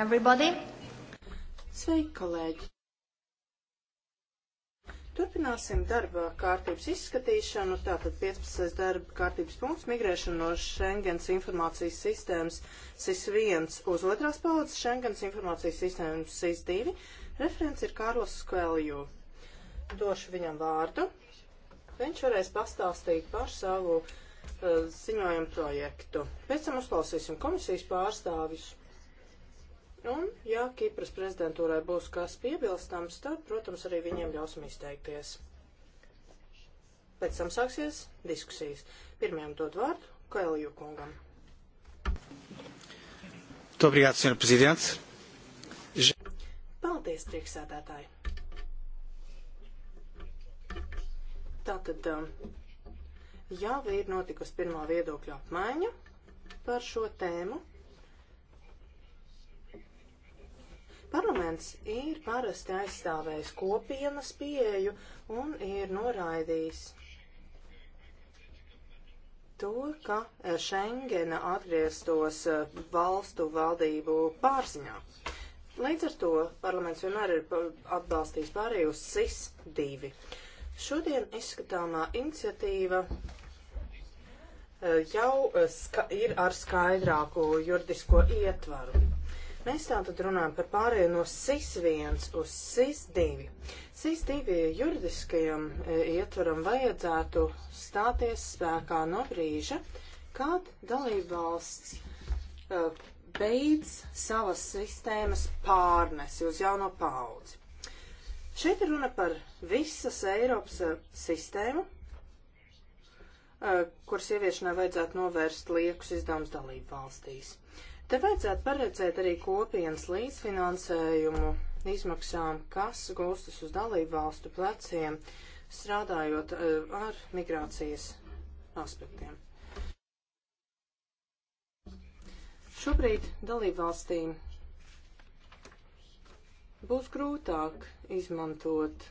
everybody! Sveiki, kolēģi! Turpināsim darba kārtības izskatīšanu. Tātad 15. darba kārtības punkts - migrēšana no Schengens informācijas sistēmas SIS-1 uz otrās paudzes Schengens informācijas sistēmas SIS-2. Referents ir Kārlis Skvelju. Došu viņam vārdu. Viņš varēs pastāstīt par savu uh, ziņojumu projektu. Pēc tam uzklausīsim komisijas pārstāvis. Un, ja Kipras prezidentūrai būs kas piebilstams, tad, protams, arī viņiem ļausim izteikties. Pēc tam sāksies diskusijas. Pirmajam dod vārdu Kailiju kungam. Obrigado, Sr. Presidente. Paldies, priekšsēdētāji. Tātad um, jau ir notikusi pirmā viedokļa apmaiņa par šo tēmu. Parlaments ir parasti aizstāvējis kopienas pieeju un ir noraidījis to, ka e, Schengena atgrieztos e, valstu valdību pārziņā. Līdz ar to parlaments vienmēr ir atbalstījis pārēju uz SIS 2. Šodien izskatāmā iniciatīva e, jau ska, ir ar skaidrāku juridisko ietvaru. Mēs tātad runājam par pārēju no SIS-1 uz SIS-2. SIS-2 juridiskajam e, ietvaram vajadzētu stāties spēkā no brīža, kad dalībvalsts e, beidz savas sistēmas pārnesi uz jauno paudzi. Šeit ir runa par visas Eiropas e, sistēmu, kuras ieviešanai vajadzētu novērst liekus izdevums dalību valstīs. Te vajadzētu paredzēt arī kopienas līdzfinansējumu izmaksām, kas gūstas uz dalību valstu pleciem, strādājot eh, ar migrācijas aspektiem. Šobrīd dalību valstīm būs grūtāk izmantot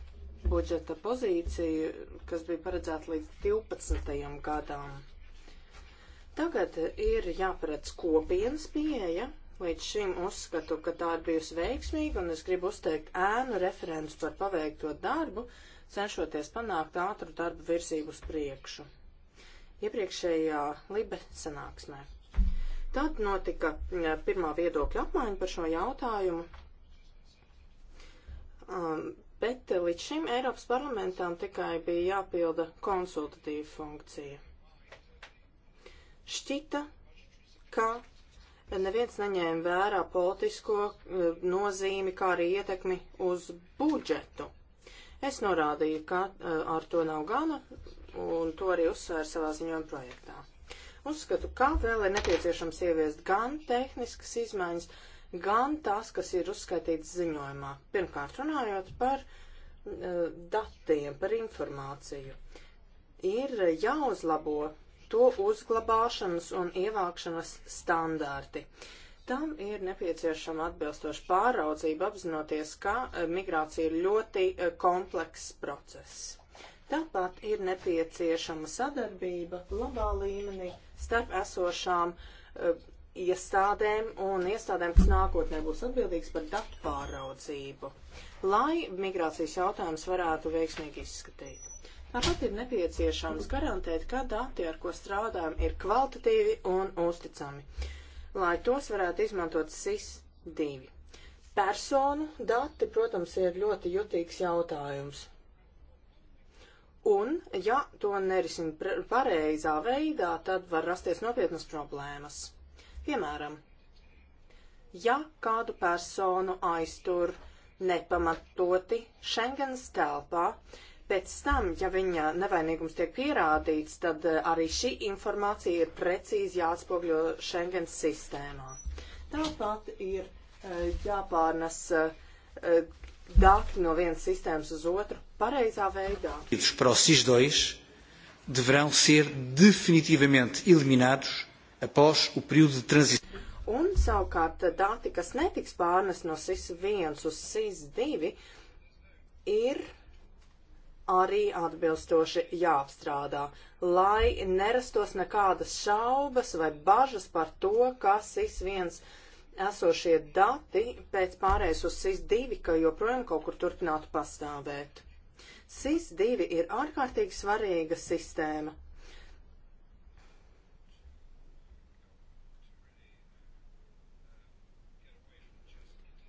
budžeta pozīciju, kas bija paredzēta līdz 12. gadām. Tagad ir jāparedz kopienas pieeja. Līdz šim uzskatu, ka tā ir bijusi veiksmīga, un es gribu uzteikt ēnu referents par paveikto darbu, cenšoties panākt ātru darbu virzību uz priekšu. Iepriekšējā Libe sanāksmē. Tad notika pirmā viedokļa apmaiņa par šo jautājumu. Um, bet eh, līdz šim Eiropas parlamentam tikai bija jāpilda konsultatīva funkcija. Šķita, ka neviens neņēma vērā politisko eh, nozīmi, kā arī ietekmi uz budžetu. Es norādīju, ka eh, ar to nav gana, un to arī uzsvēru savā ziņojuma projektā. Uzskatu, ka vēl ir nepieciešams ieviest gan tehniskas izmaiņas, gan tās, kas ir uzskaitītas ziņojumā. Pirmkārt, runājot par eh, datiem, par informāciju, ir jāuzlabo to uzglabāšanas un ievākšanas standārti. Tam ir nepieciešama atbilstoša pāraudzība, apzinoties, ka e, migrācija ir ļoti e, komplekss process. Tāpat ir nepieciešama sadarbība labā līmenī starp esošām uh, iestādēm un iestādēm, kas nākotnē būs atbildīgas par datu pāraudzību, lai migrācijas jautājums varētu veiksmīgi izskatīt. Tāpat ir nepieciešams garantēt, ka dati, ar ko strādājam, ir kvalitatīvi un uzticami, lai tos varētu izmantot SIS-2. Personu dati, protams, ir ļoti jutīgs jautājums. Un, ja to nerisina pareizā veidā, tad var rasties nopietnas problēmas. Piemēram, ja kādu personu aiztur nepamatoti Schengens telpā, Pēc tam, ja viņa nevainīgums tiek pierādīts, tad eh, arī šī informācija ir precīzi jāatspogļo Schengen sistēmā. Tāpat ir eh, jāpārnes eh, dati no vienas sistēmas uz otru pareizā veidā. Para os SIS 2 deverão ser definitivamente eliminados após o período de transição. Un savukārt dati, kas netiks pārnes no SIS 1 uz SIS 2, ir arī atbilstoši jāapstrādā, lai nerastos nekādas šaubas vai bažas par to, ka SIS-1 esošie dati pēc pārējais uz SIS-2, ka joprojām kaut kur turpinātu pastāvēt. SIS-2 ir ārkārtīgi svarīga sistēma.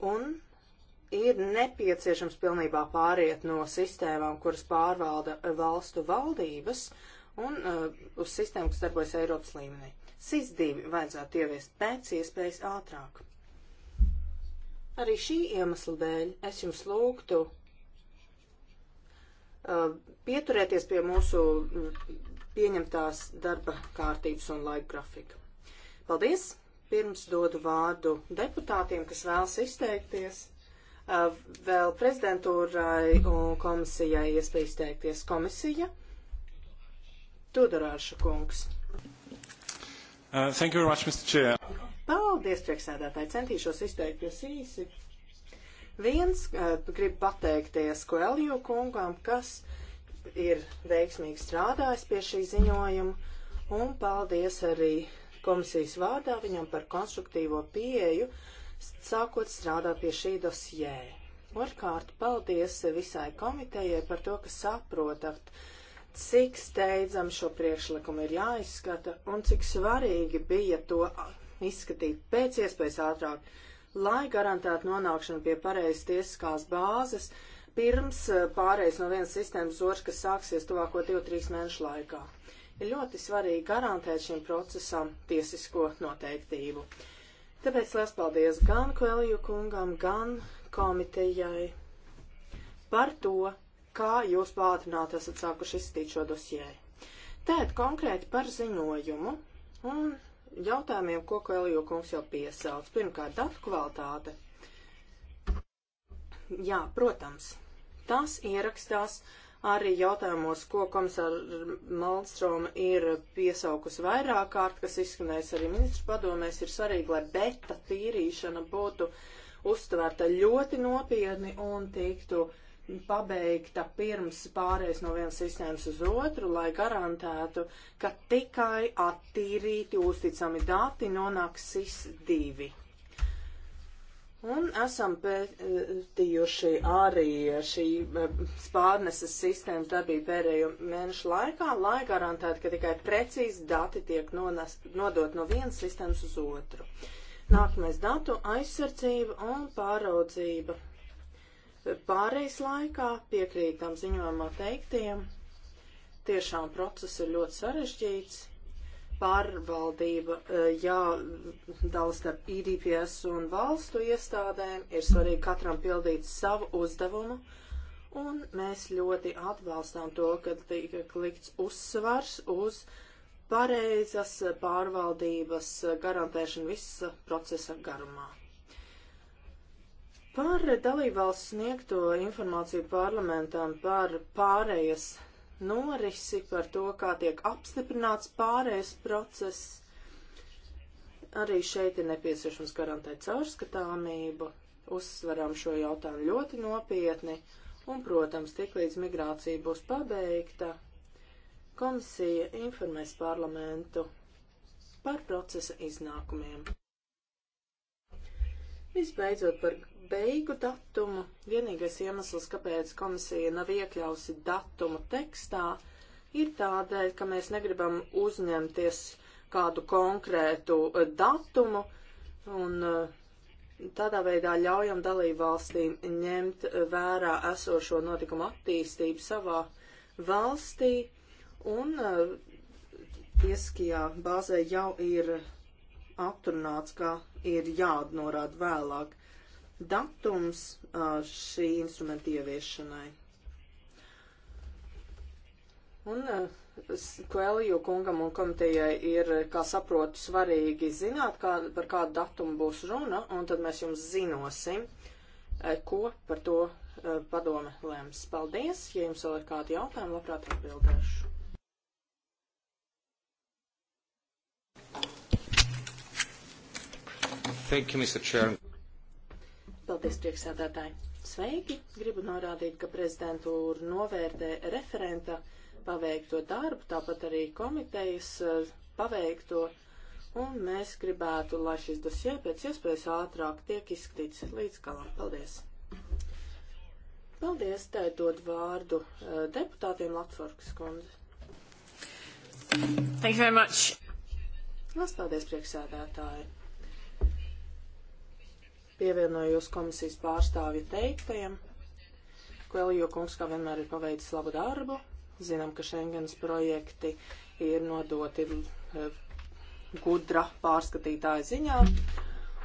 Un ir nepieciešams pilnībā pāriet no sistēmām, kuras pārvalda eh, valstu valdības, un uh, uz sistēmu, kas darbojas Eiropas līmenī. SIS-2 vajadzētu ieviest pēc iespējas ātrāk. Arī šī iemesla dēļ es jums lūgtu uh, pieturēties pie mūsu mm, pieņemtās darba kārtības un laika grafika. Paldies! Pirms dodu vārdu deputātiem, kas vēlas izteikties. Uh, vēl prezidentūrai un komisijai iespēja izteikties. Komisija? Tudorāšu kungs. Uh, thank you very much, Mr. Chair. Paldies, priekšsēdētāji. Centīšos izteikties īsi. Viens, uh, grib pateikties Koeliju kungam, kas ir veiksmīgi strādājis pie šī ziņojuma, un paldies arī komisijas vārdā viņam par konstruktīvo pieeju, uh, sākot strādāt pie šī dosjē. Otrkārt, paldies visai komitejai par to, ka saprotat, cik steidzam šo priekšlikumu ir jāizskata un cik svarīgi bija to izskatīt pēc iespējas ātrāk, lai garantētu nonākšanu pie pareizes tiesiskās bāzes pirms eh, pārējais no vienas sistēmas otras, kas sāksies tuvāko 2-3 mēnešu laikā. Ir ļoti svarīgi garantēt šim procesam tiesisko noteiktību. Tāpēc liels paldies gan Kvēliju kungam, gan komitejai par to, kā jūs pātrināt esat sākuši izstīt šo dosjē. Tēt konkrēti par ziņojumu un jautājumiem, ko Kvēliju kungs jau piesauc. Pirmkārt, datu kvalitāte. Jā, protams, tas ierakstās uh, arī jautājumos, ko komisāra Malmstroma ir piesaukus vairāk kārt, kas izskanējas arī ministru padomēs, ir svarīgi, lai beta tīrīšana būtu uztvērta ļoti nopietni un tiktu pabeigta pirms pārējais no vienas sistēmas uz otru, lai garantētu, ka tikai attīrīti uzticami dati nonāks SIS divi. Un esam pētījuši arī šī eh, spārneses sistēmas darbību pēdējo mēnešu laikā, lai garantētu, ka tikai precīzi dati tiek nonas, nodot no vienas sistēmas uz otru. Nākamais datu aizsardzība un pāraudzība. Pārējais laikā piekrītam ziņojumā teiktiem. Tiešām process ir ļoti sarežģīts pārvaldība eh, jādala starp IDPS un valstu iestādēm, ir svarīgi katram pildīt savu uzdevumu, un mēs ļoti atbalstām to, ka tiek likts uzsvars uz pareizas pārvaldības garantēšanu visa procesa garumā. Par dalībvalsts sniegto informāciju parlamentam par pārējas norisi, par to, kā tiek apstiprināts pārējais process. Arī šeit ir nepieciešams garantēt caurskatāmību, uzsveram šo jautājumu ļoti nopietni, un, protams, tiklīdz migrācija būs pabeigta, komisija informēs parlamentu par procesa iznākumiem. Visbeidzot par beigu datumu. Vienīgais iemesls, kāpēc komisija nav iekļausi datumu tekstā, ir tādēļ, ka mēs negribam uzņemties kādu konkrētu eh, datumu un eh, tādā veidā ļaujam dalībvalstīm ņemt eh, vērā esošo notikumu attīstību savā valstī un tieskajā bāzē jau ir atrunāts, kā ir jāatnorāda vēlāk datums uh, šī instrumenta ieviešanai. Un uh, Kvēliju kungam un komitejai ir, kā saprotu, svarīgi zināt, kā, par kādu datumu būs runa, un tad mēs jums zinosim, uh, ko par to padome lēms. Paldies! Ja jums vēl ir kādi jautājumi, labprāt atbildēšu. Thank you, Mr. Chairman. Paldies, priekšsēdētāji. Sveiki! Gribu norādīt, ka prezidentūra novērtē referenta paveikto darbu, tāpat arī komitejas eh, paveikto, un mēs gribētu, lai šis dosie pēc iespējas ātrāk tiek izskatīts līdz galam. Paldies! Paldies, tā dod vārdu eh, deputātiem Latvorkas kundze. Thank you very much. Lās paldies, prieksēdētāji pievienojos komisijas pārstāvju teiktajiem. Kvēlijo kungs kā vienmēr ir paveicis labu darbu. Zinām, ka Schengens projekti ir nodoti eh, gudra pārskatītāja ziņā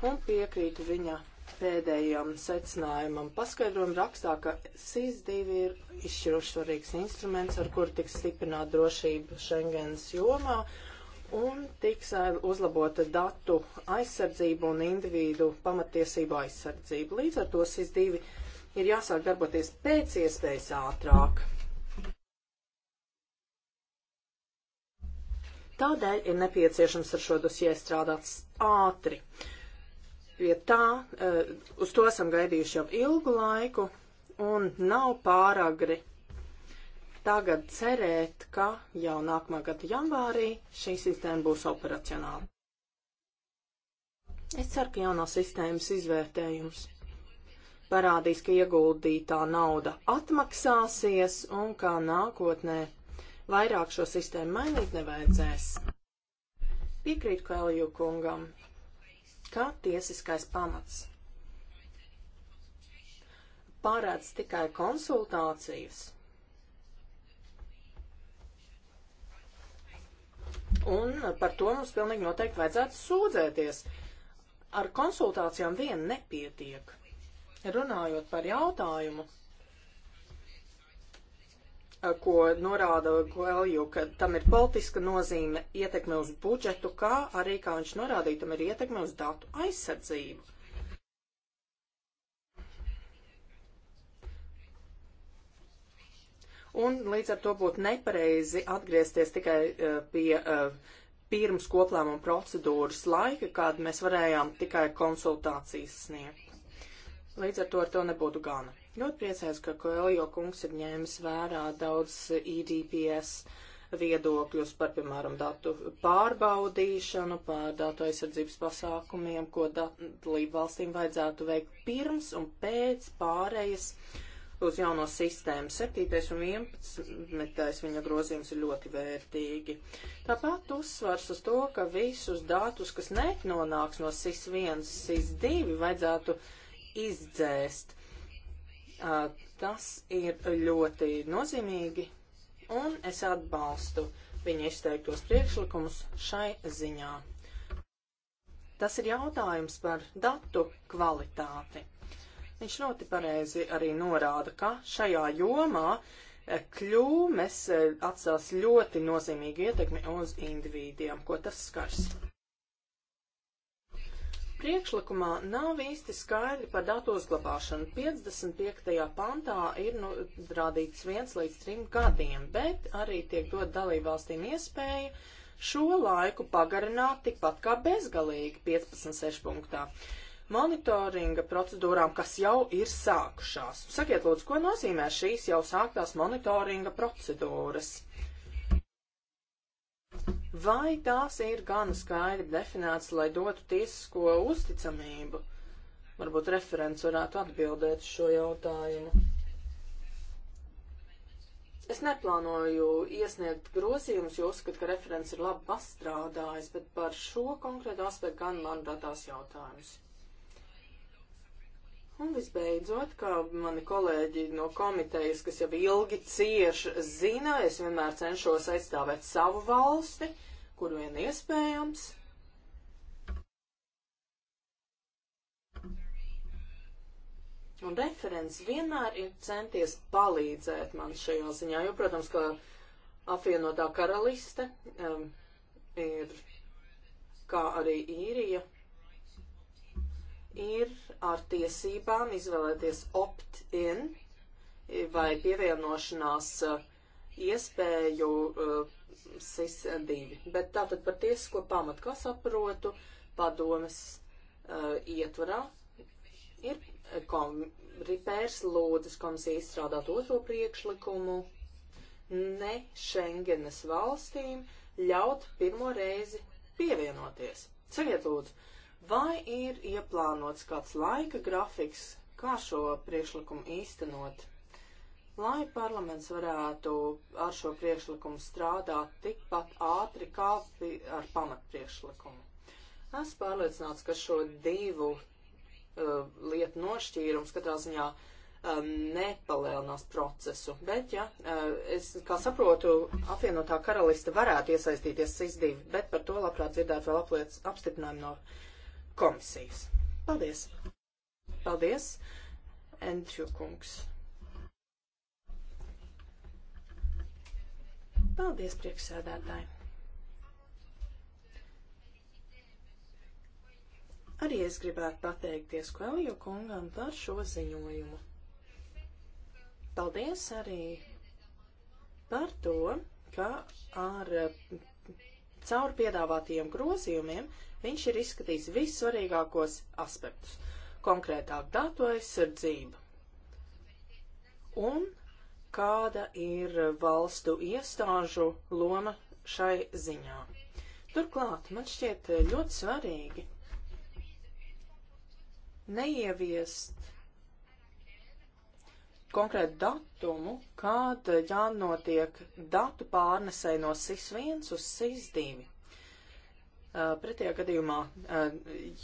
un piekrītu viņa pēdējam secinājumam paskaidrojumu rakstā, ka SIS-2 ir izšķiroši svarīgs instruments, ar kur tiks stiprināt drošību Schengens jomā un tiks eh, uzlabota datu aizsardzība un individu pamatiesība aizsardzība. Līdz ar to SIS-2 ir jāsāk darboties pēc iespējas ātrāk. Tādēļ ir nepieciešams ar šo dosiju strādāt ātri. Pie tā, eh, uz to esam gaidījuši jau ilgu laiku, un nav pāragri tagad cerēt, ka jau nākamā gada janvārī šī sistēma būs operacionāla. Es ceru, ka jaunā sistēmas izvērtējums parādīs, ka ieguldītā nauda atmaksāsies un kā nākotnē vairāk šo sistēmu mainīt nevajadzēs. Piekrītu Kalju kungam, ka tiesiskais pamats pārēdz tikai konsultācijas Un par to mums pilnīgi noteikti vajadzētu sūdzēties. Ar konsultācijām vien nepietiek. Runājot par jautājumu, ko norāda Guelju, ka tam ir politiska nozīme ietekme uz budžetu, kā arī, kā viņš norādīja, tam ir ietekme uz datu aizsardzību. un līdz ar to būtu nepareizi atgriezties tikai eh, pie eh, pirms koplēmuma procedūras laika, kad mēs varējām tikai konsultācijas sniegt. Līdz ar to ar to nebūtu gana. Ļoti priecājos, ka Koeljo kungs ir ņēmis vērā daudz EDPS viedokļus par, piemēram, datu pārbaudīšanu, par datu aizsardzības pasākumiem, ko dalību valstīm vajadzētu veikt pirms un pēc pārējas uh, uz jauno sistēmu. 7. un 11. viņa grozījums ir ļoti vērtīgi. Tāpat uzsvars uz to, ka visus datus, kas nenonāks no SIS1, SIS2, vajadzētu izdzēst. Tas ir ļoti nozīmīgi, un es atbalstu viņa izteiktos priekšlikumus šai ziņā. Tas ir jautājums par datu kvalitāti. Viņš ļoti pareizi arī norāda, ka šajā jomā e, kļūmes e, atstās ļoti nozīmīgu ietekmi uz individiem, ko tas skars. Priekšlikumā nav īsti skaidri par datu uzglabāšanu. 55. pantā ir nu, rādīts viens līdz trim gadiem, bet arī tiek dot dalībvalstīm iespēja šo laiku pagarināt tikpat kā bezgalīgi 15.6. punktā. Uh, monitoringa procedūrām, kas jau ir sākušās. Sakiet, lūdzu, ko nozīmē šīs jau sāktās monitoringa procedūras? Vai tās ir gana skaidri definētas, lai dotu tiesisko uzticamību? Varbūt referents varētu atbildēt šo jautājumu. Es neplānoju iesniegt grozījumus, jo uzskatu, ka referents ir labi pastrādājis, bet par šo konkrēto aspektu gan, manuprāt, tās jautājums. Un visbeidzot, kā mani kolēģi no komitejas, kas jau ilgi cieši zina, es vienmēr cenšos aizstāvēt savu valsti, kur vien iespējams. Un referents vienmēr ir centies palīdzēt man šajā ziņā, jo, protams, ka apvienotā karaliste um, ir kā arī īrija ir ar tiesībām izvēlēties opt-in vai pievienošanās eh, iespēju eh, SIS-2. Bet tātad par tiesisko pamatu, kā saprotu, padomas eh, ietvarā ir kom, Ripērs lūdzas komisija izstrādāt otro priekšlikumu ne Schengenes valstīm ļaut pirmo reizi pievienoties. Ceļiet lūdzu! Vai ir ieplānots kāds laika grafiks, kā šo priekšlikumu īstenot, lai parlaments varētu ar šo priekšlikumu strādāt tikpat ātri kā ar pamatpriekšlikumu? Es pārliecināts, ka šo divu uh, lietu nošķīrums katrā ziņā um, nepalielinās procesu. Bet, ja uh, es, kā saprotu, apvienotā karaliste varētu iesaistīties SIS-2, bet par to labprāt dzirdētu vēl apliec, apstiprinājumu no komisijas. Paldies! Paldies, Endriju kungs! Paldies, priekšsēdētāji! Arī es gribētu pateikties Kvēlju kungam par šo ziņojumu. Paldies arī par to, ka ar caur piedāvātajiem grozījumiem Viņš ir izskatījis vissvarīgākos aspektus - konkrētāk datu aizsardzību un kāda ir valstu iestāžu loma šai ziņā. Turklāt man šķiet ļoti svarīgi neieviest konkrētu datumu, kad jānotiek datu pārnesē no SIS 1 uz SIS 2. Pretējā gadījumā,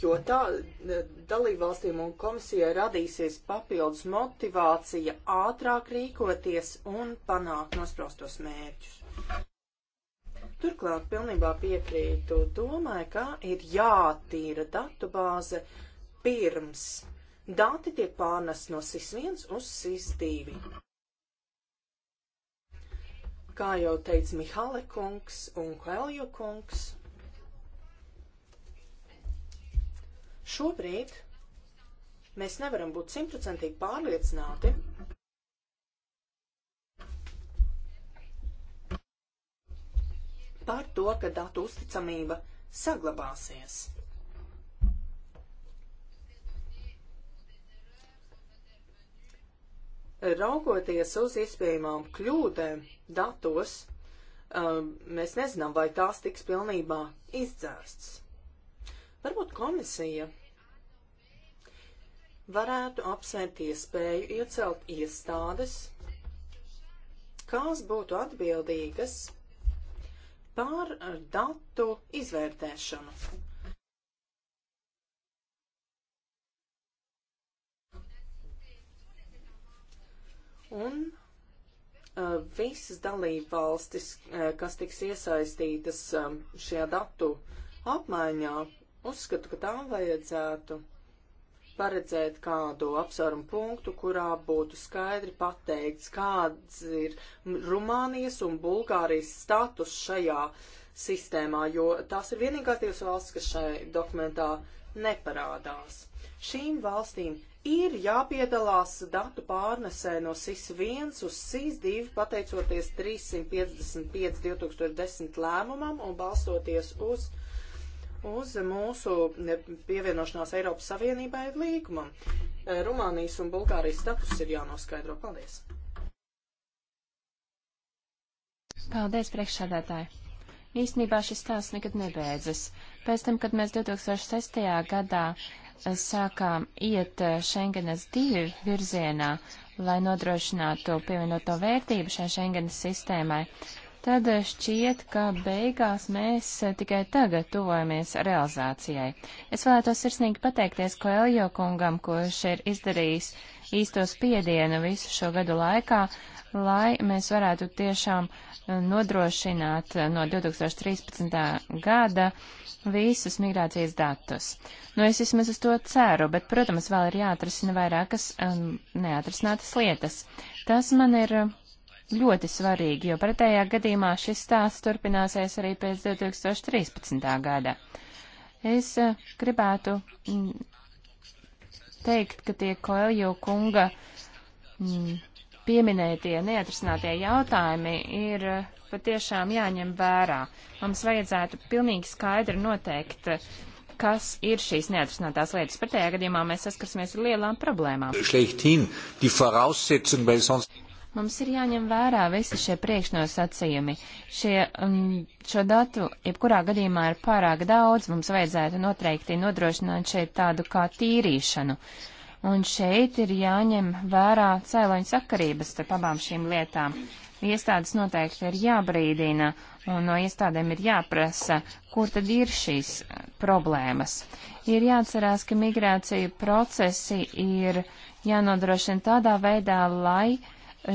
jo tā dalībvalstīm un komisijai radīsies papildus motivācija ātrāk rīkoties un panākt nospraustos mērķus. Turklāt pilnībā piekrītu domai, ka ir jātīra datu bāze pirms dati tiek pārnes no SIS1 uz SIS2. Kā jau teica Mihale kungs un Kvelju kungs, Šobrīd mēs nevaram būt simtprocentīgi pārliecināti, par to, ka datu uzticamība saglabāsies. Raugoties uz iespējamām kļūdēm datos, um, mēs nezinām, vai tās tiks pilnībā izdzēsts. Varbūt komisija varētu apsvērt iespēju iecelt iestādes, kas būtu atbildīgas par datu izvērtēšanu. Un uh, visas dalība valstis, uh, kas tiks iesaistītas uh, šajā datu apmaiņā, Uzskatu, ka tām vajadzētu paredzēt kādu apsvērumu punktu, kurā būtu skaidri pateikts, kāds ir Rumānijas un Bulgārijas status šajā sistēmā, jo tās ir vienīgās divas valsts, kas šai dokumentā neparādās. Šīm valstīm ir jāpiedalās datu pārnesē no SIS-1 uz SIS-2 pateicoties 355 2010 lēmumam un balstoties uz uz mūsu pievienošanās Eiropas Savienībai līgumam. E, Rumānijas un Bulgārijas status ir jānoskaidro. Paldies! Paldies, priekšsādātāji! Īsnībā šis stāsts nekad nebeidzas. Pēc tam, kad mēs 2006. gadā e, sākām iet e, Schengenas divi virzienā, lai nodrošinātu pievienoto vērtību šai Schengenas sistēmai, tad eh, šķiet, ka beigās mēs eh, tikai tagad tuvojamies realizācijai. Es vēlētos sirsnīgi pateikties Koeljo kungam, kurš ir izdarījis īsto spiedienu visu šo gadu laikā, lai mēs varētu tiešām eh, nodrošināt no 2013. gada visus migrācijas datus. Nu, es vismaz uz to ceru, bet, protams, vēl ir jāatrisina vairākas um, neatrisinātas lietas. Tas man ir ļoti svarīgi, jo pretējā gadījumā šis stāsts turpināsies arī pēc 2013. gada. Es eh, gribētu mm, teikt, ka tie Koeljo kunga mm, pieminētie neatrisinātie jautājumi ir eh, patiešām jāņem vērā. Mums vajadzētu pilnīgi skaidri noteikt, eh, kas ir šīs neatrisinātās lietas. Pretējā gadījumā mēs saskarsimies ar lielām problēmām. Šlechtin, die Voraussetzung, weil sonst Mums ir jāņem vērā visi šie priekšnosacījumi. Šie, um, šo datu, jebkurā gadījumā, ir pārāk daudz. Mums vajadzētu noteikti nodrošināt šeit tādu kā tīrīšanu. Un šeit ir jāņem vērā cēloņu sakarības starp abām šīm lietām. Iestādes noteikti ir jābrīdina, un no iestādēm ir jāprasa, kur tad ir šīs uh, problēmas. Ir jāatcerās, ka migrācija procesi ir jānodrošina tādā veidā, lai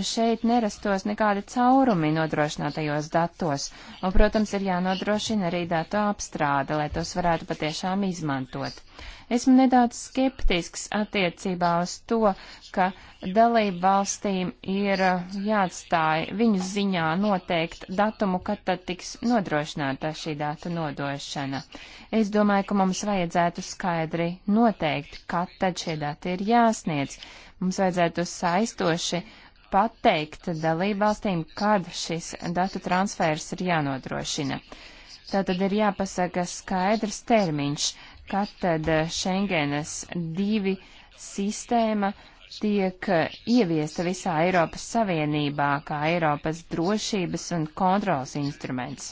šeit nerastos nekādi caurumi nodrošinātajos datos, un, protams, ir jānodrošina arī datu apstrāde, lai tos varētu patiešām izmantot. Esmu nedaudz skeptisks attiecībā uz to, ka dalību valstīm ir uh, jāatstāj viņu ziņā noteikt datumu, kad tad tiks nodrošināta šī datu nodošana. Es domāju, ka mums vajadzētu skaidri noteikt, kad tad šie dati ir jāsniedz. Mums vajadzētu saistoši pateikt dalībvalstīm, kad šis datu transfers ir jānodrošina. Tātad ir jāpasaka skaidrs termiņš, kad tad Schengenas divi sistēma tiek ieviesta visā Eiropas Savienībā kā Eiropas drošības un kontrols instruments.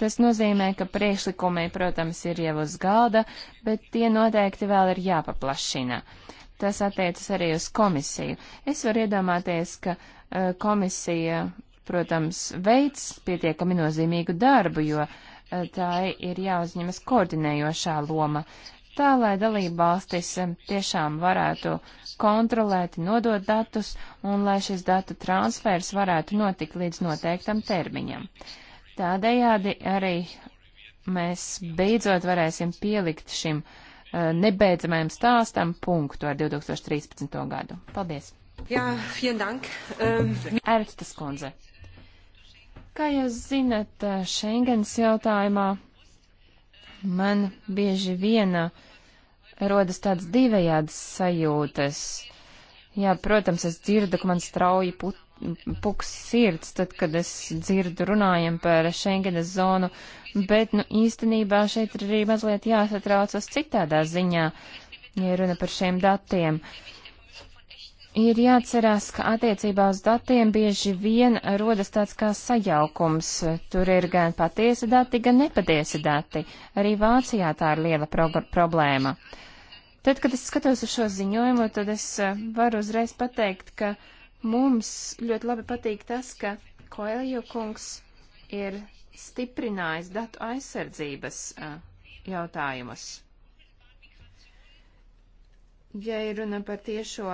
Tas nozīmē, ka priekšlikumi, protams, ir jau uz galda, bet tie noteikti vēl ir jāpaplašina. Tas attiecas arī uz komisiju. Es varu iedomāties, ka uh, komisija, protams, veids pietiekami nozīmīgu darbu, jo uh, eh, tā ir jāuzņemas koordinējošā loma. Tā, lai dalība valstis eh, tiešām varētu kontrolēt, nodot datus un lai šis datu transfers varētu notikt līdz noteiktam termiņam. Tādējādi arī mēs beidzot varēsim pielikt šim uh, Eh, nebeidzamajam stāstam punktu ar 2013. gadu. Paldies! Jā, vielen dank! Um... Ernstas kundze. Kā jūs zinat, eh, Schengens jautājumā man bieži viena rodas tāds divējādas sajūtas. Jā, protams, es dzirdu, ka man strauji put puks sirds, tad, kad es dzirdu runājam par Schengenes zonu, bet, nu, īstenībā šeit ir arī mazliet jāsatraucas citādā ziņā, ja runa par šiem datiem. Ir jāatcerās, ka attiecībā uz datiem bieži vien rodas tāds kā sajaukums. Tur ir gan patiesi dati, gan nepatiesi dati. Arī Vācijā tā ir liela pro problēma. Tad, kad es skatos uz šo ziņojumu, tad es eh, varu uzreiz pateikt, ka uh, Mums ļoti labi patīk tas, ka Koelju kungs ir stiprinājis datu aizsardzības jautājumus. Ja ir runa par tiešo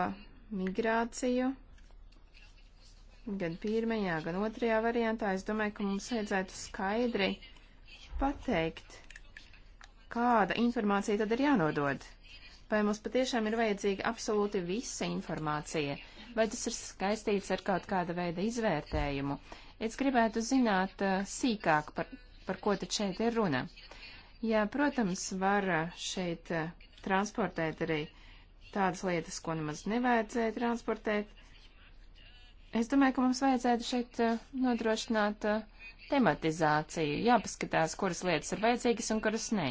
migrāciju, gan pirmajā, gan otrajā variantā, es domāju, ka mums vajadzētu skaidri pateikt, kāda informācija tad ir jānodod. Vai mums patiešām ir vajadzīga absolūti visa informācija, vai tas ir skaistīts ar kaut kāda veida izvērtējumu. Es gribētu zināt eh, sīkāk, par, par ko tad šeit ir runa. Jā, protams, var eh, šeit eh, transportēt arī tādas lietas, ko nemaz nevajadzēja transportēt. Es domāju, ka mums vajadzētu šeit nodrošināt tematizāciju, jāpaskatās, kuras lietas ir vajadzīgas un kuras nē.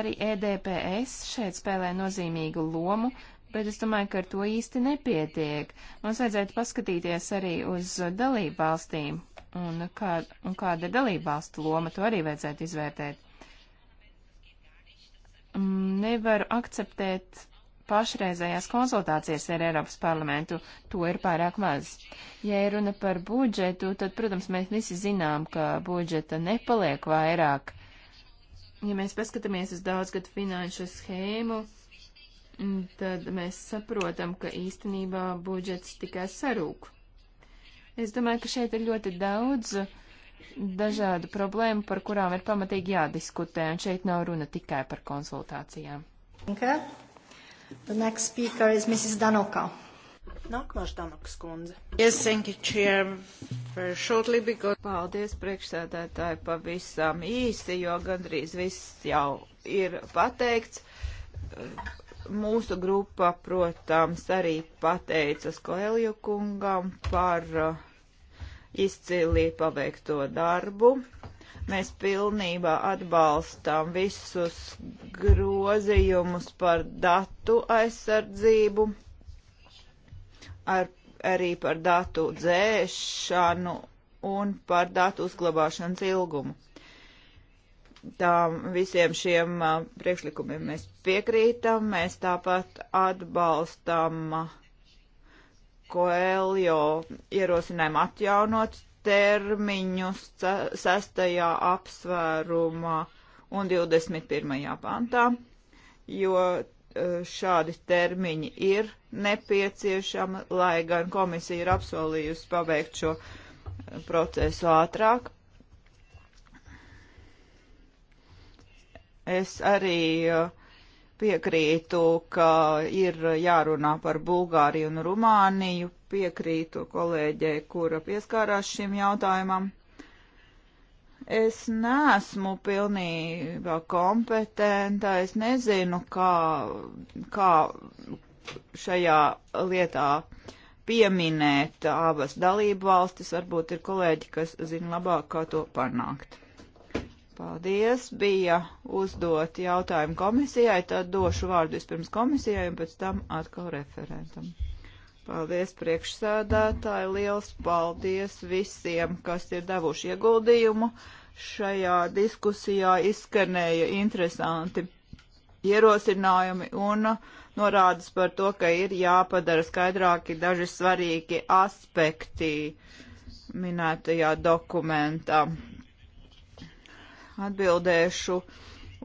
Arī EDPS šeit spēlē nozīmīgu lomu, bet es domāju, ka ar to īsti nepietiek. Mums vajadzētu paskatīties arī uz dalību valstīm un, kā, un kāda ir dalību valstu loma, to arī vajadzētu izvērtēt. Mm, nevaru akceptēt pašreizējās konsultācijas ar Eiropas parlamentu, to ir pārāk maz. Ja ir runa par budžetu, tad, protams, mēs visi zinām, ka budžeta nepaliek vairāk. Ja mēs paskatāmies uz daudzgadu finanšu schēmu, tad mēs saprotam, ka īstenībā budžets tikai sarūk. Es domāju, ka šeit ir ļoti daudz dažādu problēmu, par kurām ir pamatīgi jādiskutē, un šeit nav runa tikai par konsultācijām. Okay. The next speaker is Mrs. Danoka. Nākamais Danokas kundze. Yes, thank you, Chair. Very shortly because... Paldies, priekšsēdētāji, pavisam īsi, jo gandrīz viss jau ir pateikts mūsu grupa, protams, arī pateicas Koelju kungam par uh, izcīlī paveikto darbu. Mēs pilnībā atbalstām visus grozījumus par datu aizsardzību, ar, arī par datu dzēšanu un par datu uzglabāšanas ilgumu tām visiem šiem priekšlikumiem mēs piekrītam, mēs tāpat atbalstam Koeljo ierosinājumu atjaunot termiņus 6. apsvērumā un 21. pantā, jo šādi termiņi ir nepieciešami, lai gan komisija ir apsolījusi paveikt šo procesu ātrāk. Es arī uh, piekrītu, ka ir jārunā par Bulgāriju un Rumāniju, piekrītu kolēģei, kura pieskārās šim jautājumam. Es neesmu pilnībā kompetenta, es nezinu, kā, kā šajā lietā pieminēt abas dalību valstis. Varbūt ir kolēģi, kas zina labāk, kā to panākt. Paldies, bija uzdot jautājumu komisijai, tad došu vārdu vispirms komisijai un pēc tam atkal referentam. Paldies priekšsēdētāji, liels paldies visiem, kas ir devuši ieguldījumu. Šajā diskusijā izskanēja interesanti ierosinājumi un norādes par to, ka ir jāpadara skaidrāki daži svarīgi aspekti minētajā dokumentā atbildēšu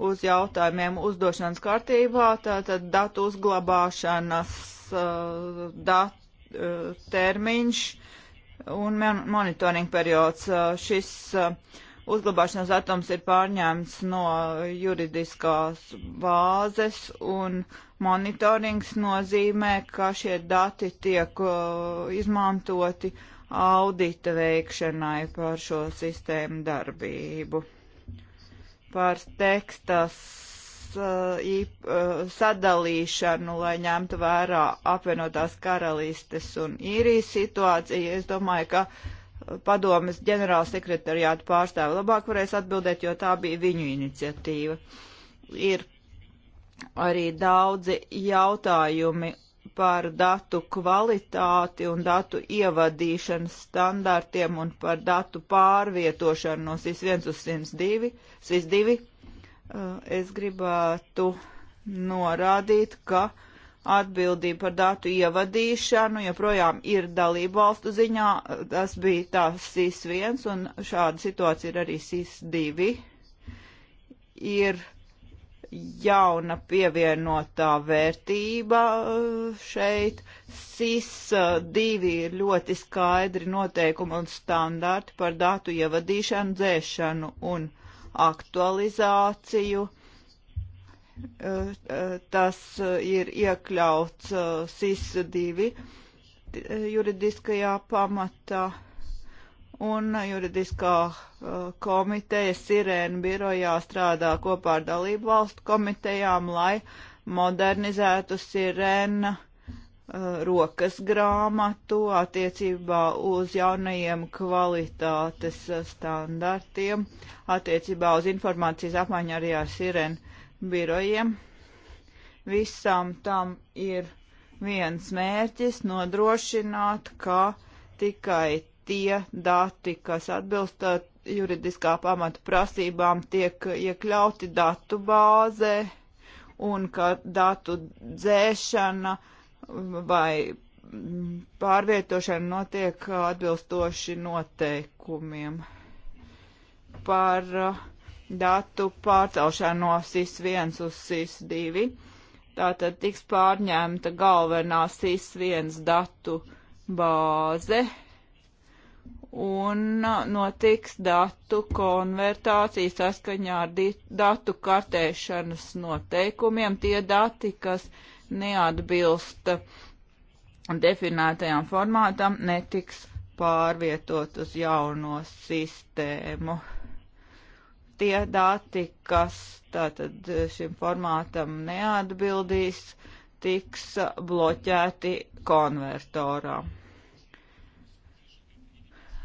uz jautājumiem uzdošanas kārtībā, tātad datu uzglabāšanas uh, dat, uh, termiņš un monitoringa periods. Uh, šis uzglabāšanas datums ir pārņēmts no juridiskās bāzes un monitorings nozīmē, ka šie dati tiek izmantoti audita veikšanai par šo sistēmu darbību par tekstas īp, uh, uh, sadalīšanu, lai ņemtu vērā apvienotās karalistes un īrijas situāciju. Es domāju, ka uh, padomas ģenerāla sekretariāta pārstāve labāk varēs atbildēt, jo tā bija viņu iniciatīva. Ir arī daudzi jautājumi par datu kvalitāti un datu ievadīšanas standartiem un par datu pārvietošanu no SIS1 uz SIS2. SIS2 uh, es gribētu norādīt, ka atbildība par datu ievadīšanu joprojām ir dalību valstu ziņā. Tas bija tā SIS1 un šāda situācija ir arī SIS2. Ir jauna pievienotā vērtība eh, šeit. SIS eh, divi ir ļoti skaidri noteikumi un standarti par datu ievadīšanu, dzēšanu un aktualizāciju. Eh, tas ir iekļauts SIS divi juridiskajā pamatā un juridiskā uh, komiteja Sirēna birojā strādā kopā ar dalību valstu komitejām, lai modernizētu Sirēna uh, rokas grāmatu attiecībā uz jaunajiem kvalitātes standartiem, attiecībā uz informācijas apmaiņu arī ar Sirēna birojiem. Visam tam ir viens mērķis nodrošināt, ka tikai tie dati, kas atbilst uh, juridiskā pamata prasībām, tiek iekļauti datu bāzē un ka datu dzēšana vai pārvietošana notiek atbilstoši noteikumiem. Par uh, datu pārcelšanu no SIS1 uz SIS2. Tātad tiks pārņemta galvenā SIS1 datu bāze un notiks datu konvertācija saskaņā ar datu kartēšanas noteikumiem. Tie dati, kas neatbilst definētajām formātam, netiks pārvietot uz jauno sistēmu. Tie dati, kas tātad šim formātam neatbildīs, tiks bloķēti konvertorā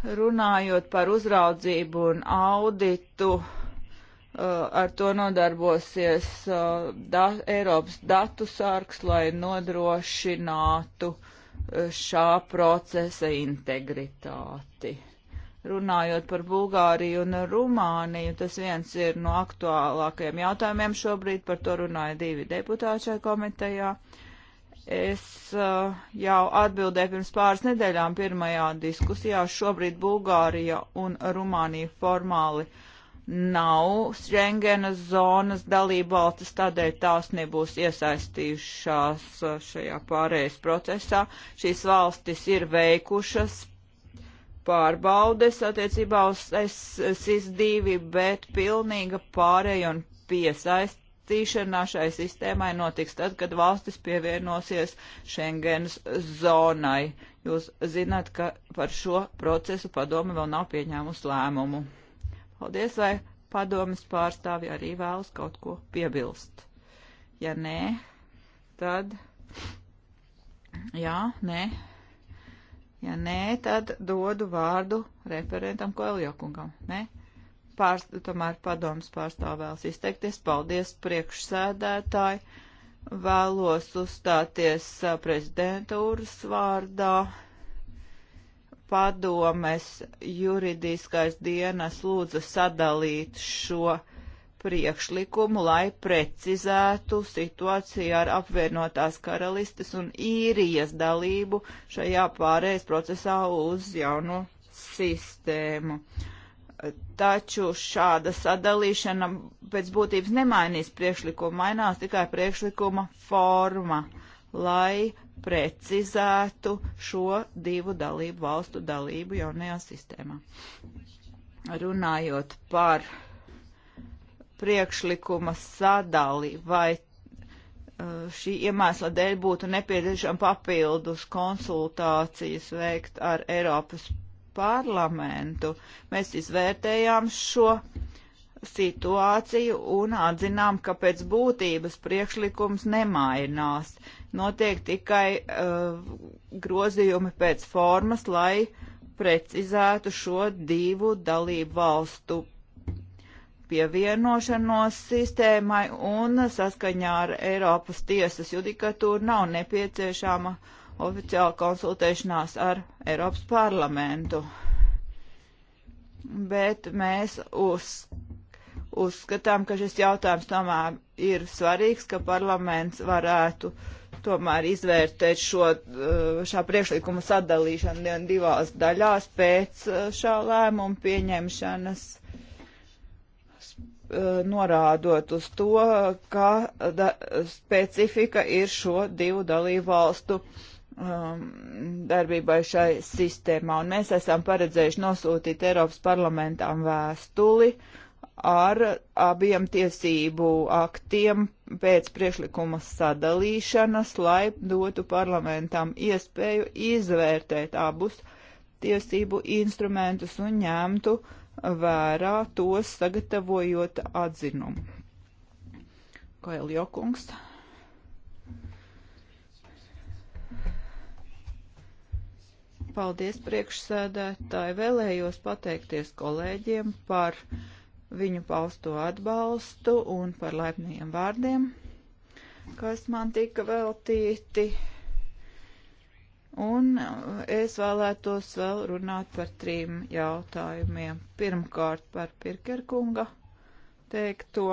runājot par uzraudzību un auditu, uh, ar to nodarbosies uh, da Eiropas datu sārks, lai nodrošinātu uh, šā procesa integritāti. Runājot par Bulgāriju un Rumāniju, tas viens ir no aktuālākajiem jautājumiem šobrīd, par to runāja divi deputāti šajā komitejā. Uh, Es uh, jau atbildēju pirms pāris nedēļām pirmajā diskusijā. Šobrīd Bulgārija un Rumānija formāli nav Schengenas zonas dalībvalstis, tādēļ tās nebūs iesaistījušās eh, šajā pārējais procesā. Šīs valstis ir veikušas pārbaudes attiecībā uz SIS-2, bet pilnīga pārēja un piesaist Iesaistīšanās šai sistēmai notiks tad, kad valstis pievienosies Schengens zonai. Jūs zināt, ka par šo procesu padome vēl nav pieņēmusi lēmumu. Paldies, vai padomas pārstāvi arī vēlas kaut ko piebilst. Ja nē, tad. Jā, nē. Ja nē, tad dodu vārdu referentam Koeljo kungam. Nē? pārst, tomēr padomas pārstāvēls izteikties. Paldies, priekšsēdētāji. Vēlos uzstāties prezidentūras vārdā. Padomes juridiskais dienas lūdza sadalīt šo priekšlikumu, lai precizētu situāciju ar apvienotās karalistes un īrijas dalību šajā pārējais procesā uz jaunu sistēmu. Uh, Taču šāda sadalīšana pēc būtības nemainīs priekšlikumu, mainās tikai priekšlikuma forma, lai precizētu šo divu dalību valstu dalību jaunajā sistēmā. Runājot par priekšlikuma sadali vai uh, šī iemesla dēļ būtu nepieciešama papildus konsultācijas veikt ar Eiropas parlamentu. Mēs izvērtējām šo situāciju un atzinām, ka pēc būtības priekšlikums nemainās. Notiek tikai uh, grozījumi pēc formas, lai precizētu šo divu dalību valstu pievienošanos sistēmai un saskaņā ar Eiropas tiesas judikatūru nav nepieciešama uh, oficiāla konsultēšanās ar Eiropas parlamentu. Bet mēs uz, uzskatām, ka šis jautājums tomēr ir svarīgs, ka parlaments varētu tomēr izvērtēt šo, eh, šā priekšlikuma sadalīšanu divās daļās pēc eh, šā lēmuma pieņemšanas eh, norādot uz to, ka da, specifika ir šo divu dalību valstu um, darbībai šai sistēmā. Un mēs esam paredzējuši nosūtīt Eiropas parlamentām vēstuli ar abiem tiesību aktiem pēc priekšlikuma sadalīšanas, lai dotu parlamentam iespēju izvērtēt abus tiesību instrumentus un ņemtu vērā tos sagatavojot atzinumu. Kail Jokungs. Paldies priekšsēdētāji. Vēlējos pateikties kolēģiem par viņu pausto atbalstu un par laipniem vārdiem, kas man tika veltīti. Un es vēlētos vēl runāt par trim jautājumiem. Pirmkārt par Pirkerkunga teikto.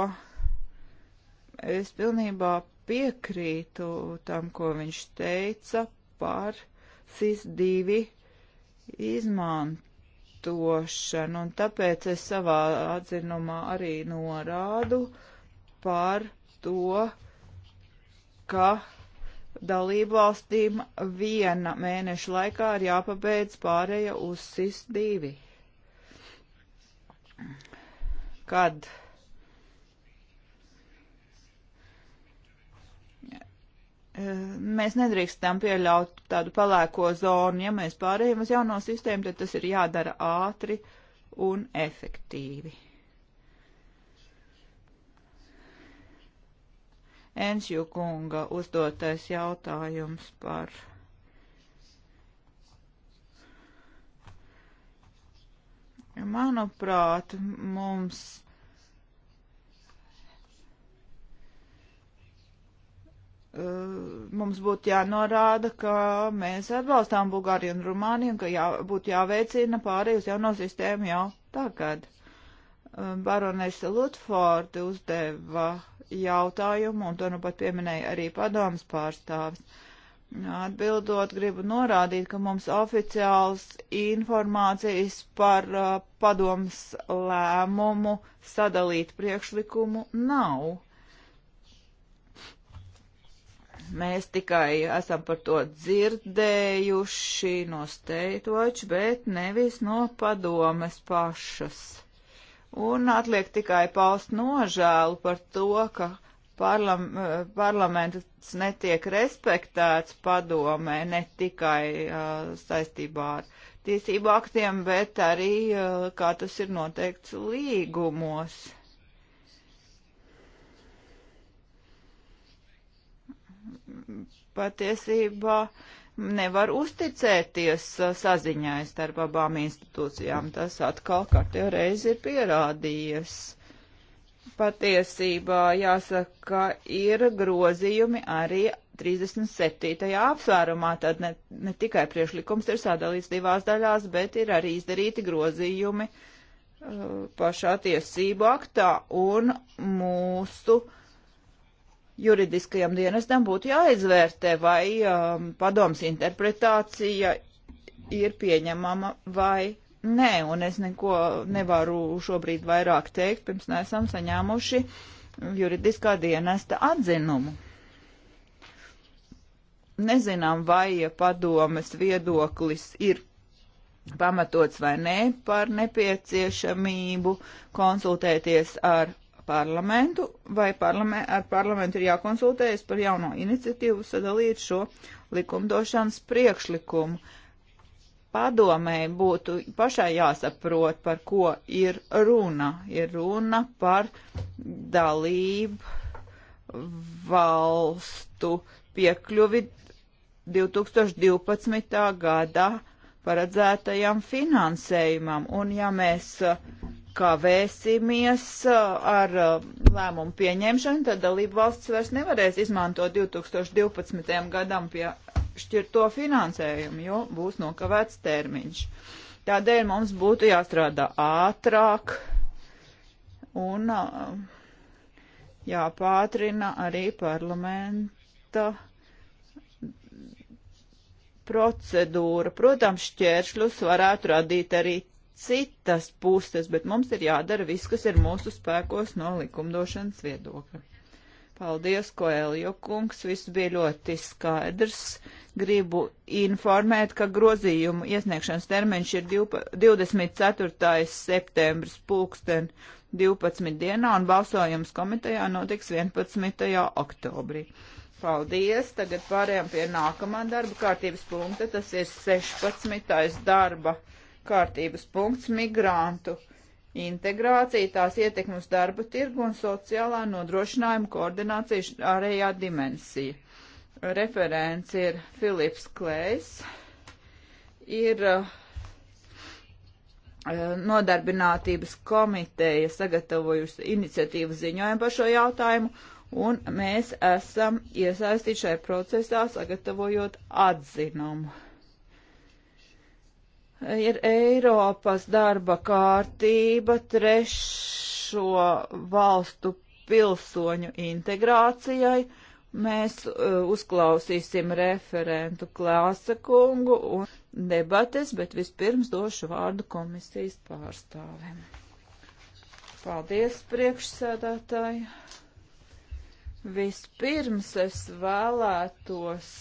Es pilnībā piekrītu tam, ko viņš teica par SIS divi izmantošanu, un tāpēc es savā atzinumā arī norādu par to, ka dalībvalstīm viena mēneša laikā ir jāpabeidz pārēja uz SIS 2. Kad E, mēs nedrīkstam pieļaut tādu palēko zonu. Ja mēs pārējām uz jauno sistēmu, tad tas ir jādara ātri un efektīvi. Enšju kunga uzdotais jautājums par Manuprāt, mums Eh, mums būtu jānorāda, ka mēs atbalstām Bulgāriju un Rumāniju, ka jā, būtu jāveicina pārēj uz jauno sistēmu jau tagad. Eh, baronese Lutforda uzdeva jautājumu, un to nu pat pieminēja arī padomas pārstāvis. Atbildot, gribu norādīt, ka mums oficiāls informācijas par uh, padomas lēmumu sadalīt priekšlikumu nav Mēs tikai esam par to dzirdējuši no State Watch, bet nevis no padomes pašas. Un atliek tikai paust nožēlu par to, ka parlam, parlaments netiek respektēts padomē ne tikai uh, saistībā ar tiesību aktiem, bet arī, uh, kā tas ir noteikts līgumos. patiesībā nevar uzticēties uh, saziņai starp abām institūcijām. Tas atkal kārtējo reizi ir pierādījies. Patiesībā jāsaka, ka ir grozījumi arī 37. apsvērumā, tad ne, ne tikai priešlikums ir sadalīts divās daļās, bet ir arī izdarīti grozījumi uh, pašā tiesību aktā un mūsu uh, juridiskajam dienestam būtu jāizvērtē, vai um, padoms interpretācija ir pieņemama vai nē. Un es neko nevaru šobrīd vairāk teikt, pirms neesam saņēmuši juridiskā dienesta atzinumu. Nezinām, vai padomes viedoklis ir pamatots vai nē par nepieciešamību konsultēties ar parlamentu, vai parlamē, ar parlamentu ir jākonsultējas par jauno iniciatīvu sadalīt šo likumdošanas priekšlikumu. Padomēji būtu pašai jāsaprot, par ko ir runa. Ir runa par dalību valstu piekļuvi 2012. gadā paredzētajam finansējumam. Un ja mēs uh, kavēsimies ar lēmumu pieņemšanu, tad dalību valsts vairs nevarēs izmantot 2012. gadam pie šķirto finansējumu, jo būs nokavēts termiņš. Tādēļ mums būtu jāstrādā ātrāk un jāpātrina arī parlamenta procedūra. Protams, šķēršļus varētu radīt arī citas puses, bet mums ir jādara viss, kas ir mūsu spēkos no likumdošanas viedokļa. Paldies, Koeljo kungs, viss bija ļoti skaidrs. Gribu informēt, ka grozījumu iesniegšanas termiņš ir 24. septembris pulksten 12 dienā un balsojums komitejā notiks 11. oktobrī. Paldies! Tagad pārējām pie nākamā darba kārtības punkta. Tas ir 16. darba kārtības kārtības punkts - migrantu integrācija, tās ietekmes darba tirgu un sociālā nodrošinājuma koordinācija ārējā dimensija. Referents ir Filips Klējs, ir uh, nodarbinātības komiteja sagatavojusi iniciatīvu ziņojumu par šo jautājumu, un mēs esam iesaistīti šajā procesā, sagatavojot atzinumu ir Eiropas darba kārtība, trešo valstu pilsoņu integrācijai. Mēs uh, uzklausīsim referentu klāsa kungu un debates, bet vispirms došu vārdu komisijas pārstāvim. Paldies, priekšsēdētāji! Vispirms es vēlētos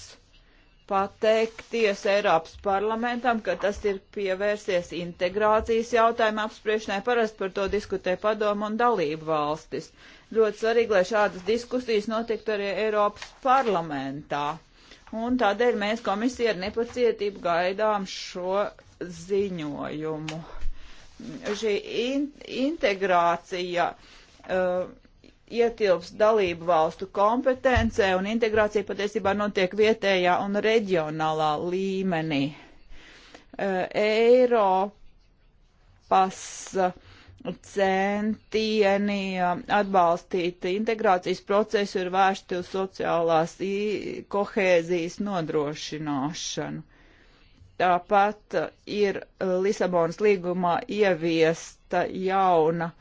pateikties Eiropas parlamentam, ka tas ir pievērsies integrācijas jautājuma apspriešanai. Parasti par to diskutē padomu un dalību valstis. Ļoti svarīgi, lai šādas diskusijas notiktu arī Eiropas parlamentā. Un tādēļ mēs komisija ar nepacietību gaidām šo ziņojumu. Šī in integrācija. Uh, ietilps dalību valstu kompetencē un integrācija patiesībā notiek vietējā un reģionālā līmenī. Eh, Eiropas eh, centieni eh, atbalstīt integrācijas procesu ir vērsti uz sociālās kohēzijas nodrošināšanu. Tāpat ir Lisabonas līgumā ieviesta jauna uh,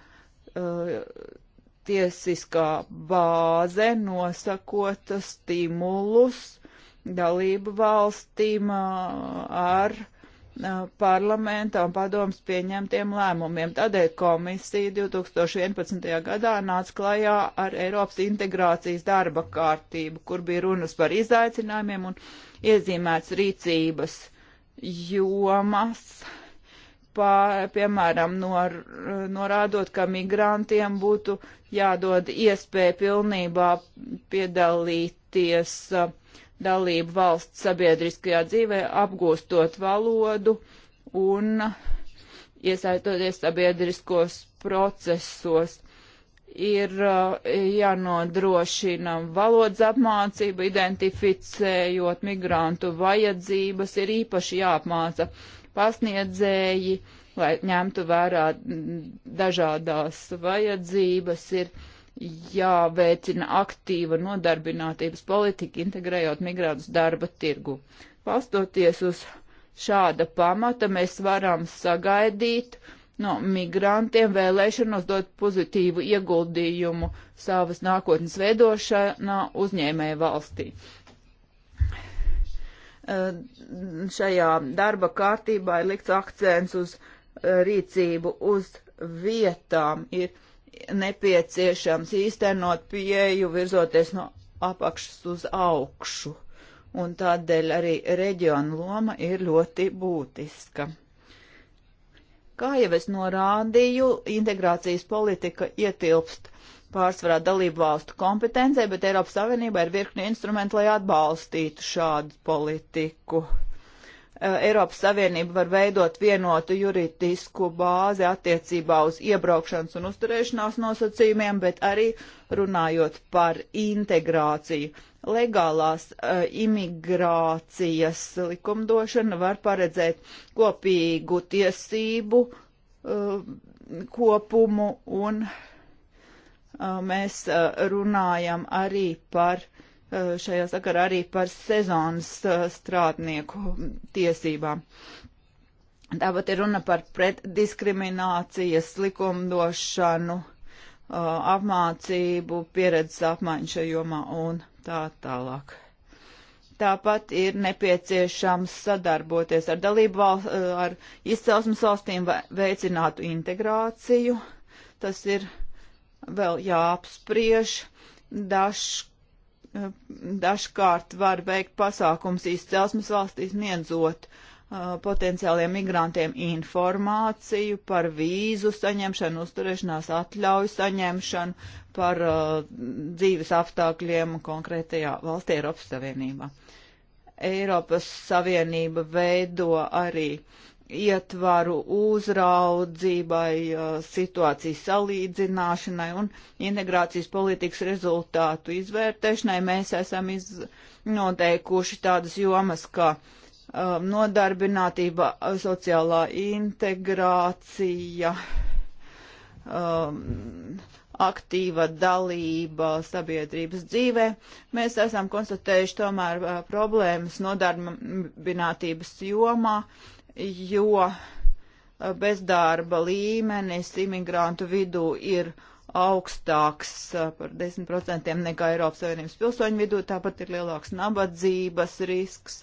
tiesiskā bāze nosakot stimulus dalību valstīm ar parlamenta un padomas pieņemtiem lēmumiem. Tādēļ komisija 2011. gadā nāca klajā ar Eiropas integrācijas darba kārtību, kur bija runas par izaicinājumiem un iezīmēts rīcības jomas. Uh, pā, piemēram, nor, norādot, ka migrantiem būtu jādod iespēja pilnībā piedalīties dalību valsts sabiedriskajā dzīvē, apgūstot valodu un iesaistoties sabiedriskos procesos ir jānodrošina valodas apmācība, identificējot migrantu vajadzības, ir īpaši jāapmāca pasniedzēji, lai ņemtu vērā dažādās vajadzības, ir jāveicina aktīva nodarbinātības politika, integrējot migrantus darba tirgu. Pastoties uz šāda pamata, mēs varam sagaidīt, no migrantiem vēlēšanos dot pozitīvu ieguldījumu savas nākotnes veidošanā uzņēmēja valstī. Eh, šajā darba kārtībā ir likts akcents uz eh, rīcību uz vietām, ir nepieciešams īstenot pieju virzoties no apakšas uz augšu, un tādēļ arī reģiona loma ir ļoti būtiska. Kā jau es norādīju, integrācijas politika ietilpst pārsvarā dalību valstu kompetencē, bet Eiropas Savienībā ir virkni instrumenti, lai atbalstītu šādu politiku. Eiropas Savienība var veidot vienotu juridisku bāzi attiecībā uz iebraukšanas un uzturēšanās nosacījumiem, bet arī runājot par integrāciju. Legālās uh, imigrācijas likumdošana var paredzēt kopīgu tiesību uh, kopumu un uh, Uh, mēs uh, runājam arī par uh, šajā sakarā arī par sezonas strādnieku tiesībām. Tāpat ir runa par pretdiskriminācijas likumdošanu, apmācību, pieredzes apmaiņu šajomā un tā tālāk. Tāpat ir nepieciešams sadarboties ar dalību valsts, ar izcelsmes valstīm, veicinātu integrāciju. Tas ir uh, vēl jāapspriež. Daž, eh, dažkārt var veikt pasākums izcelsmes valstīs, niedzot uh, eh, potenciāliem migrantiem informāciju par vīzu saņemšanu, uzturēšanās atļauju saņemšanu, par uh, dzīves apstākļiem konkrētajā valstī Eiropas Savienībā. Eiropas Savienība veido arī uh, ietvaru uzraudzībai, uh, situācijas salīdzināšanai un integrācijas politikas rezultātu izvērtēšanai. Mēs esam noteikuši tādas jomas kā um, nodarbinātība, sociālā integrācija, um, aktīva dalība sabiedrības dzīvē, mēs esam konstatējuši tomēr uh, problēmas nodarbinātības jomā, jo eh, bezdarba līmenis imigrantu vidū ir augstāks eh, par 10% nekā Eiropas Savienības pilsoņu vidū, tāpat ir lielāks nabadzības risks,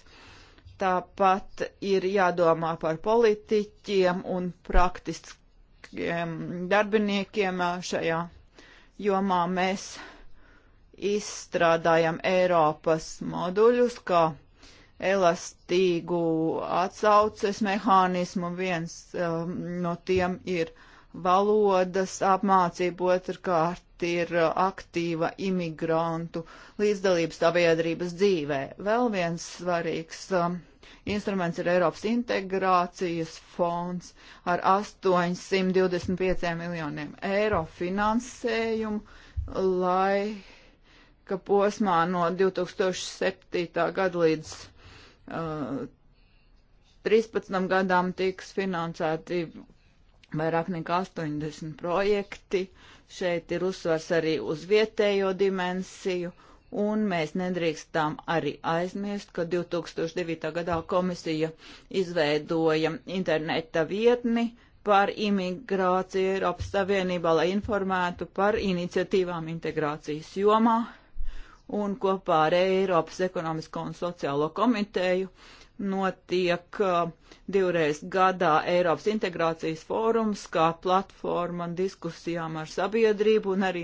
tāpat ir jādomā par politiķiem un praktiskiem darbiniekiem eh, šajā jomā mēs izstrādājam Eiropas moduļus, kā elastīgu atsauces mehānismu. Viens um, no tiem ir valodas apmācība, otrkārt ir uh, aktīva imigrantu līdzdalības sabiedrības dzīvē. Vēl viens svarīgs um, Instruments ir Eiropas integrācijas fonds ar 825 miljoniem eiro finansējumu, lai ka posmā no 2007. gada līdz uh, 13 gadām tiks finansēti vairāk nekā 80 projekti. Šeit ir uzsvars arī uz vietējo dimensiju, un mēs nedrīkstām arī aizmirst, ka 2009. gadā komisija izveidoja interneta vietni par imigrāciju Eiropas Savienībā, lai informētu par iniciatīvām integrācijas jomā un kopā ar Eiropas ekonomisko un sociālo komiteju notiek uh, divreiz gadā Eiropas integrācijas fórums kā platforma diskusijām ar sabiedrību un arī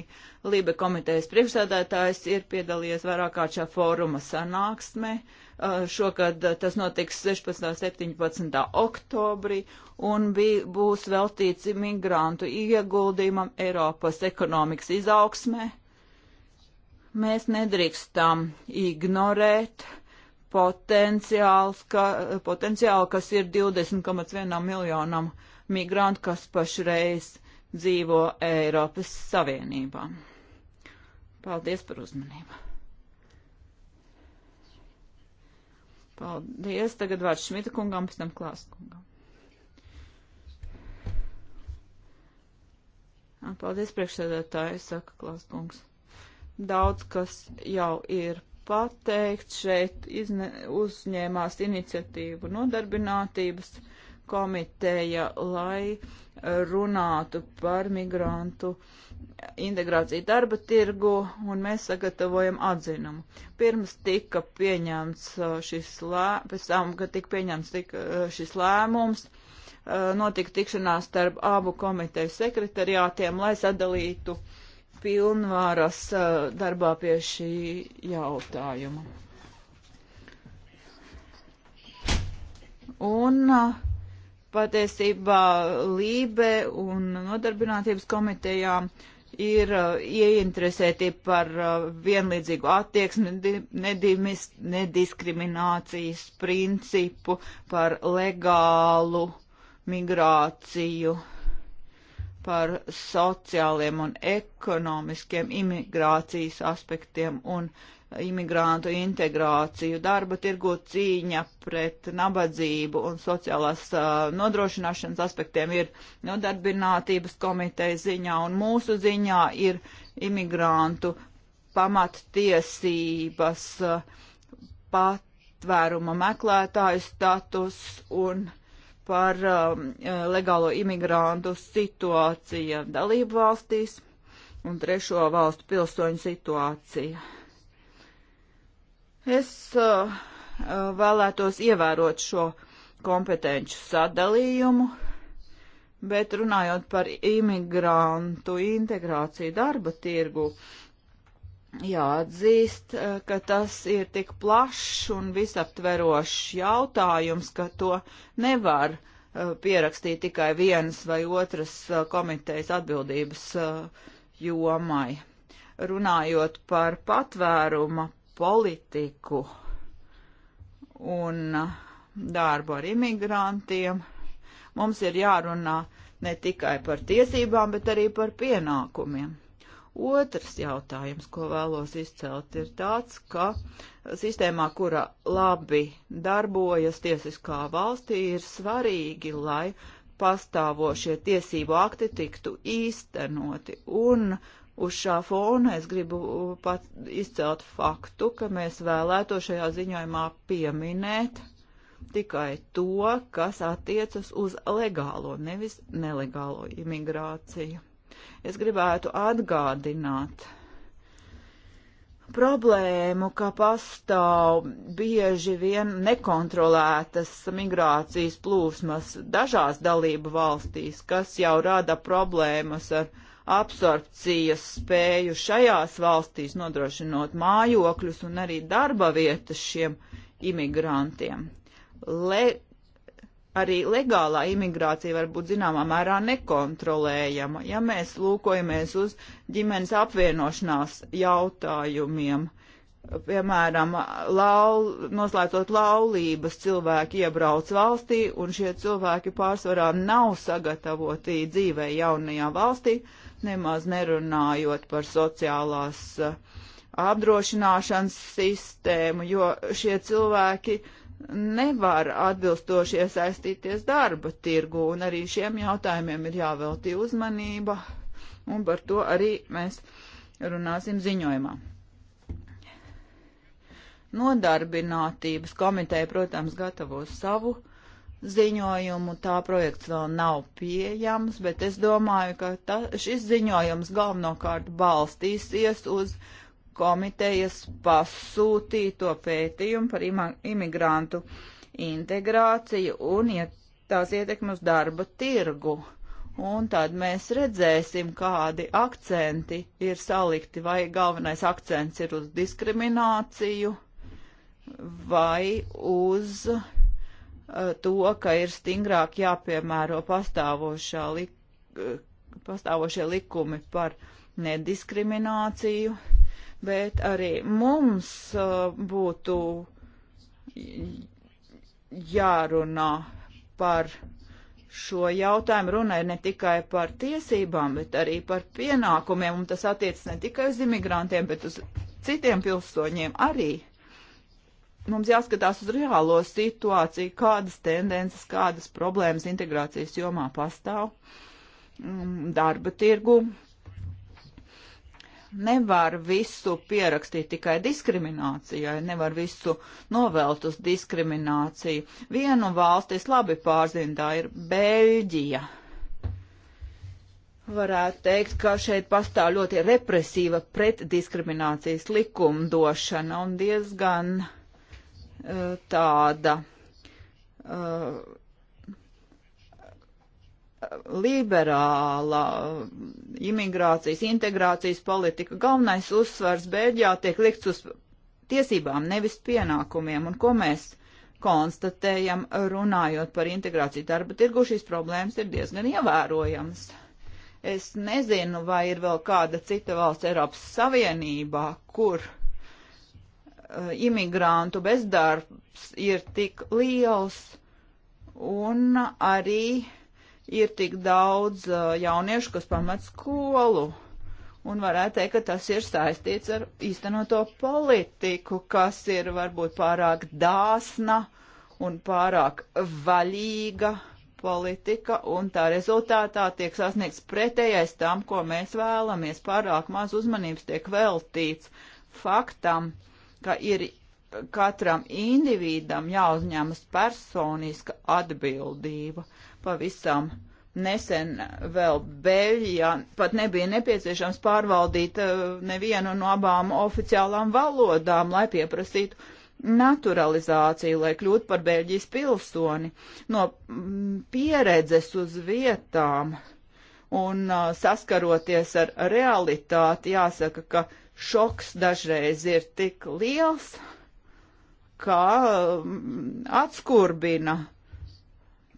Lībe komitejas priekšsēdētājs ir piedalījies vairāk kā šā fóruma sanāksmē. Uh, šogad uh, tas notiks 16. un 17. oktobrī un bija, būs veltīts migrantu ieguldījumam Eiropas ekonomikas izaugsmē Mēs nedrīkstam ignorēt potenciāls, ka, potenciāli, kas ir 20,1 miljonam migrantu, kas pašreiz dzīvo Eiropas Savienībā. Paldies par uzmanību. Paldies. Tagad vārds Šmita kungam, pēc tam Klāst kungam. Paldies priekšsēdētāji, saka Klāst kungs. Daudz kas jau ir pateikts. Šeit izne, uzņēmās iniciatīvu nodarbinātības komiteja, lai runātu par migrantu integrāciju darba tirgu, un mēs sagatavojam atzinumu. Pirms tika pieņemts uh, šis lēmums, pēc tam, kad tika pieņemts tika uh, šis lēmums, uh, notika tikšanās starp abu komiteju sekretariātiem, lai sadalītu uh, pilnvāras uh, darbā pie šī jautājuma. Un uh, patiesībā Lībe un nodarbinātības komitejām ir uh, ieinteresēti par vienlīdzīgu attieksmi, nedimis, nediskriminācijas principu, par legālu migrāciju par sociāliem un ekonomiskiem imigrācijas aspektiem un imigrantu integrāciju, darba tirgu cīņa pret nabadzību un sociālās uh, nodrošināšanas aspektiem ir nodarbinātības komiteja ziņā un mūsu ziņā ir imigrantu pamattiesības, uh, patvēruma meklētāju status un par um, e, legālo imigrantu situāciju dalību valstīs un trešo valstu pilsoņu situāciju. Es uh, vēlētos ievērot šo kompetenci sadalījumu, bet runājot par imigrantu integrāciju darba tirgu, jāatzīst, eh, ka tas ir tik plašs un visaptverošs jautājums, ka to nevar uh, pierakstīt tikai vienas vai otras uh, komitejas atbildības uh, jomai. Runājot par patvēruma politiku un darbu ar imigrantiem, mums ir jārunā ne tikai par tiesībām, bet arī par pienākumiem Otrs jautājums, ko vēlos izcelt, ir tāds, ka sistēmā, kura labi darbojas tiesiskā valstī, ir svarīgi, lai pastāvošie tiesību akti tiktu īstenoti. Un uz šā fona es gribu pat izcelt faktu, ka mēs vēlēto šajā ziņojumā pieminēt tikai to, kas attiecas uz legālo, nevis nelegālo imigrāciju es gribētu atgādināt problēmu, ka pastāv bieži vien nekontrolētas migrācijas plūsmas dažās dalību valstīs, kas jau rada problēmas ar absorpcijas spēju šajās valstīs, nodrošinot mājokļus un arī darba vietas šiem imigrantiem. Le arī legālā imigrācija var būt zināmā mērā nekontrolējama. Ja mēs lūkojamies uz ģimenes apvienošanās jautājumiem, piemēram, laul, noslēdzot laulības, cilvēki iebrauc valstī, un šie cilvēki pārsvarā nav sagatavoti dzīvē jaunajā valstī, nemaz nerunājot par sociālās eh, apdrošināšanas sistēmu, jo šie cilvēki nevar atbilstoši iesaistīties darba tirgu, un arī šiem jautājumiem ir jāveltī uzmanība, un par to arī mēs runāsim ziņojumā. Nodarbinātības komiteja, protams, gatavos savu ziņojumu. Tā projekts vēl nav pieejams, bet es domāju, ka ta, šis ziņojums galvenokārt balstīsies uz uh, komitejas pasūtīto pētījumu par imigrantu integrāciju un ja tās ietekmi uz darba tirgu. Un tad mēs redzēsim, kādi akcenti ir salikti, vai galvenais akcents ir uz diskrimināciju vai uz eh, to, ka ir stingrāk jāpiemēro eh, pastāvošie likumi par nediskrimināciju bet arī mums uh, būtu jārunā par šo jautājumu. Runa ir ne tikai par tiesībām, bet arī par pienākumiem, un tas attiec ne tikai uz imigrantiem, bet uz citiem pilsoņiem arī. Mums jāskatās uz reālo situāciju, kādas tendences, kādas problēmas integrācijas jomā pastāv mm, darba tirgu, nevar visu pierakstīt tikai diskriminācijai, nevar visu novelt uz diskrimināciju. Vienu valstis labi pārzina, tā ir Beļģija. Varētu teikt, ka šeit pastāv ļoti represīva pretdiskriminācijas likumdošana un diezgan uh, tāda uh, liberāla imigrācijas, integrācijas politika. Galvenais uzsvars Bēļģijā tiek likts uz tiesībām, nevis pienākumiem. Un ko mēs konstatējam, runājot par integrāciju darba tirgu, šīs problēmas ir diezgan ievērojamas. Es nezinu, vai ir vēl kāda cita valsts Eiropas Savienībā, kur uh, imigrantu bezdarbs ir tik liels un arī uh, ir tik daudz uh, jauniešu, kas pamat skolu. Un varētu teikt, ka tas ir saistīts ar īstenoto politiku, kas ir varbūt pārāk dāsna un pārāk vaļīga politika, un tā rezultātā tiek sasniegts pretējais tam, ko mēs vēlamies. Pārāk maz uzmanības tiek veltīts faktam, ka ir katram individam jāuzņemas personiska atbildība. Pavisam nesen vēl Beļģijā pat nebija nepieciešams pārvaldīt eh, nevienu no abām oficiālām valodām, lai pieprasītu naturalizāciju, lai kļūtu par Beļģijas pilsoni. No mm, pieredzes uz vietām un eh, saskaroties ar realitāti, jāsaka, ka šoks dažreiz ir tik liels, ka mm, atskurbina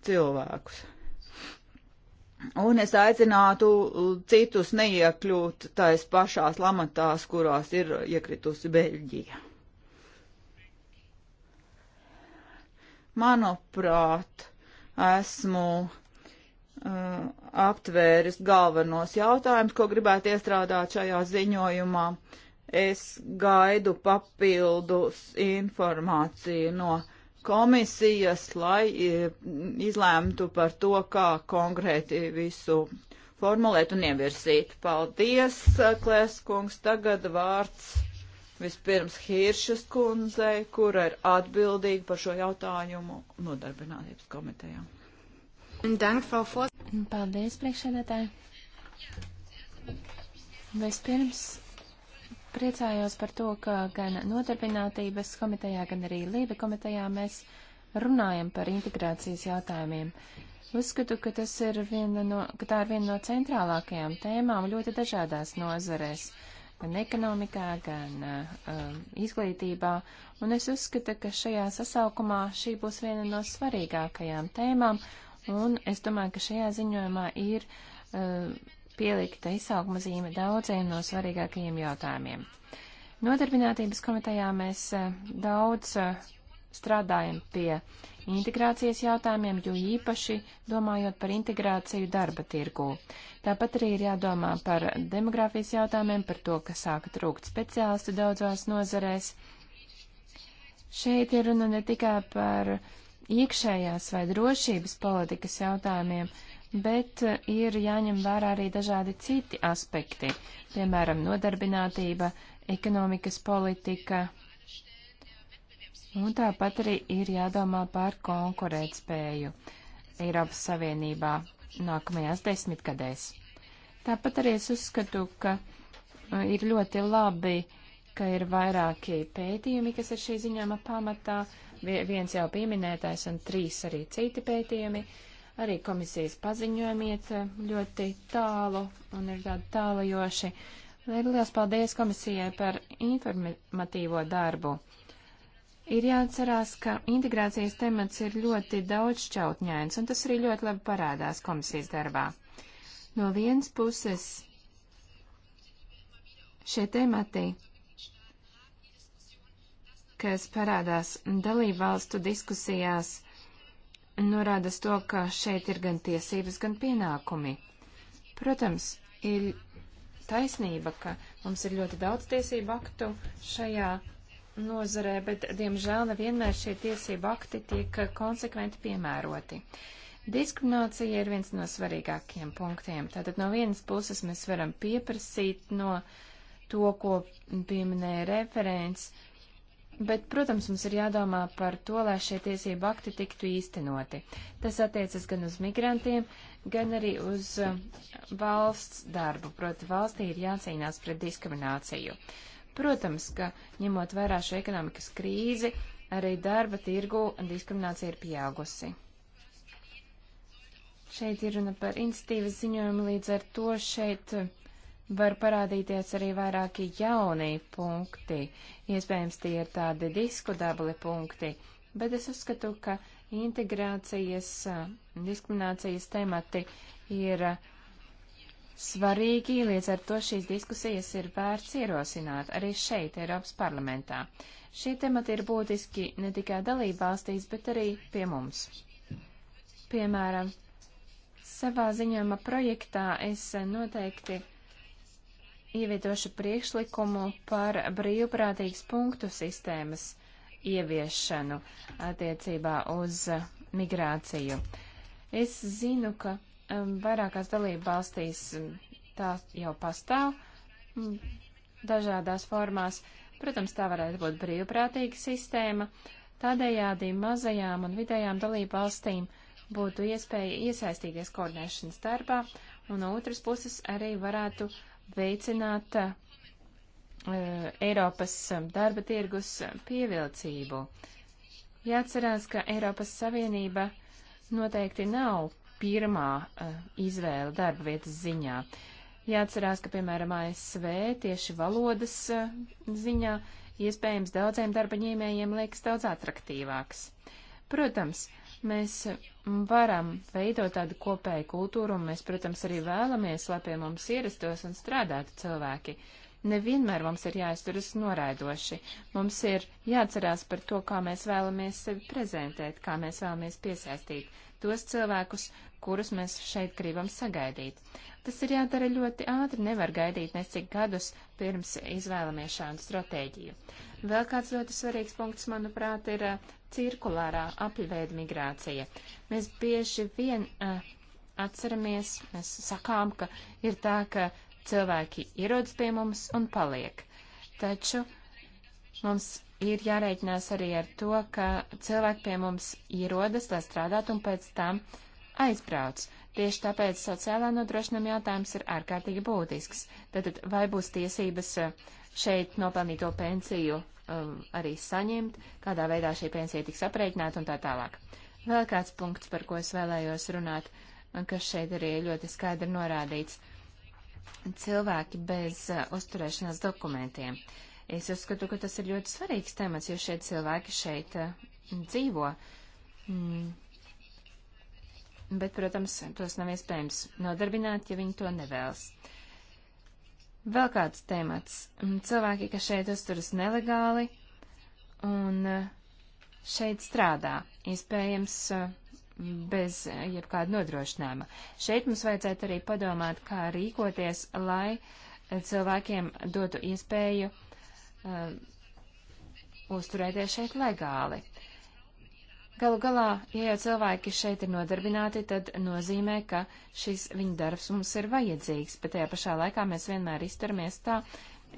cilvēkus. Un es aicinātu citus neiekļūt tais pašās lamatās, kurās ir iekritusi Beļģija. Manuprāt, esmu uh, aptvēris galvenos jautājumus, ko gribētu iestrādāt šajā ziņojumā. Es gaidu papildus informāciju no uh, komisijas, lai e, izlēmtu par to, kā konkrēti visu formulēt un ievirsīt. Paldies, Klēskungs. Tagad vārds vispirms Hiršas kundzei, kura ir atbildīga par šo jautājumu nodarbinātības komitejā. Paldies, priekšsēdētāji. Vispirms Priecājos par to, ka gan nodarbinātības komitejā, gan arī Lība komitejā mēs runājam par integrācijas jautājumiem. Uzskatu, ka, tas ir viena no, ka tā ir viena no centrālākajām tēmām ļoti dažādās nozarēs, gan ekonomikā, gan uh, um, izglītībā, un es uzskatu, ka šajā sasaukumā šī būs viena no svarīgākajām tēmām, un es domāju, ka šajā ziņojumā ir uh, pielikta izsauguma zīme daudziem no svarīgākajiem jautājumiem. Nodarbinātības komitejā mēs eh, daudz eh, strādājam pie integrācijas jautājumiem, jo īpaši domājot par integrāciju darba tirgū. Tāpat arī ir jādomā par demografijas jautājumiem, par to, ka sāka trūkt speciālisti daudzās nozarēs. Šeit ir runa ne tikai par iekšējās vai drošības politikas jautājumiem, bet eh, ir jāņem vērā arī dažādi citi aspekti, piemēram, nodarbinātība, ekonomikas politika. Un tāpat arī ir jādomā par konkurētspēju Eiropas Savienībā nākamajās desmitgadēs. Tāpat arī es uzskatu, ka eh, ir ļoti labi, ka ir vairāki pētījumi, kas ir šī ziņojuma pamatā, viens jau pieminētais un trīs arī citi pētījumi. Uh, Arī komisijas paziņojumi iet eh, ļoti tālu un ir tādi tālajoši. Liels paldies komisijai par informatīvo darbu. Ir jāatcerās, ka integrācijas temats ir ļoti daudzšķautņains, un tas arī ļoti labi parādās komisijas darbā. No vienas puses šie temati kas parādās dalībvalstu diskusijās, norādas to, ka šeit ir gan tiesības, gan pienākumi. Protams, ir taisnība, ka mums ir ļoti daudz tiesību aktu šajā nozarē, bet, diemžēl, nevienmēr šie tiesību akti tiek konsekventi piemēroti. Diskriminācija ir viens no svarīgākiem punktiem. Tātad no vienas puses mēs varam pieprasīt no to, ko pieminēja referents, uh, Bet, protams, mums ir jādomā par to, lai šie tiesību akti tiktu īstenoti. Tas attiecas gan uz migrantiem, gan arī uz uh, valsts darbu. Proti, valstī ir jācīnās pret diskrimināciju. Protams, ka ņemot vērā šo ekonomikas krīzi, arī darba tirgu diskriminācija ir pieaugusi. Šeit ir runa par institīvas ziņojumu, līdz ar to šeit uh, var parādīties arī vairāki jauni punkti. Iespējams, tie ir tādi diskutabli punkti, bet es uzskatu, ka integrācijas, eh, diskriminācijas temati ir eh, svarīgi, līdz ar to šīs diskusijas ir vērts ierosināt arī šeit, Eiropas parlamentā. Šie temati ir būtiski ne tikai dalībvalstīs, bet arī pie mums. Piemēram, savā ziņojuma projektā es eh, noteikti ieviedošu priekšlikumu par brīvprātīgas punktu sistēmas ieviešanu attiecībā uz migrāciju. Es zinu, ka um, vairākās dalība valstīs um, tā jau pastāv um, dažādās formās. Protams, tā varētu būt brīvprātīga sistēma. Tādējādi mazajām un vidējām dalību valstīm būtu iespēja iesaistīties koordinēšanas darbā, un no otras puses arī varētu uh, veicināt uh, Eiropas eh, darba tirgus pievilcību. Jāatcerās, ka Eiropas Savienība noteikti nav pirmā uh, izvēle darba vietas ziņā. Jāatcerās, ka, piemēram, ASV tieši valodas uh, ziņā iespējams daudziem darba ņēmējiem liekas daudz atraktīvāks. Protams, uh, Mēs varam veidot tādu kopēju kultūru, un mēs, protams, arī vēlamies, lai pie mums ierastos un strādātu cilvēki. Nevienmēr mums ir jāizturas noraidoši. Mums ir jāatcerās par to, kā mēs vēlamies sevi prezentēt, kā mēs vēlamies piesaistīt tos cilvēkus, kurus mēs šeit gribam sagaidīt. Tas ir jādara ļoti ātri, nevar gaidīt necik gadus pirms izvēlamies šādu stratēģiju. Vēl kāds ļoti svarīgs punkts, manuprāt, ir uh, cirkulārā apļveida migrācija. Mēs bieži vien uh, atceramies, mēs sakām, ka ir tā, ka cilvēki ierodas pie mums un paliek. Taču mums ir jārēķinās arī ar to, ka cilvēki pie mums ierodas, lai strādātu un pēc tam uh, aizbrauc. Tieši tāpēc sociālā nodrošinājuma jautājums ir ārkārtīgi būtisks. Tātad vai būs tiesības eh, šeit nopelnīto pensiju um, arī saņemt, kādā veidā šī pensija tiks aprēķināta un tā tālāk. Vēl kāds punkts, par ko es vēlējos runāt, un kas šeit arī ļoti skaidri norādīts. Cilvēki bez uh, uzturēšanās dokumentiem. Es uzskatu, ka tas ir ļoti svarīgs temats, jo šie cilvēki šeit uh, dzīvo. Mm, bet, protams, tos nav iespējams nodarbināt, ja viņi to nevēlas. Vēl kāds temats. Mm, cilvēki, kas šeit uzturas nelegāli un eh, šeit strādā, iespējams, eh, bez eh, jebkāda nodrošinājuma. Šeit mums vajadzētu arī padomāt, kā rīkoties, lai cilvēkiem dotu iespēju uh, uzturēties šeit legāli. Galu galā, ja jau cilvēki šeit ir nodarbināti, tad nozīmē, ka šis viņa darbs mums ir vajadzīgs, bet tajā pašā laikā mēs vienmēr izturamies tā,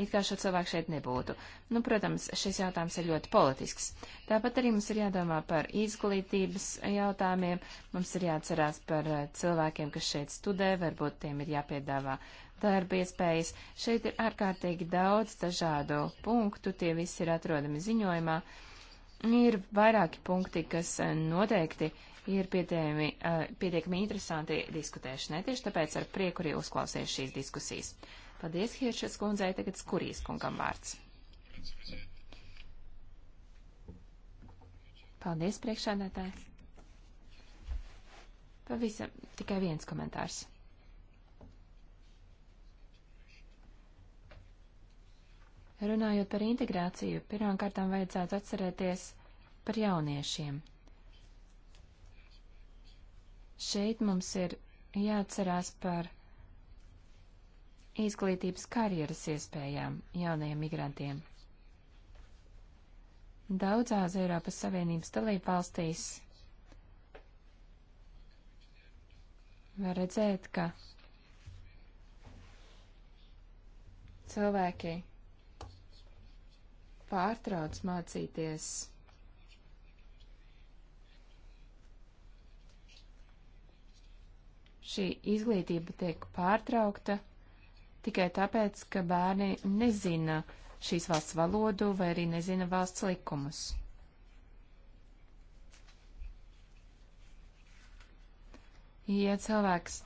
it kā šo cilvēku šeit nebūtu. Nu, protams, šis jautājums ir ļoti politisks. Tāpat arī mums ir jādomā par izglītības jautājumiem, mums ir jāatcerās par eh, cilvēkiem, kas šeit studē, varbūt tiem ir jāpiedāvā darba iespējas. Šeit ir ārkārtīgi daudz dažādu punktu, tie visi ir atrodami ziņojumā. Uh, Ir vairāki punkti, kas eh, noteikti ir pietiekami, eh, pietiekami interesanti diskutēšanai, tieši tāpēc ar prieku arī uzklausīšu šīs diskusijas. Paldies, Hiršas kundzei, tagad skurīs kungam vārds. Paldies, priekšādātāji. Pavisam tikai viens komentārs. Runājot par integrāciju, pirmām kārtām vajadzētu atcerēties par jauniešiem. Šeit mums ir jāatcerās par izglītības karjeras iespējām jaunajiem migrantiem. Daudzās Eiropas Savienības dalībvalstīs var redzēt, ka cilvēki pārtrauc mācīties. Šī izglītība tiek pārtraukta tikai tāpēc, ka bērni nezina šīs valsts valodu vai arī nezina valsts likumus. Ja cilvēks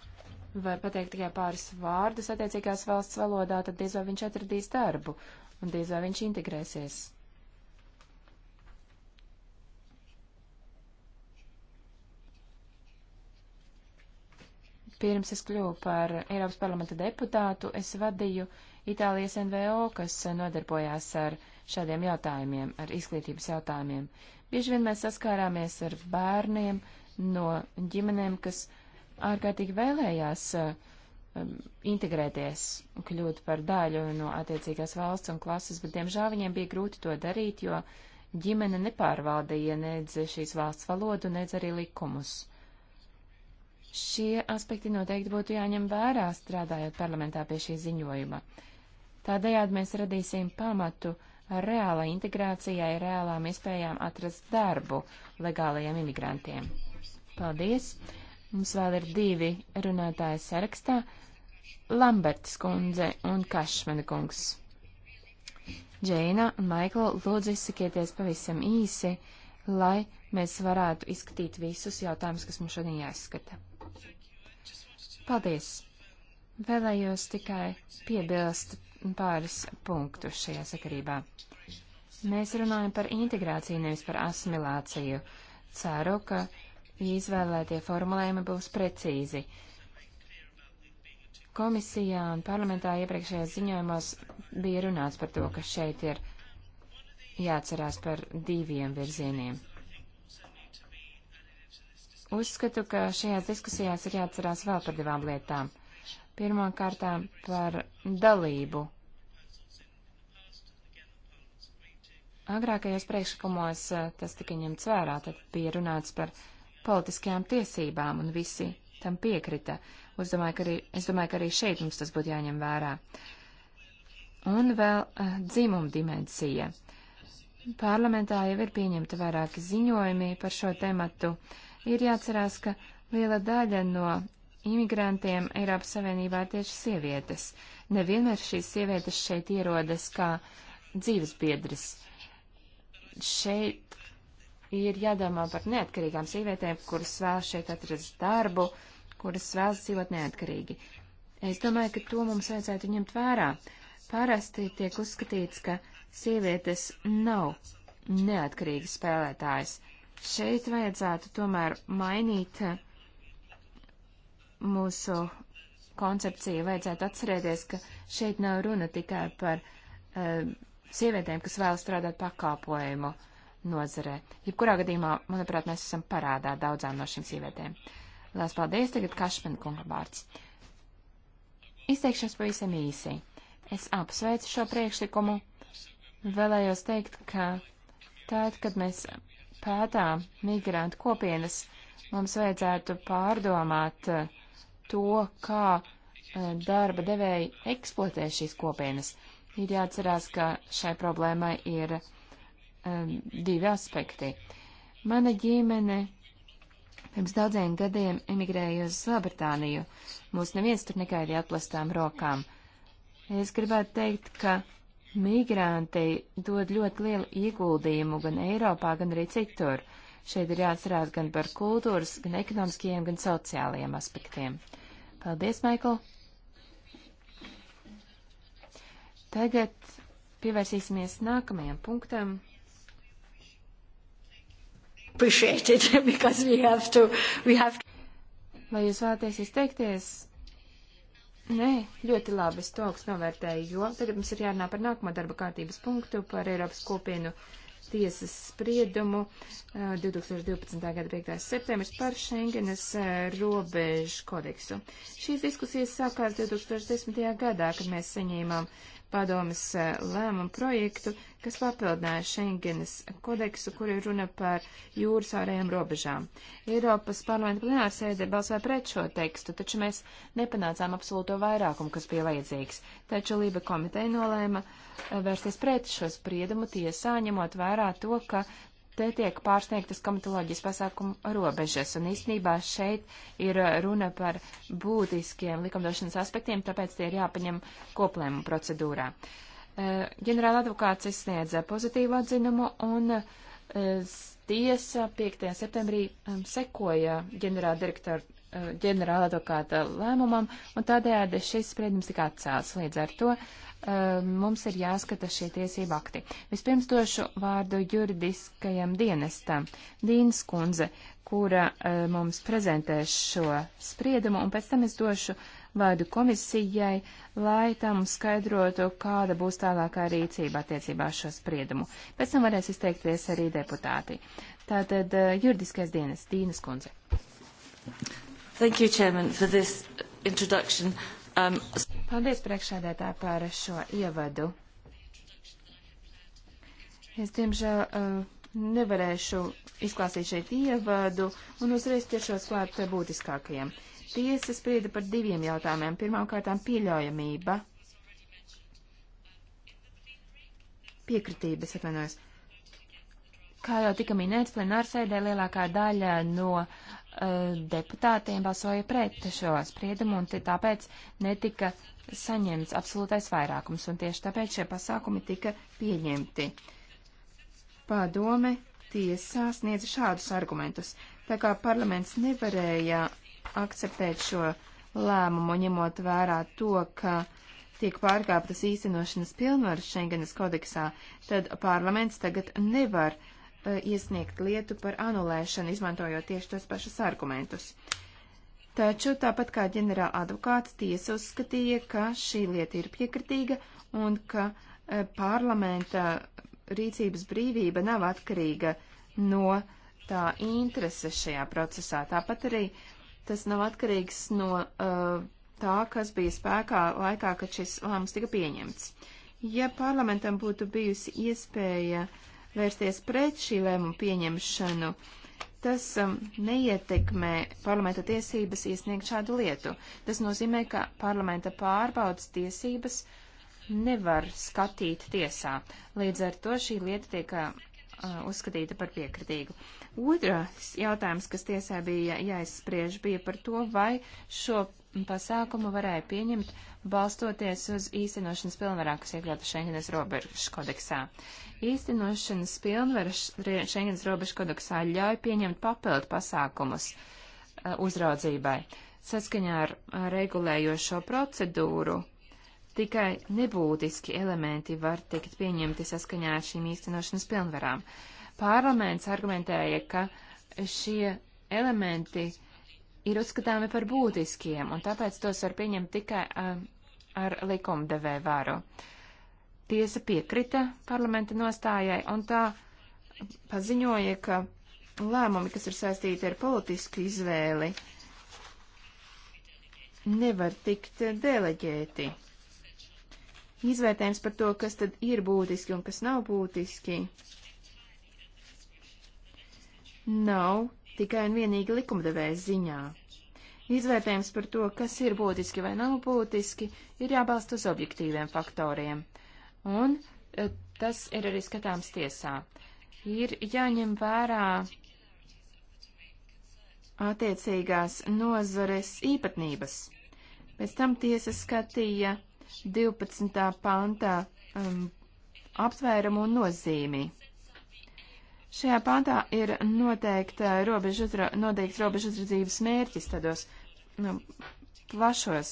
var pateikt tikai pāris vārdus attiecīgās valsts valodā, tad diez vai viņš atradīs darbu un diez vai viņš integrēsies. Pirms es kļuvu par Eiropas parlamenta deputātu, es vadīju Itālijas NVO, kas nodarbojās ar šādiem jautājumiem, ar izglītības jautājumiem. Bieži vien mēs saskārāmies ar bērniem no ģimenēm, kas ārkārtīgi vēlējās uh, Um, integrēties un kļūt par daļu no attiecīgās valsts un klases, bet diemžēl viņiem bija grūti to darīt, jo ģimene nepārvaldīja nedz šīs valsts valodu, nedz arī likumus. Šie aspekti noteikti būtu jāņem vērā, strādājot parlamentā pie šī ziņojuma. Tādējādi mēs radīsim pamatu reālai integrācijai, reālām iespējām atrast darbu legālajiem imigrantiem. Paldies! Mums vēl ir divi runātāji sarakstā. Lamberts kundze un Kašmena kungs. Džeina un Maikla, lūdzu izsakieties pavisam īsi, lai mēs varētu izskatīt visus jautājumus, kas mums šodien jāizskata. Paldies! Vēlējos tikai piebilst pāris punktus šajā sakarībā. Mēs runājam par integrāciju, nevis par asimilāciju. Ceru, ka izvēlētie formulējumi būs precīzi. Uh, Komisijā un parlamentā iepriekšējās ziņojumos bija runāts par to, ka šeit ir jāatcerās par diviem virzieniem. Uzskatu, ka šajās diskusijās ir jāatcerās vēl par divām lietām. Pirmkārt, par dalību. Agrākajos priekšlikumos eh, tas tika ņemts vērā, tad bija runāts par politiskajām tiesībām, un visi tam piekrita. Es domāju, ka arī, es domāju, ka arī šeit mums tas būtu jāņem vērā. Un vēl uh, dzimuma dimensija. Parlamentā jau ir pieņemta vairāki ziņojumi par šo tematu. Ir jāatcerās, ka liela daļa no imigrantiem Eiropas Savienībā ir tieši sievietes. Nevienmēr šīs sievietes šeit ierodas kā dzīvesbiedris. Šeit ir jādomā par neatkarīgām sievietēm, kuras vēl šeit atrast darbu, kuras vēl dzīvot neatkarīgi. Es domāju, ka to mums vajadzētu ņemt vērā. Parasti tiek uzskatīts, ka sievietes nav neatkarīgas spēlētājas. Šeit vajadzētu tomēr mainīt mūsu koncepciju. Vajadzētu atcerēties, ka šeit nav runa tikai par uh, sievietēm, kas vēl strādāt pakāpojumu. Uh, nozarē. Jebkurā gadījumā, manuprāt, mēs esam parādā daudzām no šīm sievietēm. Lielas paldies, tagad Kašmena kunga vārds. Izteikšos pavisam īsi. Es apsveicu šo priekšlikumu. Vēlējos teikt, ka tad, kad mēs pētām migrantu kopienas, mums vajadzētu pārdomāt eh, to, kā eh, darba devēji eksploatē šīs kopienas. Ir jāatcerās, ka šai problēmai ir um, divi aspekti. Mana ģimene pirms daudziem gadiem emigrēja uz Lielbritāniju. Mūs neviens tur negaidīja atplastām rokām. Es gribētu teikt, ka migranti dod ļoti lielu ieguldījumu gan Eiropā, gan arī citur. Šeit ir jāatcerās gan par kultūras, gan ekonomiskajiem, gan sociālajiem aspektiem. Paldies, Maikl! Tagad pievērsīsimies nākamajam punktam. To, have... Vai jūs vēlaties izteikties? Nē, ļoti labi, es to augstu novērtēju, jo tagad mums ir jārunā par nākamo darba kārtības punktu, par Eiropas kopienu tiesas spriedumu 2012. Eh, gada 5. septembris par Schengenas eh, robežu kodeksu. Šīs diskusijas sākās 2010. gadā, kad mēs saņēmām uh, padomas eh, lēmumu projektu, kas papildināja Schengenes kodeksu, kur ir runa par jūras ārējām robežām. Eiropas parlamenta plenārsēde balsoja pret šo tekstu, taču mēs nepanācām absolūto vairākumu, kas bija vajadzīgs. Taču Lība komiteja nolēma eh, vērsties pret šo spriedumu tiesā, ņemot vērā to, ka te tiek pārsniegtas komitoloģijas pasākumu robežas, un īstenībā šeit ir runa par būtiskiem likumdošanas aspektiem, tāpēc tie ir jāpaņem koplēmu procedūrā. E, ģenerāla advokāts izsniedza pozitīvu atzinumu, un e, tiesa 5. septembrī um, sekoja ģenerāla direktora Eh, ģenerāladvokāta lēmumam, un tādējādi šis spriedums tika atcēlts. Līdz ar to eh, mums ir jāskata šie tiesību akti. Vispirms došu vārdu juridiskajam dienestam, Dīnas kundze, kura eh, mums prezentēs šo spriedumu, un pēc tam es došu vārdu komisijai, lai tam skaidrotu, kāda būs tālākā rīcība attiecībā šo spriedumu. Pēc tam varēs izteikties arī deputāti. Tātad juridiskais dienas, Dīnas kundze. Thank you, Chairman, for this introduction. Um, Paldies priekšādētā par šo ievadu. Es, diemžēl, uh, nevarēšu izklāstīt šeit ievadu un uzreiz tiešos klāt pie būtiskākajiem. Tiesa sprieda par diviem jautājumiem. Pirmkārtām pieļaujamība. Piekritības, atvainojos. Kā jau tika minēts, plenārsēdē lielākā daļa no uh, deputātiem balsoja pret šo spriedumu, un tāpēc netika saņemts absolūtais vairākums, un tieši tāpēc šie pasākumi tika pieņemti. Padome tiesā sniedza šādus argumentus. Tā kā parlaments nevarēja akceptēt šo lēmumu, ņemot vērā to, ka tiek pārkāptas īstenošanas pilnvaras Schengenas kodeksā, tad parlaments tagad nevar uh, E, iesniegt lietu par anulēšanu, izmantojot tieši tos pašus argumentus. Taču tāpat kā ģenerāla advokāts tiesa uzskatīja, ka šī lieta ir piekritīga un ka e, parlamenta rīcības brīvība nav atkarīga no tā interese šajā procesā. Tāpat arī tas nav atkarīgs no e, tā, kas bija spēkā laikā, kad šis lēmums tika pieņemts. Ja parlamentam būtu bijusi iespēja uh, vērsties pret šī lēmuma pieņemšanu, tas um, neietekmē parlamenta tiesības iesniegt šādu lietu. Tas nozīmē, ka parlamenta pārbaudas tiesības nevar skatīt tiesā. Līdz ar to šī lieta tiek uh, uzskatīta par piekritīgu. Otrais jautājums, kas tiesā bija jāizspriež, bija par to, vai šo pasākumu varēja pieņemt, balstoties uz īstenošanas pilnvarā, kas iekļauta Schengenes robežu kodeksā. Īstenošanas pilnvara Schengenes robežu kodeksā ļauj pieņemt papildu pasākumus uh, uzraudzībai. Saskaņā ar regulējošo procedūru tikai nebūtiski elementi var tikt pieņemti saskaņā ar šīm īstenošanas pilnvarām. Parlaments argumentēja, ka šie elementi uh, ir uzskatāmi par būtiskiem, un tāpēc tos var pieņemt tikai uh, ar likumdevēju varu. Tiesa piekrita parlamenta nostājai, un tā paziņoja, ka lēmumi, kas ir saistīti ar politisku izvēli, nevar tikt deleģēti. Izvērtējums par to, kas tad ir būtiski un kas nav būtiski, nav tikai un vienīgi likumdevējas ziņā. Izvērtējums par to, kas ir būtiski vai nav būtiski, ir jābalst uz objektīviem faktoriem. Un e, tas ir arī skatāms tiesā. Ir jāņem vērā attiecīgās nozares īpatnības. Pēc tam tiesa skatīja 12. pantā um, aptvērumu un nozīmi. Šajā pāntā ir noteikta robežu, noteikts robežu uzradzības mērķis tādos nu, plašos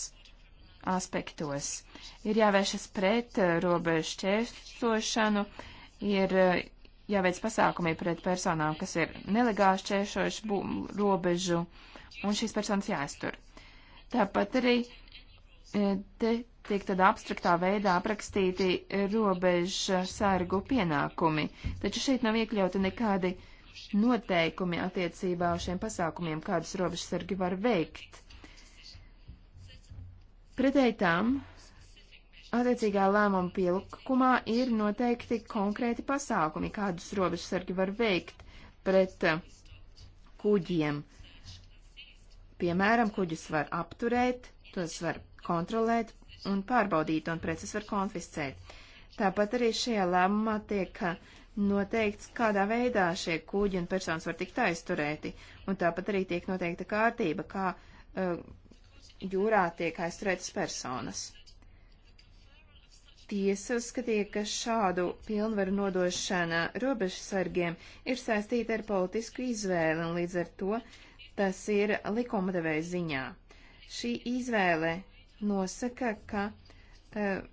aspektos. Ir jāvēršas pret eh, robežu čērsošanu, ir eh, jāveic pasākumi pret personām, kas ir nelegāli šķēršojuši robežu, un šīs personas jāiztur. Tāpat arī eh, te tiek tad abstraktā veidā aprakstīti robeža sargu pienākumi, taču šeit nav iekļauti nekādi noteikumi attiecībā uz šiem pasākumiem, kādus robeža sargi var veikt. Pretēji tam, attiecīgā lēmuma pielikumā ir noteikti konkrēti pasākumi, kādus robeža sargi var veikt pret uh, kuģiem. Piemēram, kuģus var apturēt, tos var kontrolēt, un pārbaudīt, un preces var konfiscēt. Tāpat arī šajā lēmumā tiek uh, noteikts, kādā veidā šie kuģi un personas var tikt aizturēti, un tāpat arī tiek noteikta kārtība, kā uh, jūrā tiek aizturētas personas. Tiesa uzskatīja, ka šādu pilnvaru nodošana robežsargiem ir saistīta ar politisku izvēli, un līdz ar to tas ir likumdevēja ziņā. Šī izvēle nosaka, ka uh,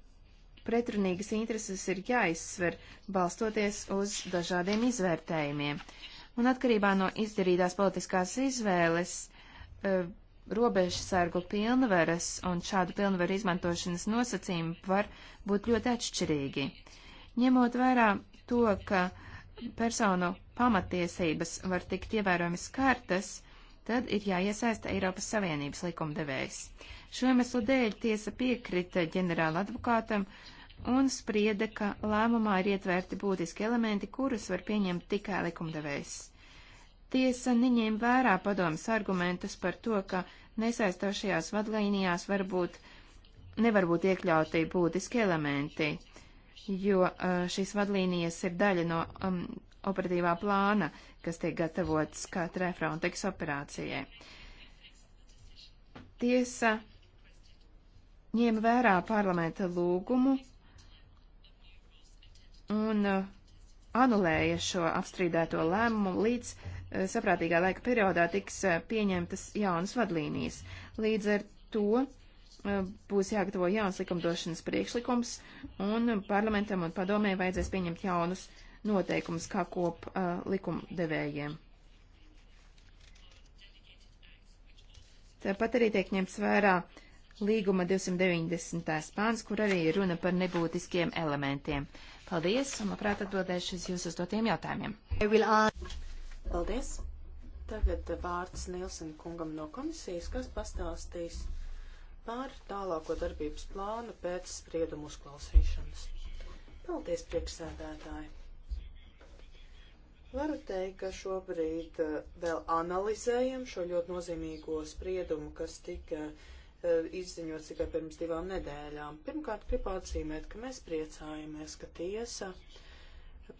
pretrunīgas intereses ir jāizsver, balstoties uz dažādiem izvērtējumiem. Un atkarībā no izdarītās politiskās izvēles, uh, robežsargu pilnvaras un šādu pilnvaru izmantošanas nosacījumi var būt ļoti atšķirīgi. Ņemot vērā to, ka personu pamatiesības var tikt ievērojami skartas, tad ir jāiesaista Eiropas Savienības likumdevējs. Šo iemeslu dēļ tiesa piekrita ģenerāla advokātam un sprieda, ka lēmumā ir ietverti būtiski elementi, kurus var pieņemt tikai likumdevējs. Tiesa neņēma vērā padomas argumentus par to, ka nesaistošajās vadlīnijās varbūt nevar būt iekļauti būtiski elementi, jo šīs vadlīnijas ir daļa no um, operatīvā plāna, kas tiek gatavots katrai Frontex operācijai. Tiesa ņēma vērā parlamenta lūgumu un uh, anulēja šo apstrīdēto lēmumu līdz uh, saprātīgā laika periodā tiks uh, pieņemtas jaunas vadlīnijas. Līdz ar to būs jāgatavo jauns likumdošanas priekšlikums, un parlamentam un padomē vajadzēs pieņemt jaunus noteikumus kā kop uh, likumdevējiem. Tāpat arī tiek ņemts vērā līguma 290. pāns, kur arī ir runa par nebūtiskiem elementiem. Paldies, un labprāt atbildēšu uz jūsu uzdotiem jautājumiem. Paldies! Tagad vārds Nielsen kungam no komisijas, kas pastāstīs par tālāko darbības plānu pēc spriedumu uzklausīšanas. Paldies, priekšsēdētāji! Varu teikt, ka šobrīd eh, vēl analizējam šo ļoti nozīmīgo spriedumu, kas tika uh, Eh, izziņots tikai pirms divām nedēļām. Pirmkārt, gribu atzīmēt, ka mēs priecājamies, ka tiesa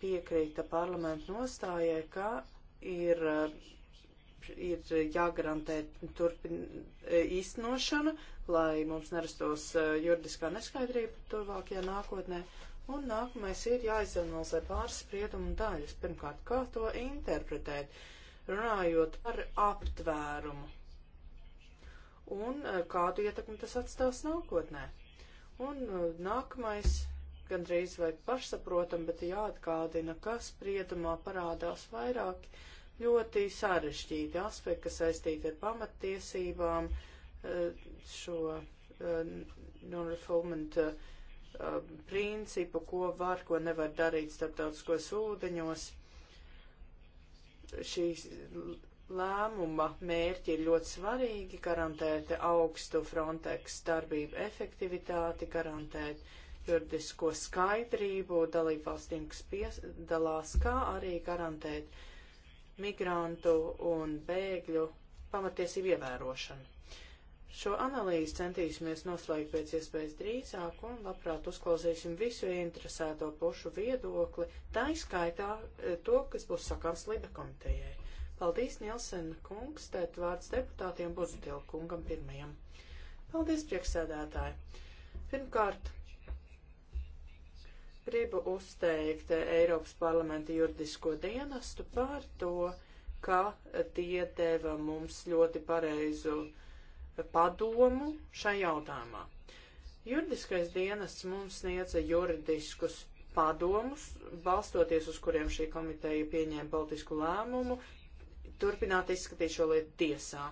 piekrīta parlamentu nostājai, ka ir, eh, ir jāgarantē turpin eh, īstenošana, lai mums nerastos juridiskā neskaidrība tuvākajā nākotnē. Un nākamais ir jāizanalizē pāris spriedumu daļas. Pirmkārt, kā to interpretēt, runājot par aptvērumu un eh, kādu ietekmi tas atstās nākotnē. Un eh, nākamais, gandrīz vai pašsaprotam, bet jāatgādina, ka spriedumā parādās vairāki ļoti sarežģīti aspekti, kas saistīti ar pamattiesībām, eh, šo non-refoulement principu, ko var, ko nevar darīt starptautiskos ūdeņos. Šīs lēmuma mērķi ir ļoti svarīgi - garantēt augstu Frontex darbību efektivitāti, garantēt juridisko skaidrību dalību valstīm, kas piedalās, kā arī garantēt migrantu un bēgļu pamatiesību ievērošanu. Šo analīzi centīsimies noslēgt pēc iespējas drīzāk un labprāt uzklausīsim visu interesēto pušu viedokli, tā izskaitā eh, to, kas būs sakāms Libe komitejai. Paldies, Nielsen kungs, tēt vārds deputātiem Buzutil kungam pirmajam. Paldies, prieksēdētāji. Pirmkārt, gribu uzteikt Eiropas parlamenta juridisko dienestu par to, ka tie deva mums ļoti pareizu padomu šajā jautājumā. Juridiskais dienests mums sniedza juridiskus padomus, balstoties uz kuriem šī komiteja pieņēma politisku lēmumu, turpināt izskatīt šo lietu tiesā.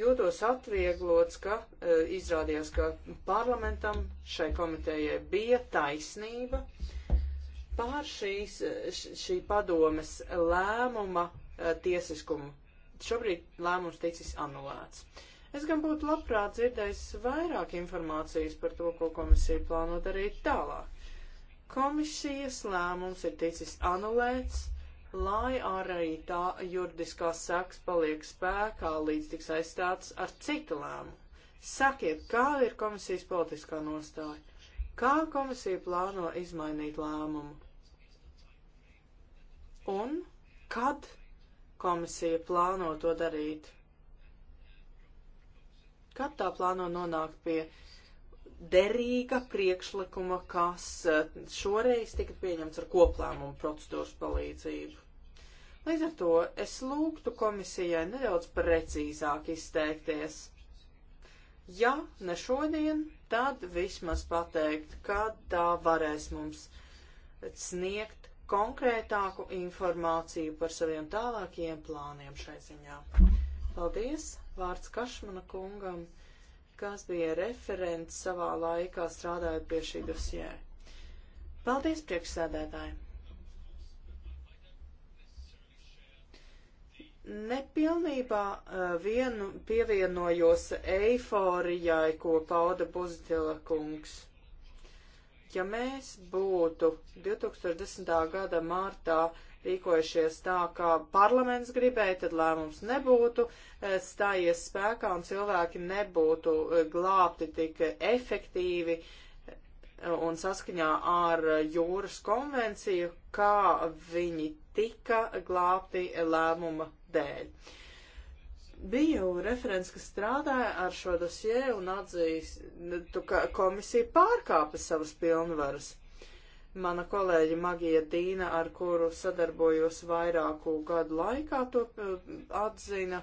Jūtos atvieglots, ka e, izrādījās, ka parlamentam šai komitejai bija taisnība pār šīs, e, š, šī padomes lēmuma e, tiesiskumu. Šobrīd lēmums ticis anulēts. Es gan būtu labprāt dzirdējis vairāk informācijas par to, ko komisija plāno darīt tālāk. Komisijas lēmums ir ticis anulēts, lai arī tā juridiskā saks paliek spēkā, līdz tiks aizstāts ar citu lēmumu. Sakiet, kāda ir komisijas politiskā nostāja? Kā komisija plāno izmainīt lēmumu? Un kad komisija plāno to darīt? Kad tā plāno nonākt pie derīga priekšlikuma, kas eh, šoreiz tika pieņemts ar koplēmumu procedūras palīdzību? Līdz ar to es lūgtu komisijai nedaudz precīzāk izteikties. Ja ne šodien, tad vismaz pateikt, kad tā varēs mums sniegt konkrētāku informāciju par saviem tālākajiem plāniem šai ziņā. Paldies! Vārds Kašmana kungam, kas bija referents savā laikā strādājot pie šī dosjē. Paldies, priekšsēdētāji! nepilnībā eh, vienu pievienojos eiforijai, ko pauda Buzitila kungs. Ja mēs būtu 2010. gada mārtā rīkojušies tā, kā parlaments gribēja, tad lēmums nebūtu eh, stājies spēkā un cilvēki nebūtu eh, glābti tik efektīvi un saskaņā ar jūras konvenciju, kā viņi tika glābti lēmuma dēļ. Biju referents, kas strādāja ar šo dosie un atzīst, nu, ka komisija pārkāpa savas pilnvaras. Mana kolēģa Magija Dīna, ar kuru sadarbojos vairāku gadu laikā, to uh, atzina.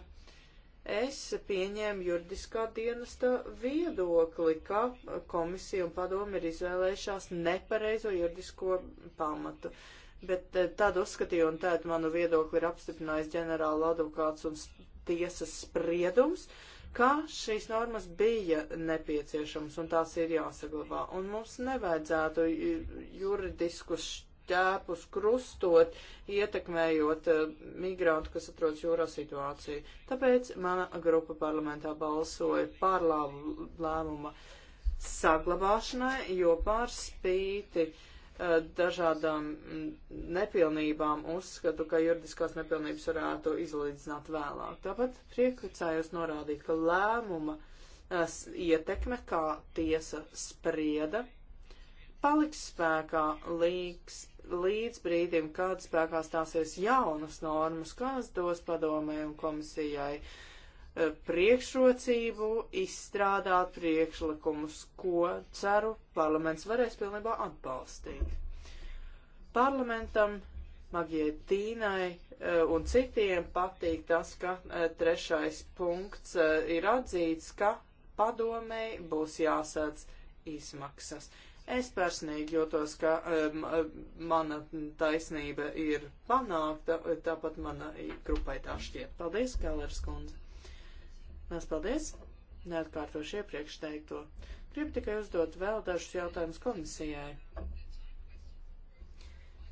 Es pieņēmu juridiskā dienesta viedokli, ka komisija un padomi ir izvēlējušās nepareizo juridisko pamatu. Uh, bet eh, tādu uzskatīju un tādu manu viedokli ir apstiprinājis ģenerāla advokāts un tiesas spriedums, ka šīs normas bija nepieciešams un tās ir jāsaglabā. Un mums nevajadzētu juridiskus šķēpus krustot, ietekmējot eh, migrantu, kas atrodas jūrā situāciju. Tāpēc mana grupa parlamentā balsoja par lēmuma saglabāšanai, jo pārspīti uh, Eh, dažādām mm, nepilnībām uzskatu, ka juridiskās nepilnības varētu izlīdzināt vēlāk. Tāpat priekšlicējos norādīt, ka lēmuma eh, ietekme, kā tiesa sprieda, paliks spēkā līdz, līdz brīdim, kad spēkā stāsies jaunas normas, kas dos padomē un komisijai uh, Eh, priekšrocību izstrādāt priekšlikumus, ko, ceru, parlaments varēs pilnībā atbalstīt. Parlamentam, Magietīnai eh, un citiem patīk tas, ka eh, trešais punkts ir atzīts, ka padomēji būs jāsāc izmaksas. Es personīgi jūtos, ka um, mana taisnība ir panākta, tāpat mana grupai tā šķiet. Paldies, Kalers kundze! Mēs paldies! Neatkārtošu iepriekš teikto. Gribu tikai uzdot vēl dažus jautājumus komisijai.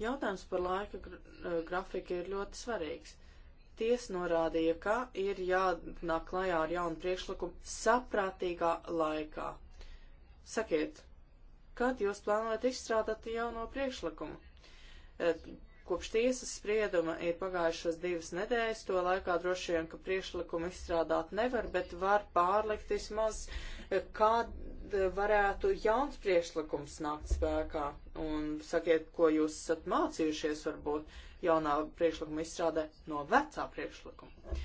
Jautājums par laika eh, grafiku ir ļoti svarīgs. Tiesa norādīja, ka ir jānāk klajā ar jaunu priekšlikumu saprātīgā laikā. Sakiet, kad jūs plānojat izstrādāt jauno priekšlikumu? Eh, Kopš tiesas sprieduma ir pagājušas divas nedēļas, to laikā droši vien, ka priekšlikumu izstrādāt nevar, bet var pārlikt vismaz, eh, kad eh, varētu jauns priekšlikums nākt spēkā. Un sakiet, ko jūs esat mācījušies varbūt jaunā priekšlikuma izstrādē no vecā priekšlikuma.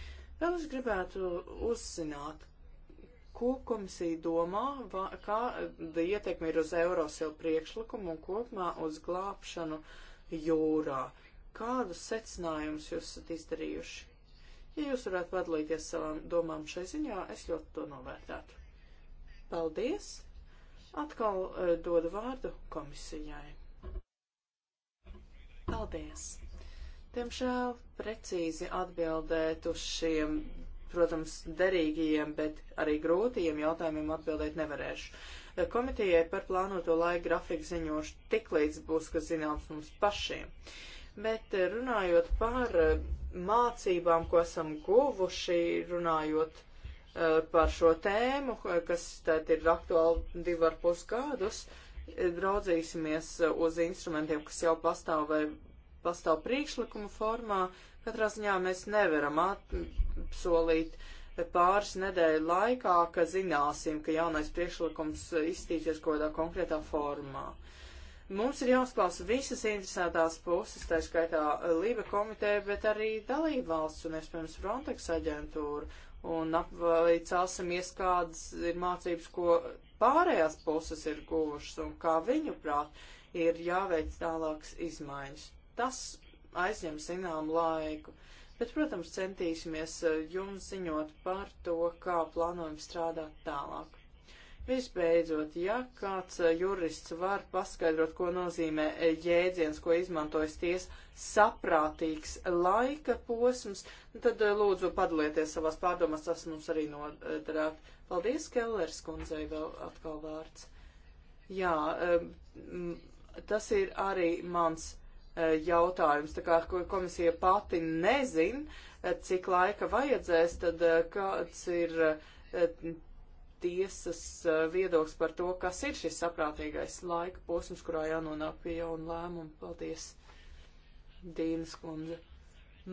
Vēl es gribētu uzzināt, ko komisija domā, va, kāda eh, ietekme ir uz Eurosil priekšlikumu un kopumā uz glābšanu. Uh, jūrā. Kādus secinājumus jūs esat izdarījuši? Ja jūs varētu padalīties savām domām šai ziņā, es ļoti to novērtētu. Paldies! Atkal uh, dodu vārdu komisijai. Paldies! Diemžēl precīzi atbildēt uz šiem, protams, derīgajiem, bet arī grūtajiem jautājumiem atbildēt nevarēšu komitejai par plānoto laika grafiku ziņošu tik līdz būs, kas zināms mums pašiem. Bet eh, runājot par eh, mācībām, ko esam guvuši, runājot eh, par šo tēmu, kas tad ir aktuāli divi ar pus gadus, draudzīsimies uz instrumentiem, kas jau pastāv vai pastāv priekšlikumu formā. Katrā ziņā mēs nevaram apsolīt uh, pāris nedēļu laikā, ka zināsim, ka jaunais priekšlikums izstīsies kaut kādā konkrētā formā. Mums ir jāuzklausa visas interesētās puses, tā skaitā eh, Lība komiteja, bet arī dalība valsts un, iespējams, Frontex aģentūra. Un apvaicāsimies, kādas ir mācības, ko pārējās puses ir guvušas un kā viņu prāt ir jāveic tālākas izmaiņas. Tas aizņem zinām laiku. Uh, Bet, protams, centīsimies eh, jums ziņot par to, kā plānojam strādāt tālāk. Visbeidzot, ja kāds eh, jurists var paskaidrot, ko nozīmē eh, jēdziens, ko izmantojas tiesa, saprātīgs laika posms, nu tad lūdzu padalieties savās pārdomās, tas mums arī noderētu. Paldies, Kellers kundzei, vēl atkal vārds. Jā, tas ir arī mans E, jautājums. Tā kā komisija pati nezin, e, cik laika vajadzēs, tad e, kāds ir tiesas viedoklis par to, kas ir šis saprātīgais laika posms, kurā jānonāk pie jaunu lēmumu. Paldies, Dīnas kundze.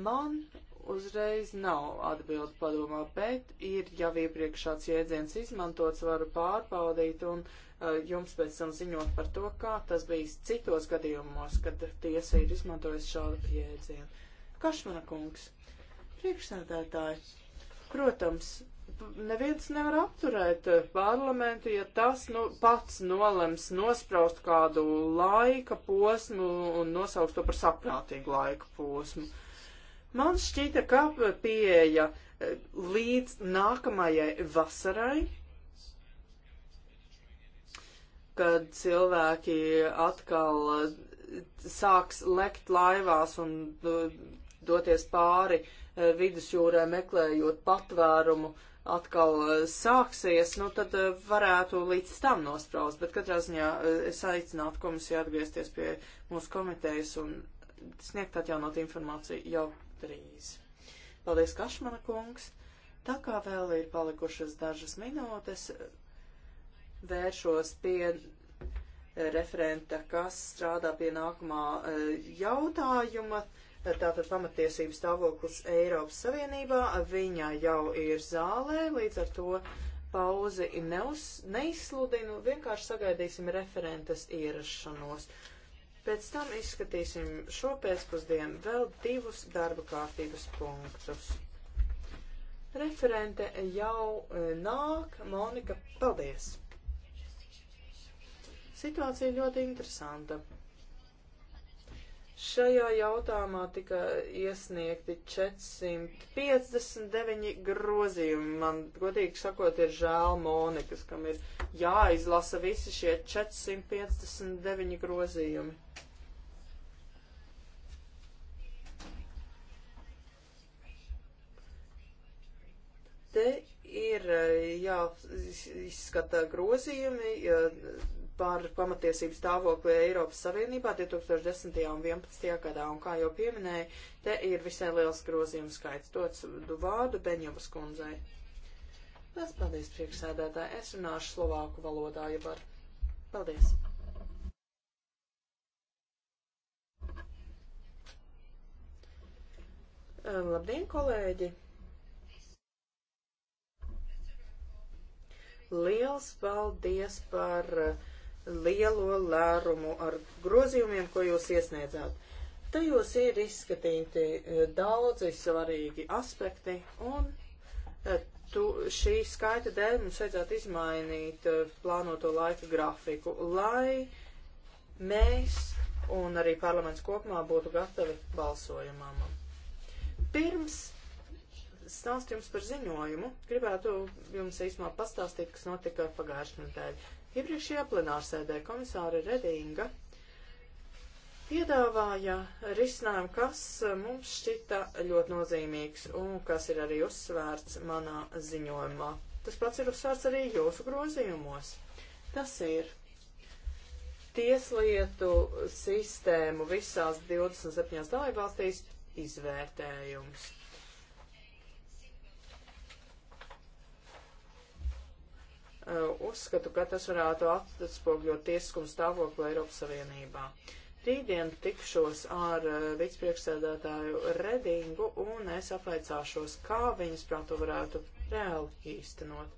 Man uzreiz nav atbildi padomā, bet ir jau iepriekš šāds jēdziens izmantots, varu pārbaudīt un uh, jums pēc tam ziņot par to, kā tas bijis citos gadījumos, kad tiesa ir izmantojusi šādu jēdzienu. Kašmana kungs, priekšsēdētāji, protams, neviens nevar apturēt parlamentu, ja tas nu, pats nolems nospraust kādu laika posmu un nosauks to par saprātīgu laika posmu. Uh, Man šķita, ka pieeja eh, līdz nākamajai vasarai, kad cilvēki atkal eh, sāks lekt laivās un doties pāri eh, vidusjūrē meklējot patvērumu, atkal sāksies, nu tad varētu līdz tam nospraust. Bet katrā ziņā es aicinātu komisiju atgriezties pie mūsu komitejas un sniegt atjaunot informāciju jau drīz. Paldies, Kašmana kungs! Tā kā vēl ir palikušas dažas minūtes, vēršos pie referenta, kas strādā pie nākamā eh, jautājuma. Tātad pamatiesības stāvoklis Eiropas Savienībā, viņa jau ir zālē, līdz ar to pauzi neuz, neizsludinu, vienkārši sagaidīsim referentes ierašanos. Pēc tam izskatīsim šo pēcpusdienu vēl divus darba kārtības punktus. Referente jau e, nāk. Monika, paldies! Situācija ļoti interesanta. Šajā jautājumā tika iesniegti 459 grozījumi. Man, godīgi sakot, ir žēl Monikas, kam ir jāizlasa visi šie 459 grozījumi. Te ir jāizskata grozījumi, ja par pamatiesību stāvokli Eiropas Savienībā 2010. un 2011. gadā, un kā jau pieminēja, te ir visai liels grozījums skaits. Tots vārdu Beņovas kundzei. Lielas paldies, priekšsēdētāji. Es runāšu slovāku valodā, ja var. Paldies. Labdien, kolēģi! Liels paldies par uh, lielo lērumu ar grozījumiem, ko jūs iesniedzāt. Tajos ir izskatīti e, daudzi svarīgi aspekti, un e, tu, šī skaita dēļ mums vajadzētu izmainīt e, plānoto laika grafiku, lai mēs un arī parlaments kopumā būtu gatavi balsojumam. Pirms stāstu jums par ziņojumu. Gribētu jums īsumā pastāstīt, kas notika pagājušajā nedēļā. Iepriekšējā plenārsēdē komisāra Redinga piedāvāja risinājumu, kas mums šķita ļoti nozīmīgs un kas ir arī uzsvērts manā ziņojumā. Tas pats ir uzsvērts arī jūsu grozījumos. Tas ir tieslietu sistēmu visās 27 dalībvalstīs izvērtējums. Eh, uzskatu, ka tas varētu atspogļot tiesiskumu stāvokli Eiropas Savienībā. Rītdien tikšos ar uh, vicepriekšsēdētāju Redingu un es apveicāšos, kā viņas prātu varētu reāli īstenot.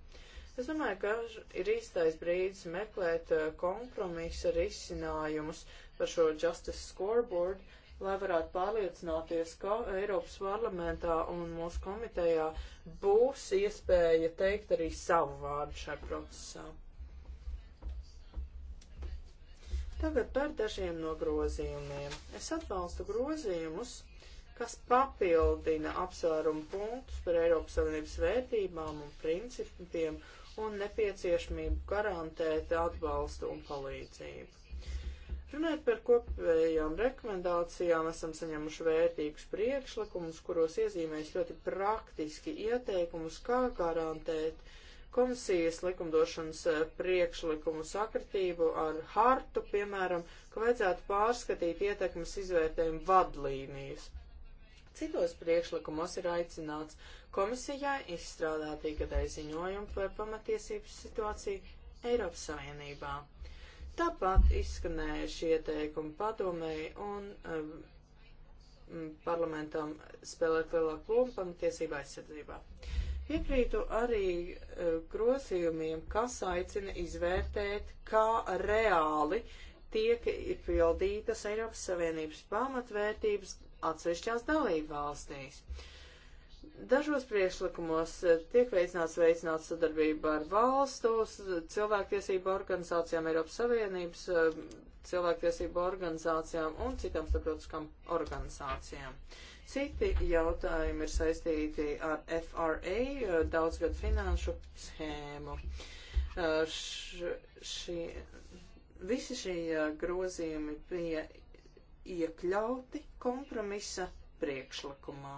Es domāju, ka ir īstais brīdis meklēt uh, kompromisa risinājumus par šo Justice Scoreboard, uh, lai varētu pārliecināties, ka Eiropas parlamentā un mūsu komitejā būs iespēja teikt arī savu vārdu šajā procesā. Tagad par dažiem no grozījumiem. Es atbalstu grozījumus, kas papildina apsvērumu punktus par Eiropas Savienības vērtībām un principiem un nepieciešamību garantēt atbalstu un palīdzību. Runājot par kopējām rekomendācijām, esam saņēmuši vērtīgus priekšlikumus, kuros iezīmēs ļoti praktiski ieteikumus, kā garantēt komisijas likumdošanas eh, priekšlikumu sakritību ar hartu, piemēram, ka vajadzētu pārskatīt ietekmes izvērtējumu vadlīnijas. Citos priekšlikumos ir aicināts komisijai izstrādāt ikgadēju ziņojumu par pamatiesības situāciju Eiropas Savienībā. Tāpat izskanēja šie ieteikumi padomēji un um, parlamentam spēlēt lielāku lomu pamatiesībā aizsardzībā. Piekrītu arī uh, grozījumiem, kas aicina izvērtēt, kā reāli tiek pildītas Eiropas Savienības pamatvērtības atsevišķās dalību valstīs. Uh, Dažos priekšlikumos tiek veicināts veicināt sadarbību ar valstos, cilvēktiesību organizācijām, Eiropas Savienības eh, cilvēktiesību organizācijām un citām starptautiskām organizācijām. Citi jautājumi ir saistīti ar FRA, eh, daudzgad finanšu schēmu. Eh, š, šī, visi šie grozījumi bija iekļauti kompromisa priekšlikumā.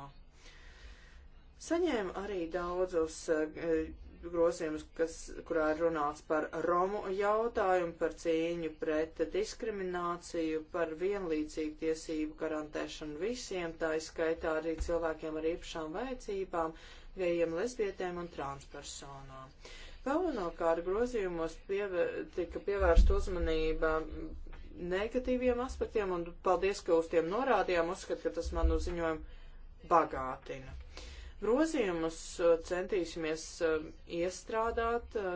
Saņēmu arī daudzus eh, grozījumus, kas, kurā ir runāts par Romu jautājumu, par cīņu pret diskrimināciju, par vienlīdzīgu tiesību garantēšanu visiem, tā izskaitā arī cilvēkiem ar īpašām vajadzībām, gejiem, lesbietēm un transpersonām. Galvenokārt grozījumos pieve, tika pievērsta uzmanība negatīviem aspektiem, un paldies, ka uz tiem norādījām, uzskat, ka tas manu ziņojumu bagātina. Grozījumus uh, centīsimies uh, iestrādāt uh,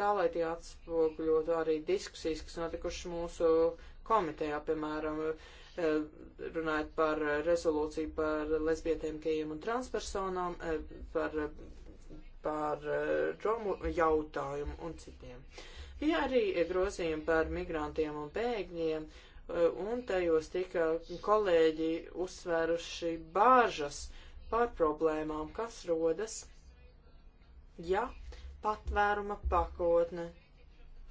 tā, lai tie atspoguļotu arī diskusijas, kas notikušas mūsu komitejā, piemēram, runājot par rezolūciju par lesbietēm, gejiem un transpersonām, par, par romu jautājumu un citiem. Bija ja arī grozījumi par migrantiem un bēgļiem, un tajos tika kolēģi uzsvēruši bāžas, uh, par problēmām, kas rodas, ja patvēruma pakotne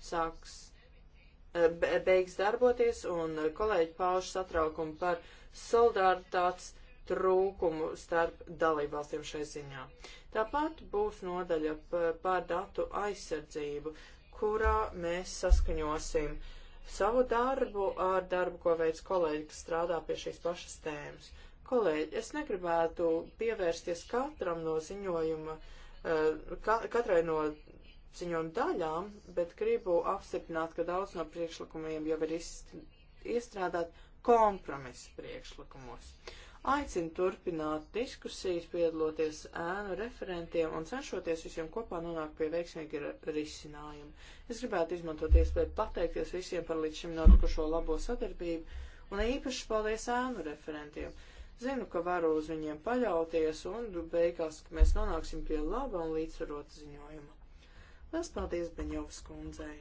sāks eh, be, beigs darboties un kolēģi pauž satraukumu par solidaritātes trūkumu starp dalībvalstiem šai ziņā. Tāpat būs nodaļa par datu aizsardzību, kurā mēs saskaņosim savu darbu ar darbu, ko veids kolēģi, kas strādā pie šīs pašas tēmas. Kolēģi, es negribētu pievērsties katram no ziņojuma, eh, ka, katrai no ziņojuma daļām, bet gribu apstiprināt, ka daudz no priekšlikumiem jau ir iestrādāt kompromisu priekšlikumos. Aicinu turpināt diskusijas, piedaloties ēnu referentiem un cenšoties visiem kopā nonākt pie veiksmīga risinājuma. Es gribētu izmantot iespēju pateikties visiem par līdz šim notikušo labo sadarbību un īpaši paldies ēnu referentiem Zinu, ka varu uz viņiem paļauties un beigās mēs nonāksim pie laba un līdzsvarota ziņojuma. Lielas paldies Beņovas kundzei!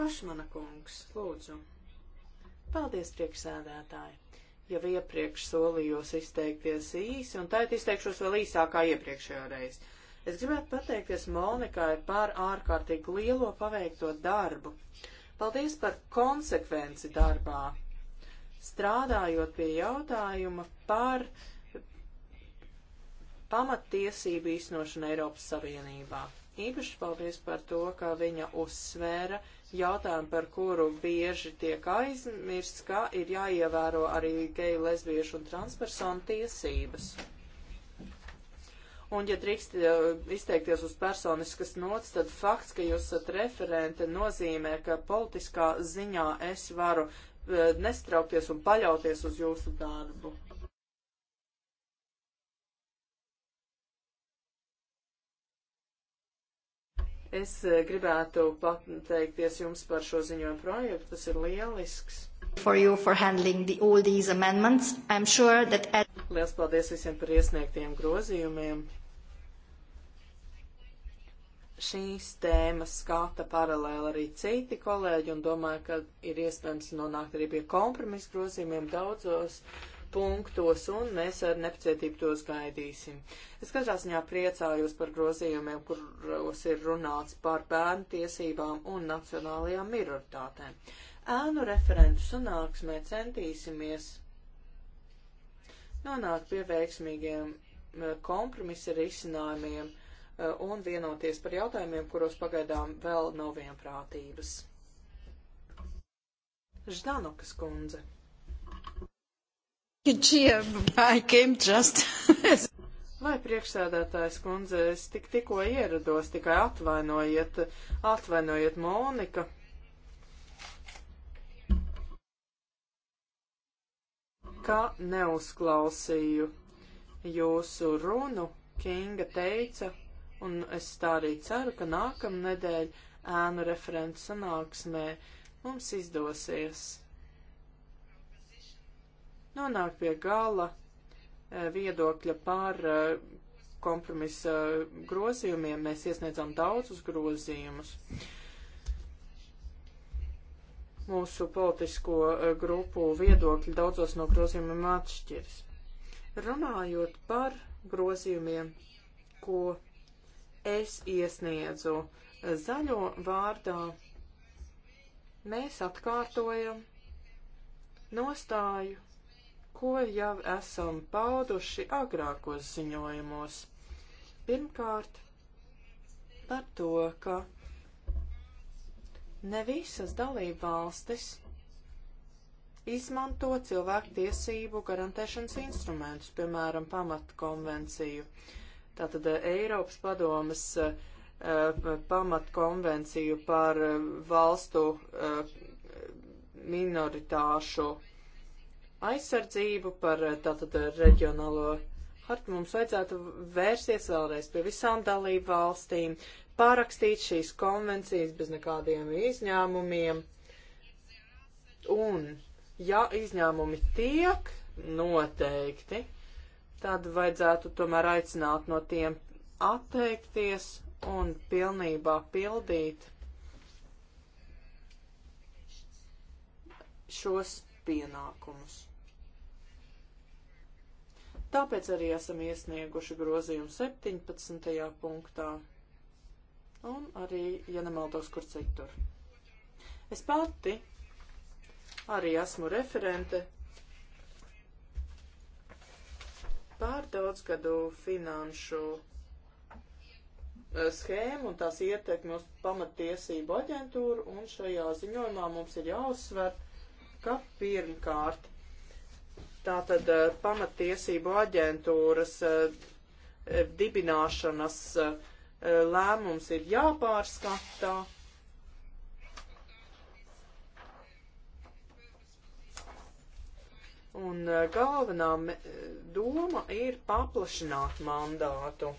Kašmana kungs, lūdzu. Paldies, priekšsēdētāji. Jau iepriekš solījos izteikties īsi, un tagad izteikšos vēl īsākā iepriekšējā reizē. Es gribētu pateikties Monikai par ārkārtīgi lielo paveikto darbu. Paldies par konsekvenci darbā, strādājot pie jautājuma par pamattiesību īstenošanu Eiropas Savienībā. Īpaši paldies par to, ka viņa uzsvēra jautājumu, par kuru bieži tiek aizmirsts, ka ir jāievēro arī geju, lesbiešu un transpersonu tiesības. Un, ja drīkst izteikties uz personiskas nots, tad fakts, ka jūs esat referente, nozīmē, ka politiskā ziņā es varu eh, nestraukties un paļauties uz jūsu darbu. Es eh, gribētu pateikties jums par šo ziņojumu projektu. Tas ir lielisks. For you for handling the, all these amendments. I'm sure that... Liels paldies visiem par iesniegtiem grozījumiem šīs tēmas skata paralēli arī citi kolēģi un domāju, ka ir iespējams nonākt arī pie kompromisu grozījumiem daudzos punktos, un mēs ar nepacietību tos gaidīsim. Es katrā ziņā priecājos par grozījumiem, kuros ir runāts par bērnu tiesībām un nacionālajām minoritātēm. Ēnu referentu sanāksmē centīsimies nonākt pie veiksmīgiem eh, kompromisa risinājumiem Eh, un vienoties par jautājumiem, kuros pagaidām vēl nav vienprātības. Ždanokas kundze. Vai priekšsēdētājs kundze, es tik tikko ierados, tikai atvainojiet, atvainojiet Monika. Ka neuzklausīju jūsu runu, Kinga teica, un es tā arī ceru, ka nākamnedēļ ēnu referentu sanāksmē mums izdosies nonākt pie gala eh, viedokļa par eh, kompromisa grozījumiem. Mēs iesniedzām daudzus grozījumus. Mūsu politisko eh, grupu viedokļi daudzos no grozījumiem atšķiras. Runājot par grozījumiem, ko es iesniedzu zaļo vārdā. Mēs atkārtojam nostāju, ko jau esam pauduši agrākos ziņojumos. Pirmkārt, par to, ka ne visas dalībvalstis izmanto cilvēku tiesību garantēšanas instrumentus, piemēram, pamatkonvenciju. konvenciju Tātad eh, Eiropas padomas eh, pamatkonvenciju par eh, valstu minoritāšu aizsardzību, par tātad reģionālo hartu mums vajadzētu vērsties vēlreiz pie visām dalību valstīm, pārakstīt šīs konvencijas bez nekādiem izņēmumiem. Un, ja izņēmumi tiek noteikti, tad vajadzētu tomēr aicināt no tiem atteikties un pilnībā pildīt šos pienākumus. Tāpēc arī esam iesnieguši grozījumu 17. punktā un arī, ja nemaldos, kur citur. Es pati arī esmu referente pār daudzgadu finanšu eh, schēmu un tās ietekmi uz pamatiesību aģentūru, un šajā ziņojumā mums ir jāuzsver, ka pirmkārt tātad eh, pamatiesību aģentūras eh, dibināšanas lēmums ir jāpārskatā Un e, galvenā e, doma ir paplašināt mandātu e,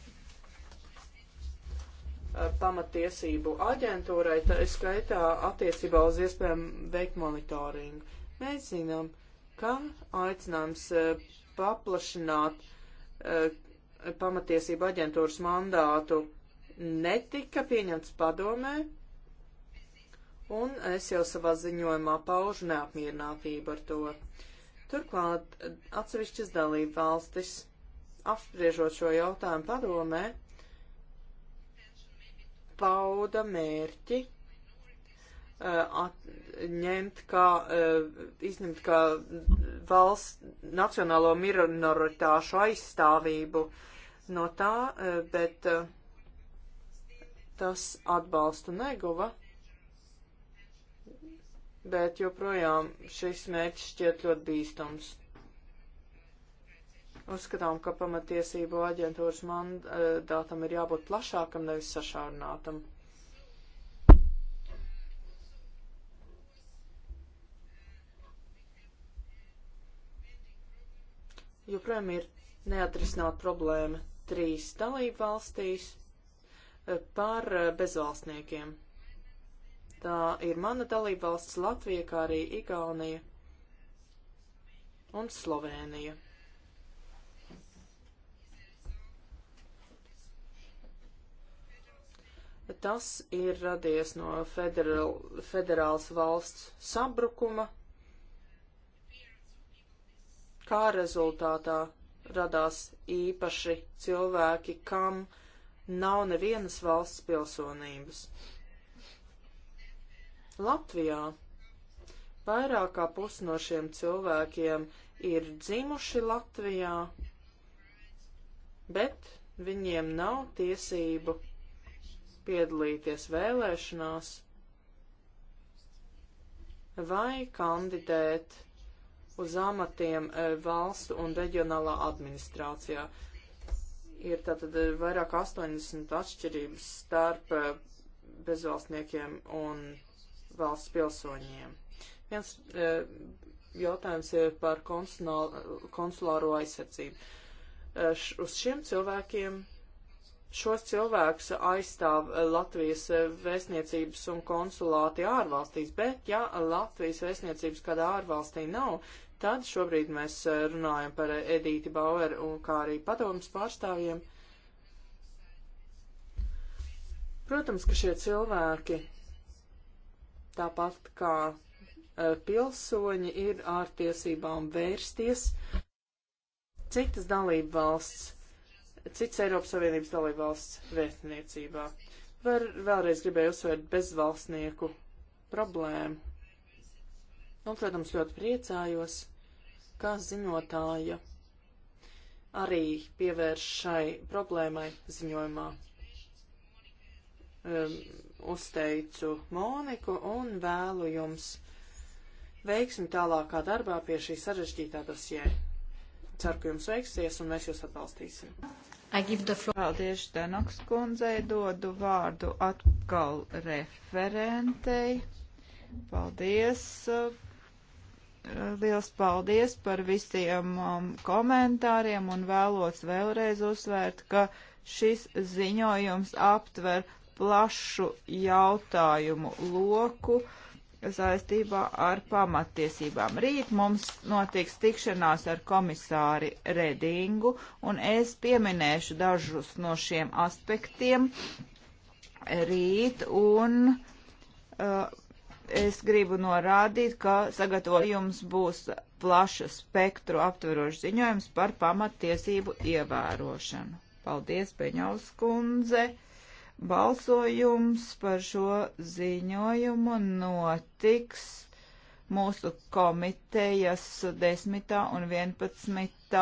pamatiesību aģentūrai, tā skaitā attiecībā uz iespējumu veikt monitoringu. Mēs zinām, ka aicinājums paplašināt pamatiesību aģentūras mandātu netika pieņemts padomē, un es jau savā ziņojumā paužu neapmierinātību ar to. Uh, Turklāt atsevišķas dalība valstis, apspriežot šo jautājumu padomē, pauda mērķi uh, atņemt kā, uh, izņemt kā valsts nacionālo minoritāšu aizstāvību no tā, uh, bet tas atbalstu neguva bet joprojām šis mērķis šķiet ļoti bīstams. Uzskatām, ka pamatiesību aģentūras mandātam ir jābūt plašākam, nevis sašaurinātam. Joprojām ir neatrisināt problēma trīs dalību valstīs par bezvalstniekiem. Tā ir mana dalībvalsts Latvija, kā arī Igaunija un Slovēnija. Tas ir radies no federal, federāls valsts sabrukuma, kā rezultātā radās īpaši cilvēki, kam nav nevienas valsts pilsonības. Latvijā vairāk kā pusi no šiem cilvēkiem ir dzimuši Latvijā, bet viņiem nav tiesību piedalīties vēlēšanās vai kandidēt uz amatiem e, valstu un reģionālā administrācijā. Ir tātad e, vairāk 80 atšķirības starp e, bezvalstniekiem un valsts pilsoņiem. Viens e, jautājums ir par konsulāro aizsardzību. E, š, uz šiem cilvēkiem šos cilvēkus aizstāv Latvijas vēstniecības un konsulāti ārvalstīs, bet ja Latvijas vēstniecības kādā ārvalstī nav, tad šobrīd mēs runājam par Edīti Baueru un kā arī padomus pārstāvjiem. Protams, ka šie cilvēki tāpat kā e, pilsoņi ir ar tiesībām vērsties citas dalību valsts, citas Eiropas Savienības dalību valsts vēstniecībā. Var, vēlreiz gribēju uzsvērt bezvalstnieku problēmu. Un, protams, ļoti priecājos, kā ziņotāja arī pievērš šai problēmai ziņojumā. Um, uzteicu Moniku un vēlu jums veiksmi tālākā darbā pie šī sarežģītā dosjē. Ceru, ka jums veiksies un mēs jūs atbalstīsim. Paldies, Denoks kundzei, dodu vārdu atkal referentei. Paldies. Uh, liels paldies par visiem um, komentāriem un vēlos vēlreiz uzsvērt, ka šis ziņojums aptver plašu jautājumu loku saistībā ar pamatiesībām. Rīt mums notiks tikšanās ar komisāri Redingu, un es pieminēšu dažus no šiem aspektiem rīt, un uh, es gribu norādīt, ka sagatavojums būs plaša spektru aptverošs ziņojums par pamatiesību ievērošanu. Paldies, Peņaus kundze! Balsojums par šo ziņojumu notiks mūsu komitejas 10. un 11.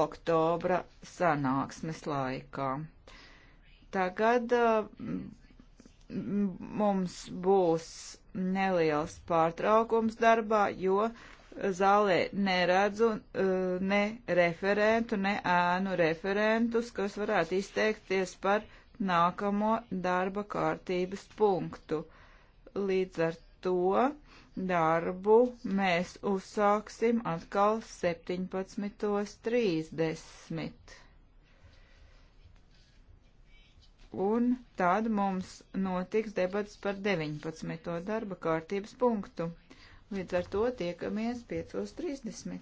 oktobra sanāksmes laikā. Tagad mm, mums būs neliels pārtraukums darbā, jo zālē neredzu mm, ne referentu, ne ēnu referentus, kas varētu izteikties par nākamo darba kārtības punktu. Līdz ar to darbu mēs uzsāksim atkal 17.30. Un tad mums notiks debats par 19. darba kārtības punktu. Līdz ar to tiekamies 5.30.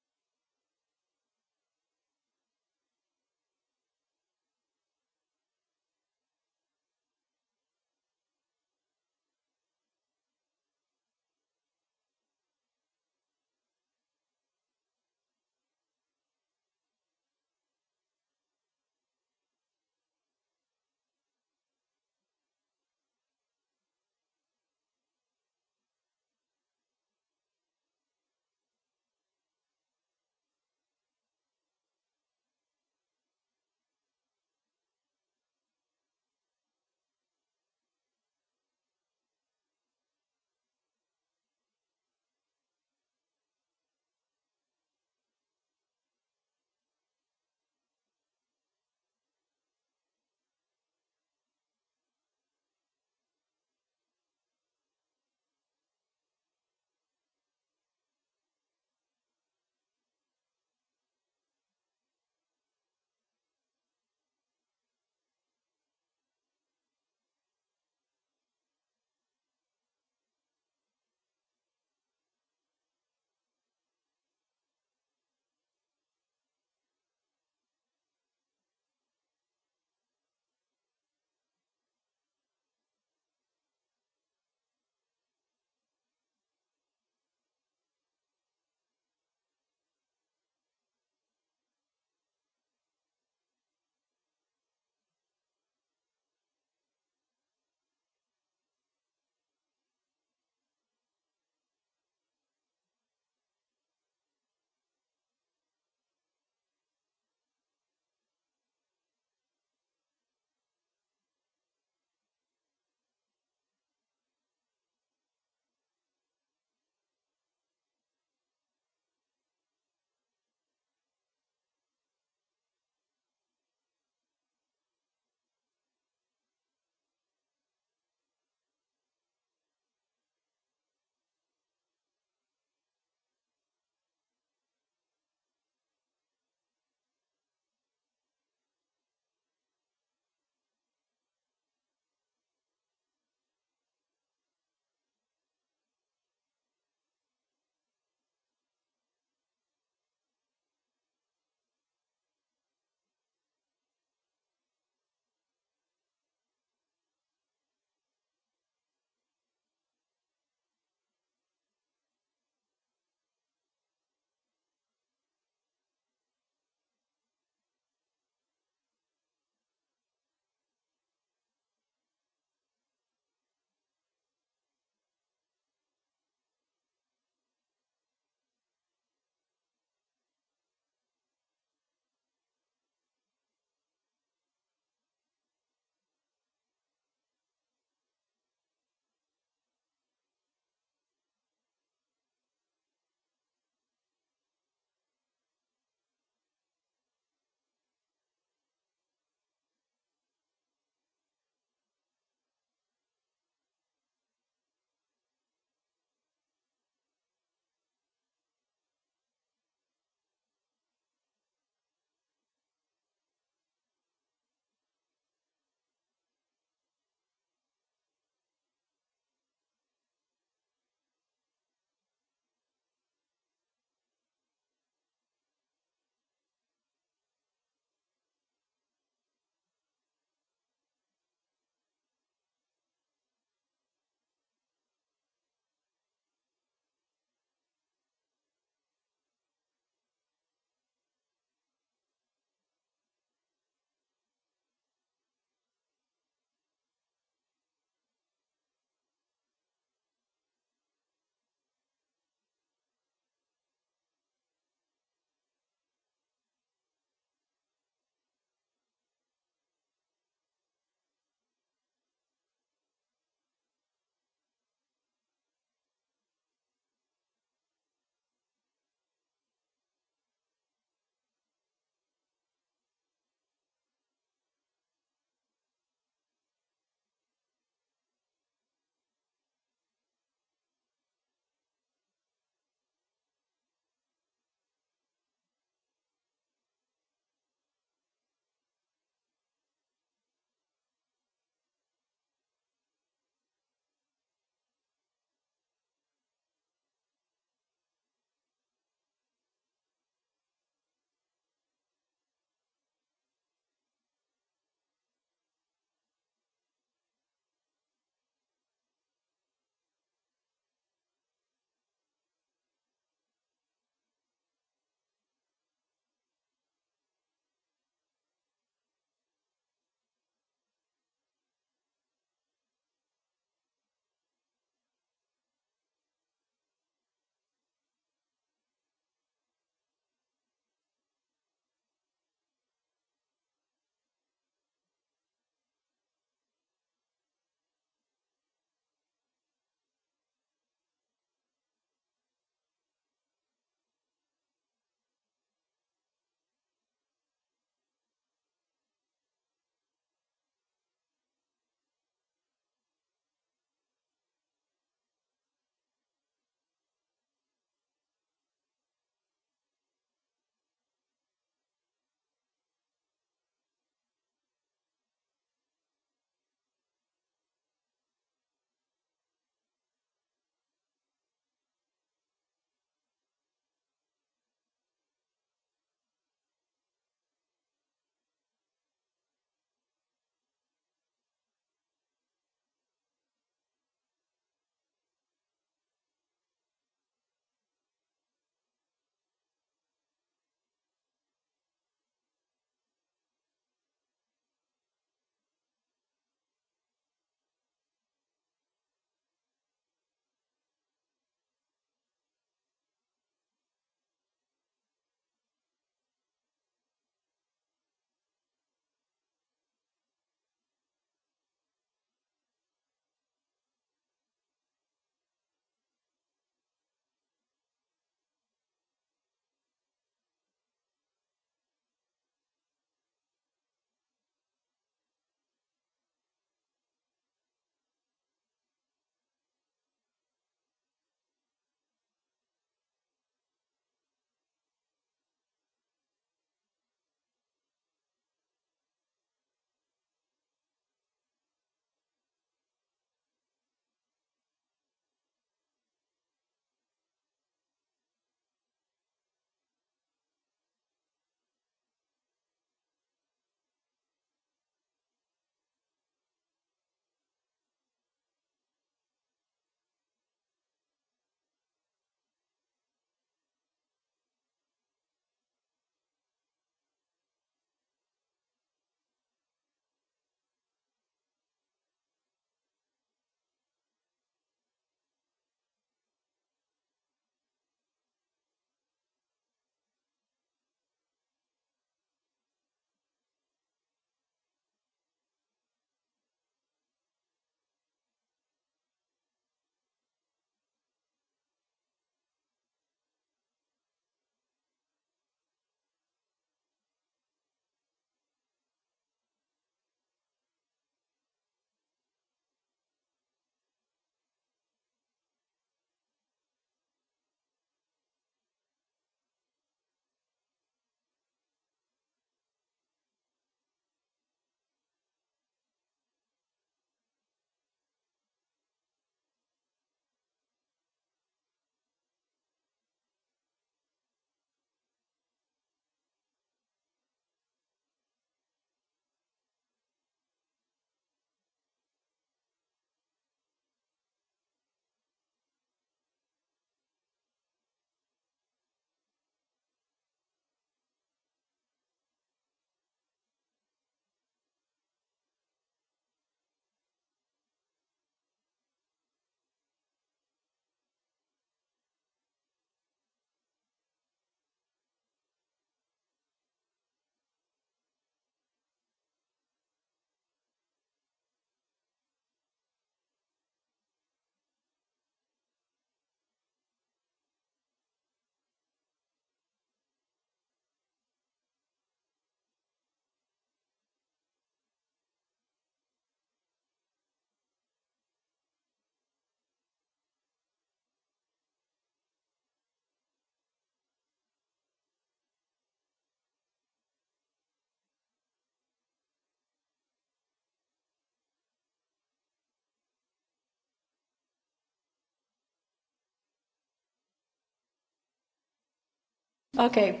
Okay.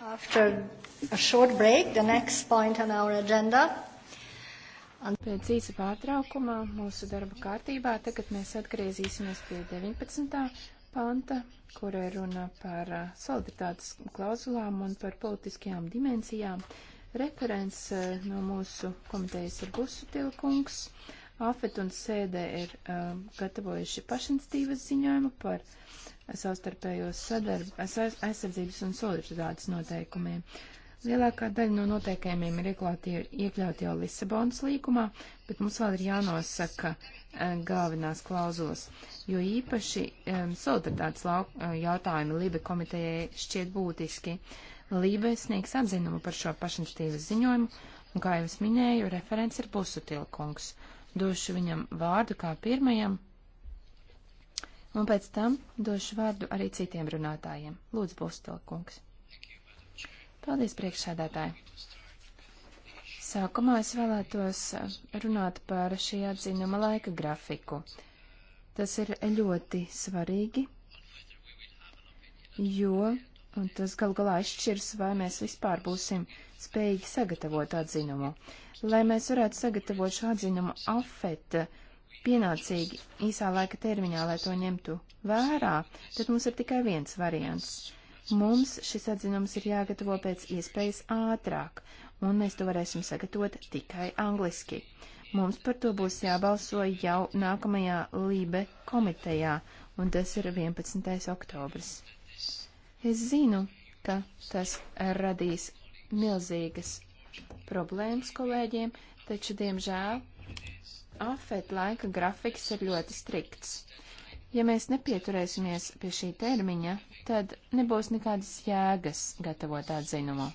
After a short break, the next point on our agenda. Un pēc īsa pārtraukuma mūsu darba kārtībā tagad mēs atgriezīsimies pie 19. panta, kura ir runa par uh, solidaritātes klauzulām un par politiskajām dimensijām. Referents uh, no mūsu komitejas ir Busutilkungs. Afet un sēdē ir uh, gatavojuši pašinstīvas ziņojumu par uh, savstarpējos aizsardzības un solidaritātes noteikumiem. Lielākā daļa no noteikumiem ir iekļauti jau Lisabonas līkumā, bet mums vēl ir jānosaka e, galvenās klauzulas, jo īpaši um, solidaritātes lauk, e, jautājumi Libe komitejai šķiet būtiski. Libe sniegs atzinumu par šo pašinstīvas ziņojumu, un, kā jau es minēju, referents ir Busutilkungs. Došu viņam vārdu kā pirmajam un pēc tam došu vārdu arī citiem runātājiem. Lūdzu, Bustolkungs. Paldies, priekšsēdētāji. Sākumā es vēlētos runāt par šī atzinuma laika grafiku. Tas ir ļoti svarīgi, jo tas gal galā izšķirs, vai mēs vispār būsim spējīgi sagatavot atzinumu. Lai mēs varētu sagatavot šo atzinumu afeta pienācīgi īsā laika termiņā, lai to ņemtu vērā, tad mums ir tikai viens variants. Mums šis atzinums ir jāgatavo pēc iespējas ātrāk, un mēs to varēsim sagatavot tikai angliski. Mums par to būs jābalso jau nākamajā Lībe komitejā, un tas ir 11. oktobris. Es zinu, ka tas radīs milzīgas problēmas kolēģiem, taču, diemžēl, AFET laika grafiks ir ļoti strikts. Ja mēs nepieturēsimies pie šī termiņa, tad nebūs nekādas jēgas gatavot atzinumu.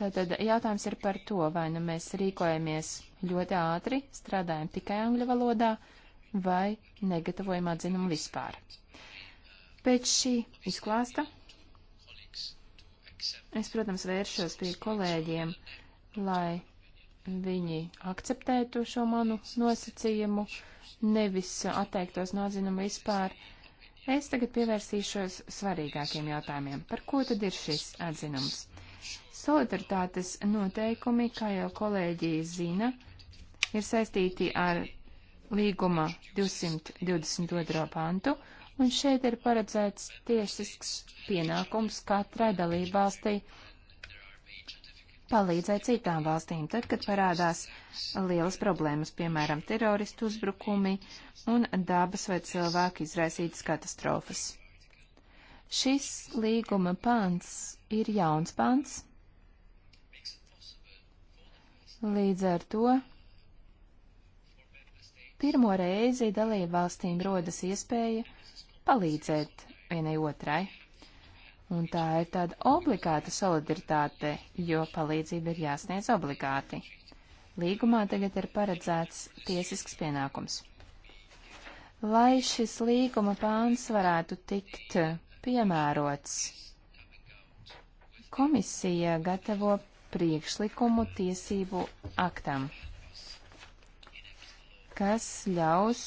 Tātad jautājums ir par to, vai nu mēs rīkojamies ļoti ātri, strādājam tikai angļu valodā, vai negatavojam atzinumu vispār. Pēc šī izklāsta es, protams, vēršos pie kolēģiem, lai viņi akceptētu šo manu nosacījumu, nevis atteiktos no atzinuma vispār. Es tagad pievērsīšos svarīgākiem jautājumiem. Par ko tad ir šis atzinums? Solidaritātes noteikumi, kā jau kolēģi zina, ir saistīti ar līguma 222. pantu, un šeit ir paredzēts tiesisks pienākums katrai dalībvalstī valstī palīdzēt citām valstīm, tad, kad parādās lielas problēmas, piemēram, teroristu uzbrukumi un dabas vai cilvēku izraisītas katastrofas. Šis līguma pants ir jauns pants. Līdz ar to pirmo reizi dalību valstīm rodas iespēja palīdzēt vienai otrai. Un tā ir tāda obligāta solidaritāte, jo palīdzība ir jāsniedz obligāti. Līgumā tagad ir paredzēts tiesisks pienākums. Lai šis līguma pāns varētu tikt piemērots, komisija gatavo priekšlikumu tiesību aktam, kas ļaus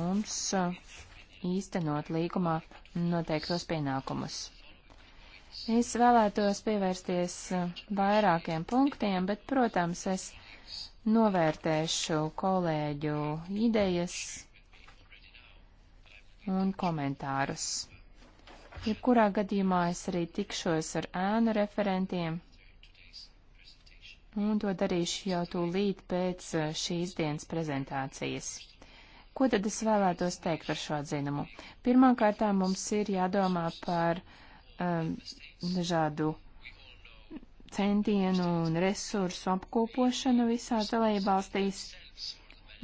mums īstenot līgumā noteiktos pienākumus. Es vēlētos pievērsties uh, vairākiem punktiem, bet, protams, es novērtēšu kolēģu idejas un komentārus. Jebkurā gadījumā es arī tikšos ar ēnu referentiem, un to darīšu jau tūlīt pēc uh, šīs dienas prezentācijas. Ko tad es vēlētos teikt par šo dzinumu? Pirmkārtām mums ir jādomā par uh, um, dažādu centienu un resursu apkopošanu visās dalībvalstīs.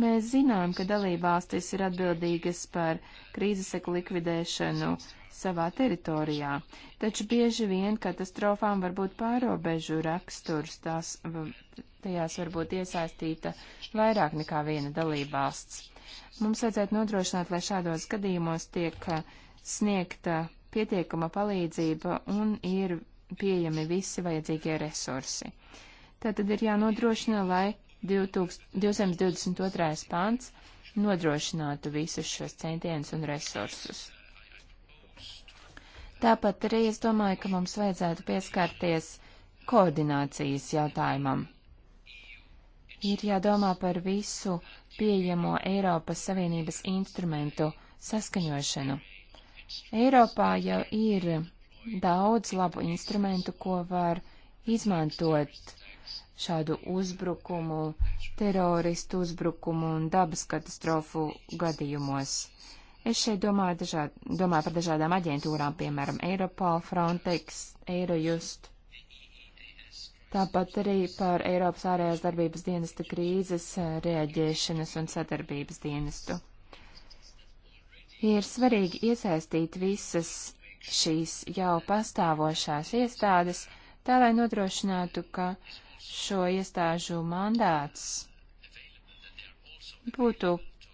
Mēs zinām, ka dalībvalstis ir atbildīgas par krīzeseku likvidēšanu savā teritorijā, taču bieži vien katastrofām var būt pārobežu raksturs, tās, tajās var būt iesaistīta vairāk nekā viena dalībvalsts. Mums vajadzētu nodrošināt, lai šādos gadījumos tiek sniegta pietiekama palīdzība un ir pieejami visi vajadzīgie resursi. Tātad ir jānodrošina, lai 222. pāns nodrošinātu visus šos centienus un resursus. Tāpat arī es domāju, ka mums vajadzētu pieskarties koordinācijas jautājumam. Ir jādomā par visu pieejamo Eiropas Savienības instrumentu saskaņošanu. Eiropā jau ir daudz labu instrumentu, ko var izmantot šādu uzbrukumu, teroristu uzbrukumu un dabas katastrofu gadījumos. Es šeit domāju, dažād, domāju par dažādām aģentūrām, piemēram, Eiropol, Frontex, Eirojust. Tāpat arī par Eiropas ārējās darbības dienesta krīzes eh, reaģēšanas un sadarbības dienestu. Ir svarīgi iesaistīt visas šīs jau pastāvošās iestādes, tā lai nodrošinātu, ka šo iestāžu mandāts būtu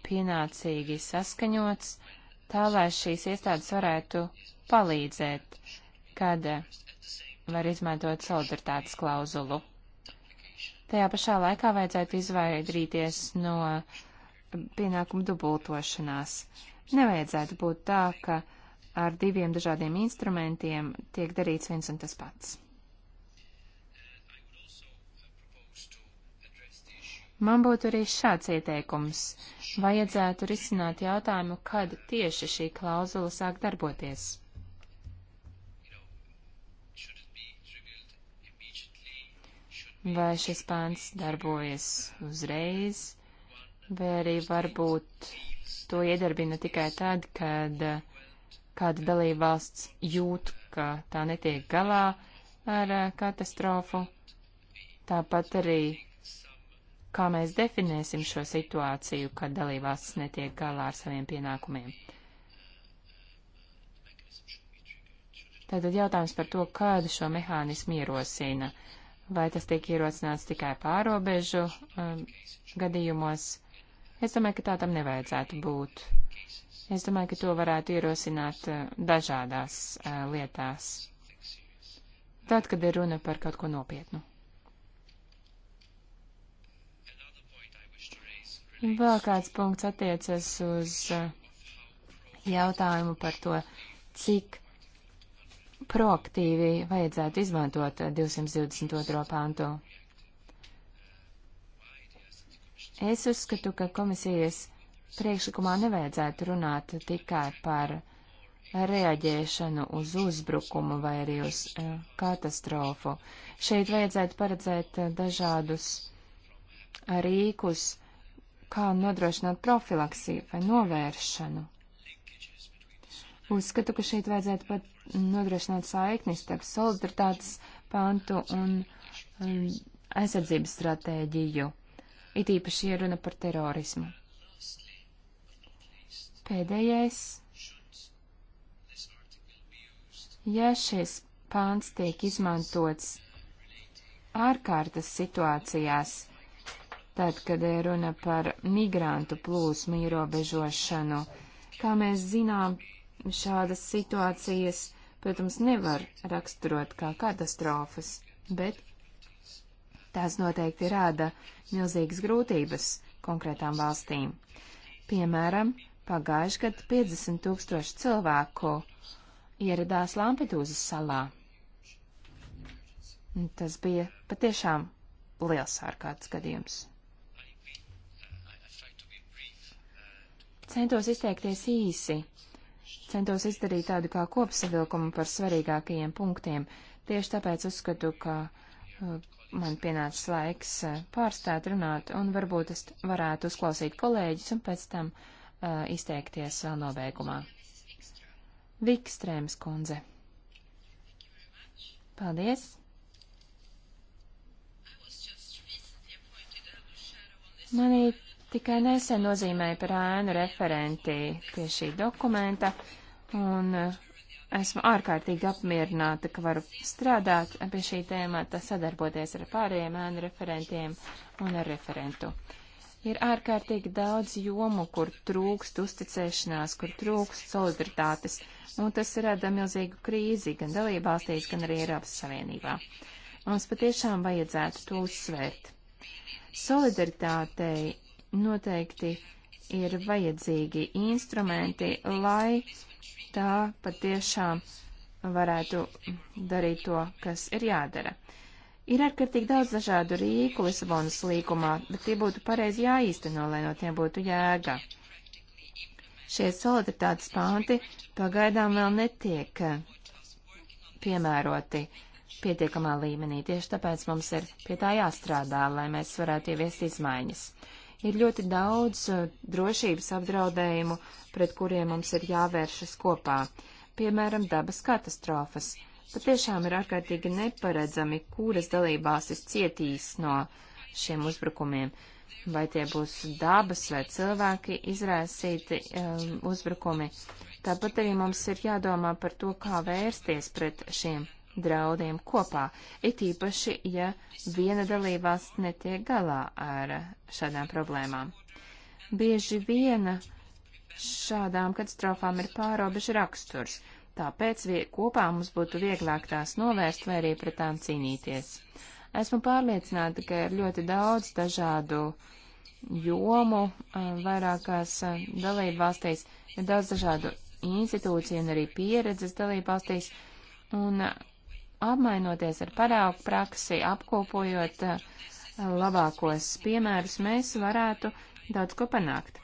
pienācīgi saskaņots, tā lai šīs iestādes varētu palīdzēt, kad var izmantot solidaritātes klauzulu. Tajā pašā laikā vajadzētu izvairīties no pienākumu dubultošanās. Nevajadzētu būt tā, ka ar diviem dažādiem instrumentiem tiek darīts viens un tas pats. Man būtu arī šāds ieteikums. Vajadzētu risināt jautājumu, kad tieši šī klauzula sāk darboties. vai šis pāns darbojas uzreiz, vai arī varbūt to iedarbina tikai tad, kad kāda dalībvalsts jūt, ka tā netiek galā ar eh, katastrofu. Tāpat arī, kā mēs definēsim šo situāciju, kad dalībvalsts netiek galā ar saviem pienākumiem. Tātad jautājums par to, kādu šo mehānismu ierosina. Vai tas tiek ierosināts tikai pārobežu um, gadījumos? Es domāju, ka tā tam nevajadzētu būt. Es domāju, ka to varētu ierosināt eh, dažādās uh, lietās. Tad, kad ir runa par kaut ko nopietnu. Vēl kāds punkts attiecas uz eh, jautājumu par to, cik proaktīvi vajadzētu izmantot 222. pantu. Es uzskatu, ka komisijas priekšlikumā nevajadzētu runāt tikai par reaģēšanu uz uzbrukumu vai arī uz uh, katastrofu. Šeit vajadzētu paredzēt eh, dažādus rīkus, kā nodrošināt profilaksiju vai novēršanu. Uzskatu, ka šeit vajadzētu pat nodrošināt saiknis starp solidaritātes pantu un um, aizsardzības stratēģiju it īpaši, ja runa par terorismu. Pēdējais. Ja šis pāns tiek izmantots ārkārtas situācijās, tad, kad ir runa par migrantu plūsmu ierobežošanu, kā mēs zinām, šādas situācijas, protams, nevar raksturot kā katastrofas, bet Tās noteikti rāda milzīgas grūtības konkrētām valstīm. Piemēram, pagājuši gadu 50 tūkstoši cilvēku ieradās Lampedūzas salā. Tas bija patiešām liels ārkārtas gadījums. Centos izteikties īsi, centos izdarīt tādu kā kopsavilkumu par svarīgākajiem punktiem, tieši tāpēc uzskatu, ka uh, man pienācis laiks eh, pārstāt runāt, un varbūt es varētu uzklausīt kolēģis un pēc tam uh, izteikties vēl nobeigumā. Vikstrēms kundze. Paldies! Manī tikai nesen nozīmēja par ēnu referenti pie šī dokumenta, un uh, Esmu ārkārtīgi apmierināta, ka varu strādāt pie šī tēmata, sadarboties ar pārējiem ēnu referentiem un ar referentu. Ir ārkārtīgi daudz jomu, kur trūkst uzticēšanās, kur trūkst solidaritātes, un tas rada milzīgu krīzi gan dalībvalstīs, gan arī Eiropas Savienībā. Mums patiešām vajadzētu to uzsvērt. Solidaritātei noteikti ir vajadzīgi instrumenti, lai tā patiešām varētu darīt to, kas ir jādara. Ir ārkārtīgi daudz dažādu rīku Lisabonas līgumā, bet tie būtu pareizi jāīsteno, lai no tiem būtu jēga. Šie solidaritātes panti pagaidām vēl netiek eh, piemēroti pietiekamā līmenī. Tieši tāpēc mums ir pie tā jāstrādā, lai mēs varētu ieviest izmaiņas. Ir ļoti daudz uh, drošības apdraudējumu, pret kuriem mums ir jāvēršas kopā, piemēram, dabas katastrofas. Patiešām ir ārkārtīgi neparedzami, kuras dalībāsis cietīs no šiem uzbrukumiem. Vai tie būs dabas vai cilvēki izraisīti um, uzbrukumi. Tāpat arī mums ir jādomā par to, kā vērsties pret šiem draudiem kopā, it īpaši, ja viena dalībās netiek galā ar šādām problēmām. Bieži viena šādām katastrofām ir pārobežu raksturs, tāpēc kopā mums būtu vieglāk tās novērst vai arī pret tām cīnīties. Esmu pārliecināta, ka ir ļoti daudz dažādu jomu vairākās dalību valstīs, ir daudz dažādu institūciju un arī pieredzes dalību valstīs, un apmainoties ar paraugu praksi, apkopojot eh, labākos piemērus, mēs varētu daudz ko panākt.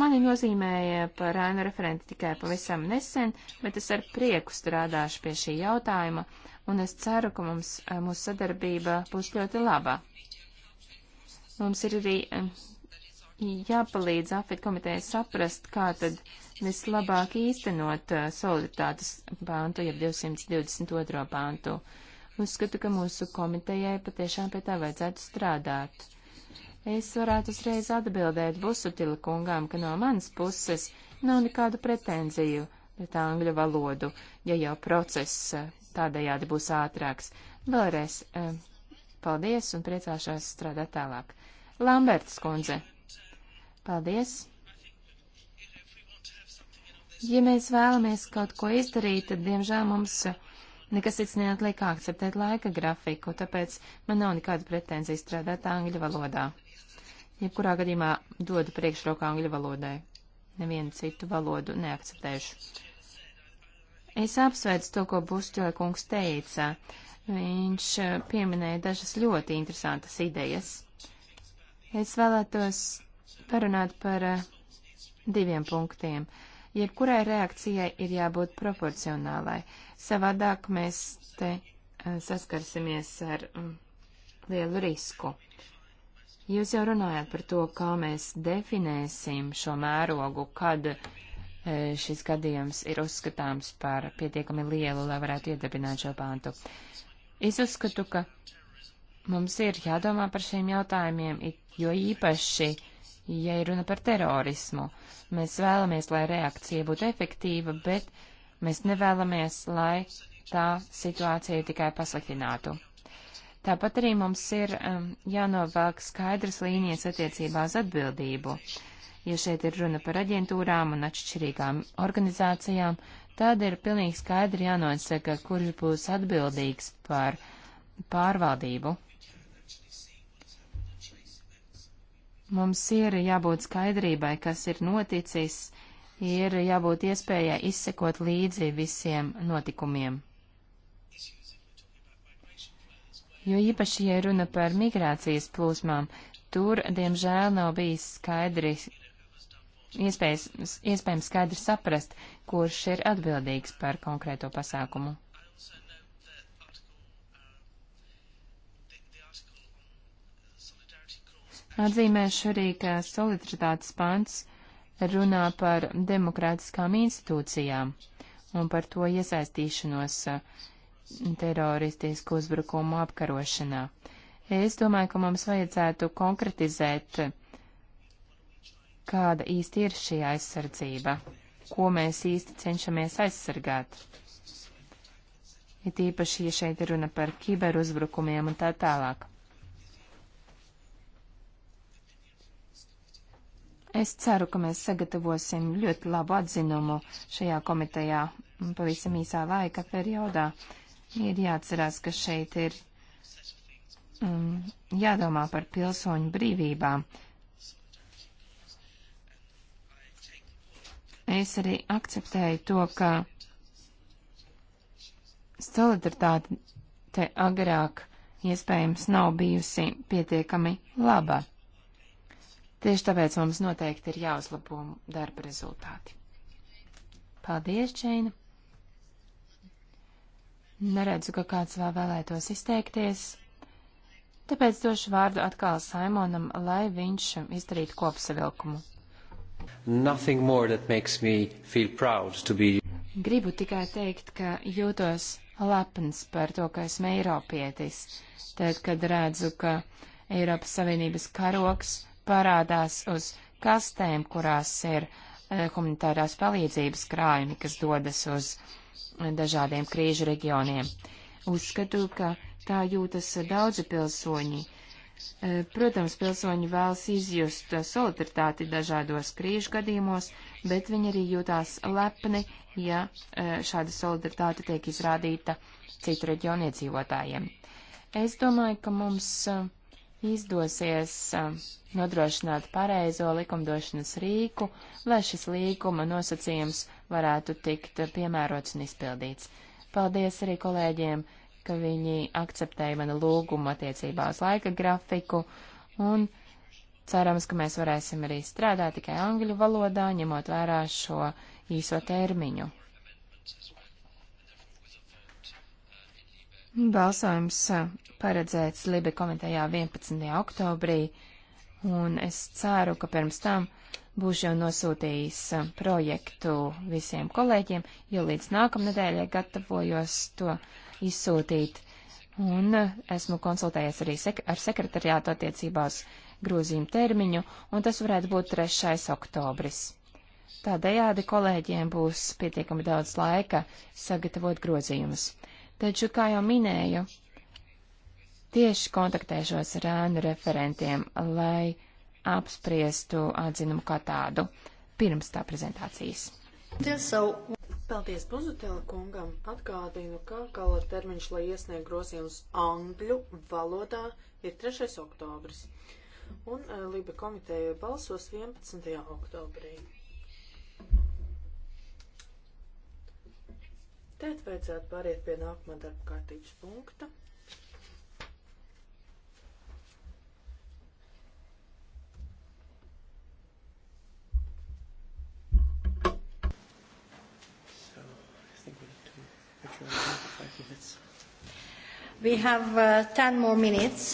Mani nozīmēja par ēnu referenti tikai pavisam nesen, bet es ar prieku strādāšu pie šī jautājuma, un es ceru, ka mums, eh, mūsu sadarbība būs ļoti laba. Mums ir arī eh, jāpalīdz AFIT komitejai saprast, kā tad uh, vislabāk īstenot uh, solidaritātes pāntu, jeb 222. pāntu. Uzskatu, ka mūsu komitejai patiešām pie tā vajadzētu strādāt. Es varētu uzreiz atbildēt Busutila kungām, ka no manas puses nav nekādu pretenziju pret angļu valodu, ja jau process uh, tādējādi būs ātrāks. Vēlreiz uh, paldies un priecāšos strādāt tālāk. Lamberts kundze. Paldies. Ja mēs vēlamies kaut ko izdarīt, tad, diemžēl, mums nekas cits neatliek kā akceptēt laika grafiku, tāpēc man nav nekāda pretenzija strādāt angļu valodā. Jebkurā gadījumā dodu priekšroku angļu valodai. Nevienu citu valodu neakceptēšu. Es apsveicu to, ko Bustoja kungs teica. Viņš eh, pieminēja dažas ļoti interesantas idejas. Es vēlētos parunāt par eh, diviem punktiem. Uh, Jebkurai reakcijai ir jābūt proporcionālai. Savādāk mēs te eh, saskarsimies ar mm, lielu risku. Jūs jau runājāt par to, kā mēs definēsim šo mērogu, kad eh, šis gadījums ir uzskatāms par pietiekami lielu, lai varētu iedarbināt šo pāntu. Es uzskatu, ka mums ir jādomā par šiem jautājumiem, jo īpaši uh, ja ir runa par terorismu. Mēs vēlamies, lai reakcija būtu efektīva, bet mēs nevēlamies, lai tā situācija tikai pasliktinātu. Tāpat arī mums ir um, jānovelk skaidras līnijas attiecībā uz atbildību. Ja šeit ir runa par aģentūrām un atšķirīgām organizācijām, tad ir pilnīgi skaidri jānosaka, kurš būs atbildīgs par pārvaldību Mums ir jābūt skaidrībai, kas ir noticis, ir jābūt iespējai izsekot līdzi visiem notikumiem. Jo īpaši, ja runa par migrācijas plūsmām, tur, diemžēl, nav bijis skaidri, iespējas, iespējams skaidri saprast, kurš ir atbildīgs par konkrēto pasākumu. Atzīmēšu arī, ka solidaritātes pants runā par demokrātiskām institūcijām un par to iesaistīšanos uh, teroristisku uzbrukumu apkarošanā. Es domāju, ka mums vajadzētu konkretizēt, kāda īsti ir šī aizsardzība, ko mēs īsti cenšamies aizsargāt. Ir ja tīpaši, ja šeit runa par kiberuzbrukumiem un tā tālāk. Es ceru, ka mēs sagatavosim ļoti labu atzinumu šajā komitejā pavisam īsā laika periodā. Ir jāatcerās, ka šeit ir um, jādomā par pilsoņu brīvībām. Es arī akceptēju to, ka solidaritāte te agrāk iespējams nav bijusi pietiekami laba. Tieši tāpēc mums noteikti ir jāuzlabo darba rezultāti. Paldies, Čeina! Neredzu, ka kāds vēl vēlētos izteikties, tāpēc došu vārdu atkal Simonam, lai viņš izdarītu kopsavilkumu. Be... Gribu tikai teikt, ka jūtos lepns par to, ka esmu Eiropietis, tad, kad redzu, ka Eiropas Savienības karoks parādās uz kastēm, kurās ir e, humanitārās palīdzības krājumi, kas dodas uz dažādiem krīžu reģioniem. Uzskatu, ka tā jūtas daudzi pilsoņi. E, protams, pilsoņi vēlas izjust solidaritāti dažādos krīžu gadījumos, bet viņi arī jūtās lepni, ja e, šāda solidaritāte tiek izrādīta citu reģionu iedzīvotājiem. Es domāju, ka mums uh, izdosies um, nodrošināt pareizo likumdošanas rīku, lai šis līguma nosacījums varētu tikt piemērots un izpildīts. Paldies arī kolēģiem, ka viņi akceptēja manu lūgumu attiecībā uz laika grafiku un cerams, ka mēs varēsim arī strādāt tikai angļu valodā, ņemot vērā šo īso termiņu. Balsojums paredzēts Libe komitejā 11. oktobrī, un es ceru, ka pirms tam būšu jau nosūtījis projektu visiem kolēģiem, jo līdz nākamnedēļai gatavojos to izsūtīt. Un esmu konsultējies arī sek ar sekretariātu attiecībā uz grozījumu termiņu, un tas varētu būt 3. oktobris. Tādējādi kolēģiem būs pietiekami daudz laika sagatavot grozījumus. Taču, kā jau minēju, tieši kontaktēšos ar ēnu referentiem, lai apspriestu atzinumu kā tādu pirms tā prezentācijas. Paldies Buzutela kungam. Atgādinu, ka gala termiņš, lai iesniegtu grozījumus angļu valodā, ir 3. oktobris. Un eh, Lība komiteja balsos 11. oktobrī. Tēt vajadzētu pāriet pie nākamā darba kārtības punkta. We have uh, 10 more minutes.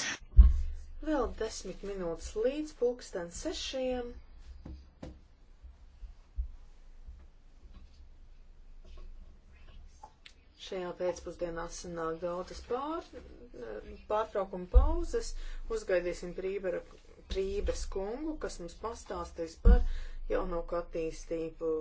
Vēl desmit minūtes līdz pulksten sešiem. Šajā pēcpusdienā sanāk daudzas pār, pārtraukuma pauzes. Uzgaidīsim Prībera, Prības kungu, kas mums pastāstīs par jaunāku attīstību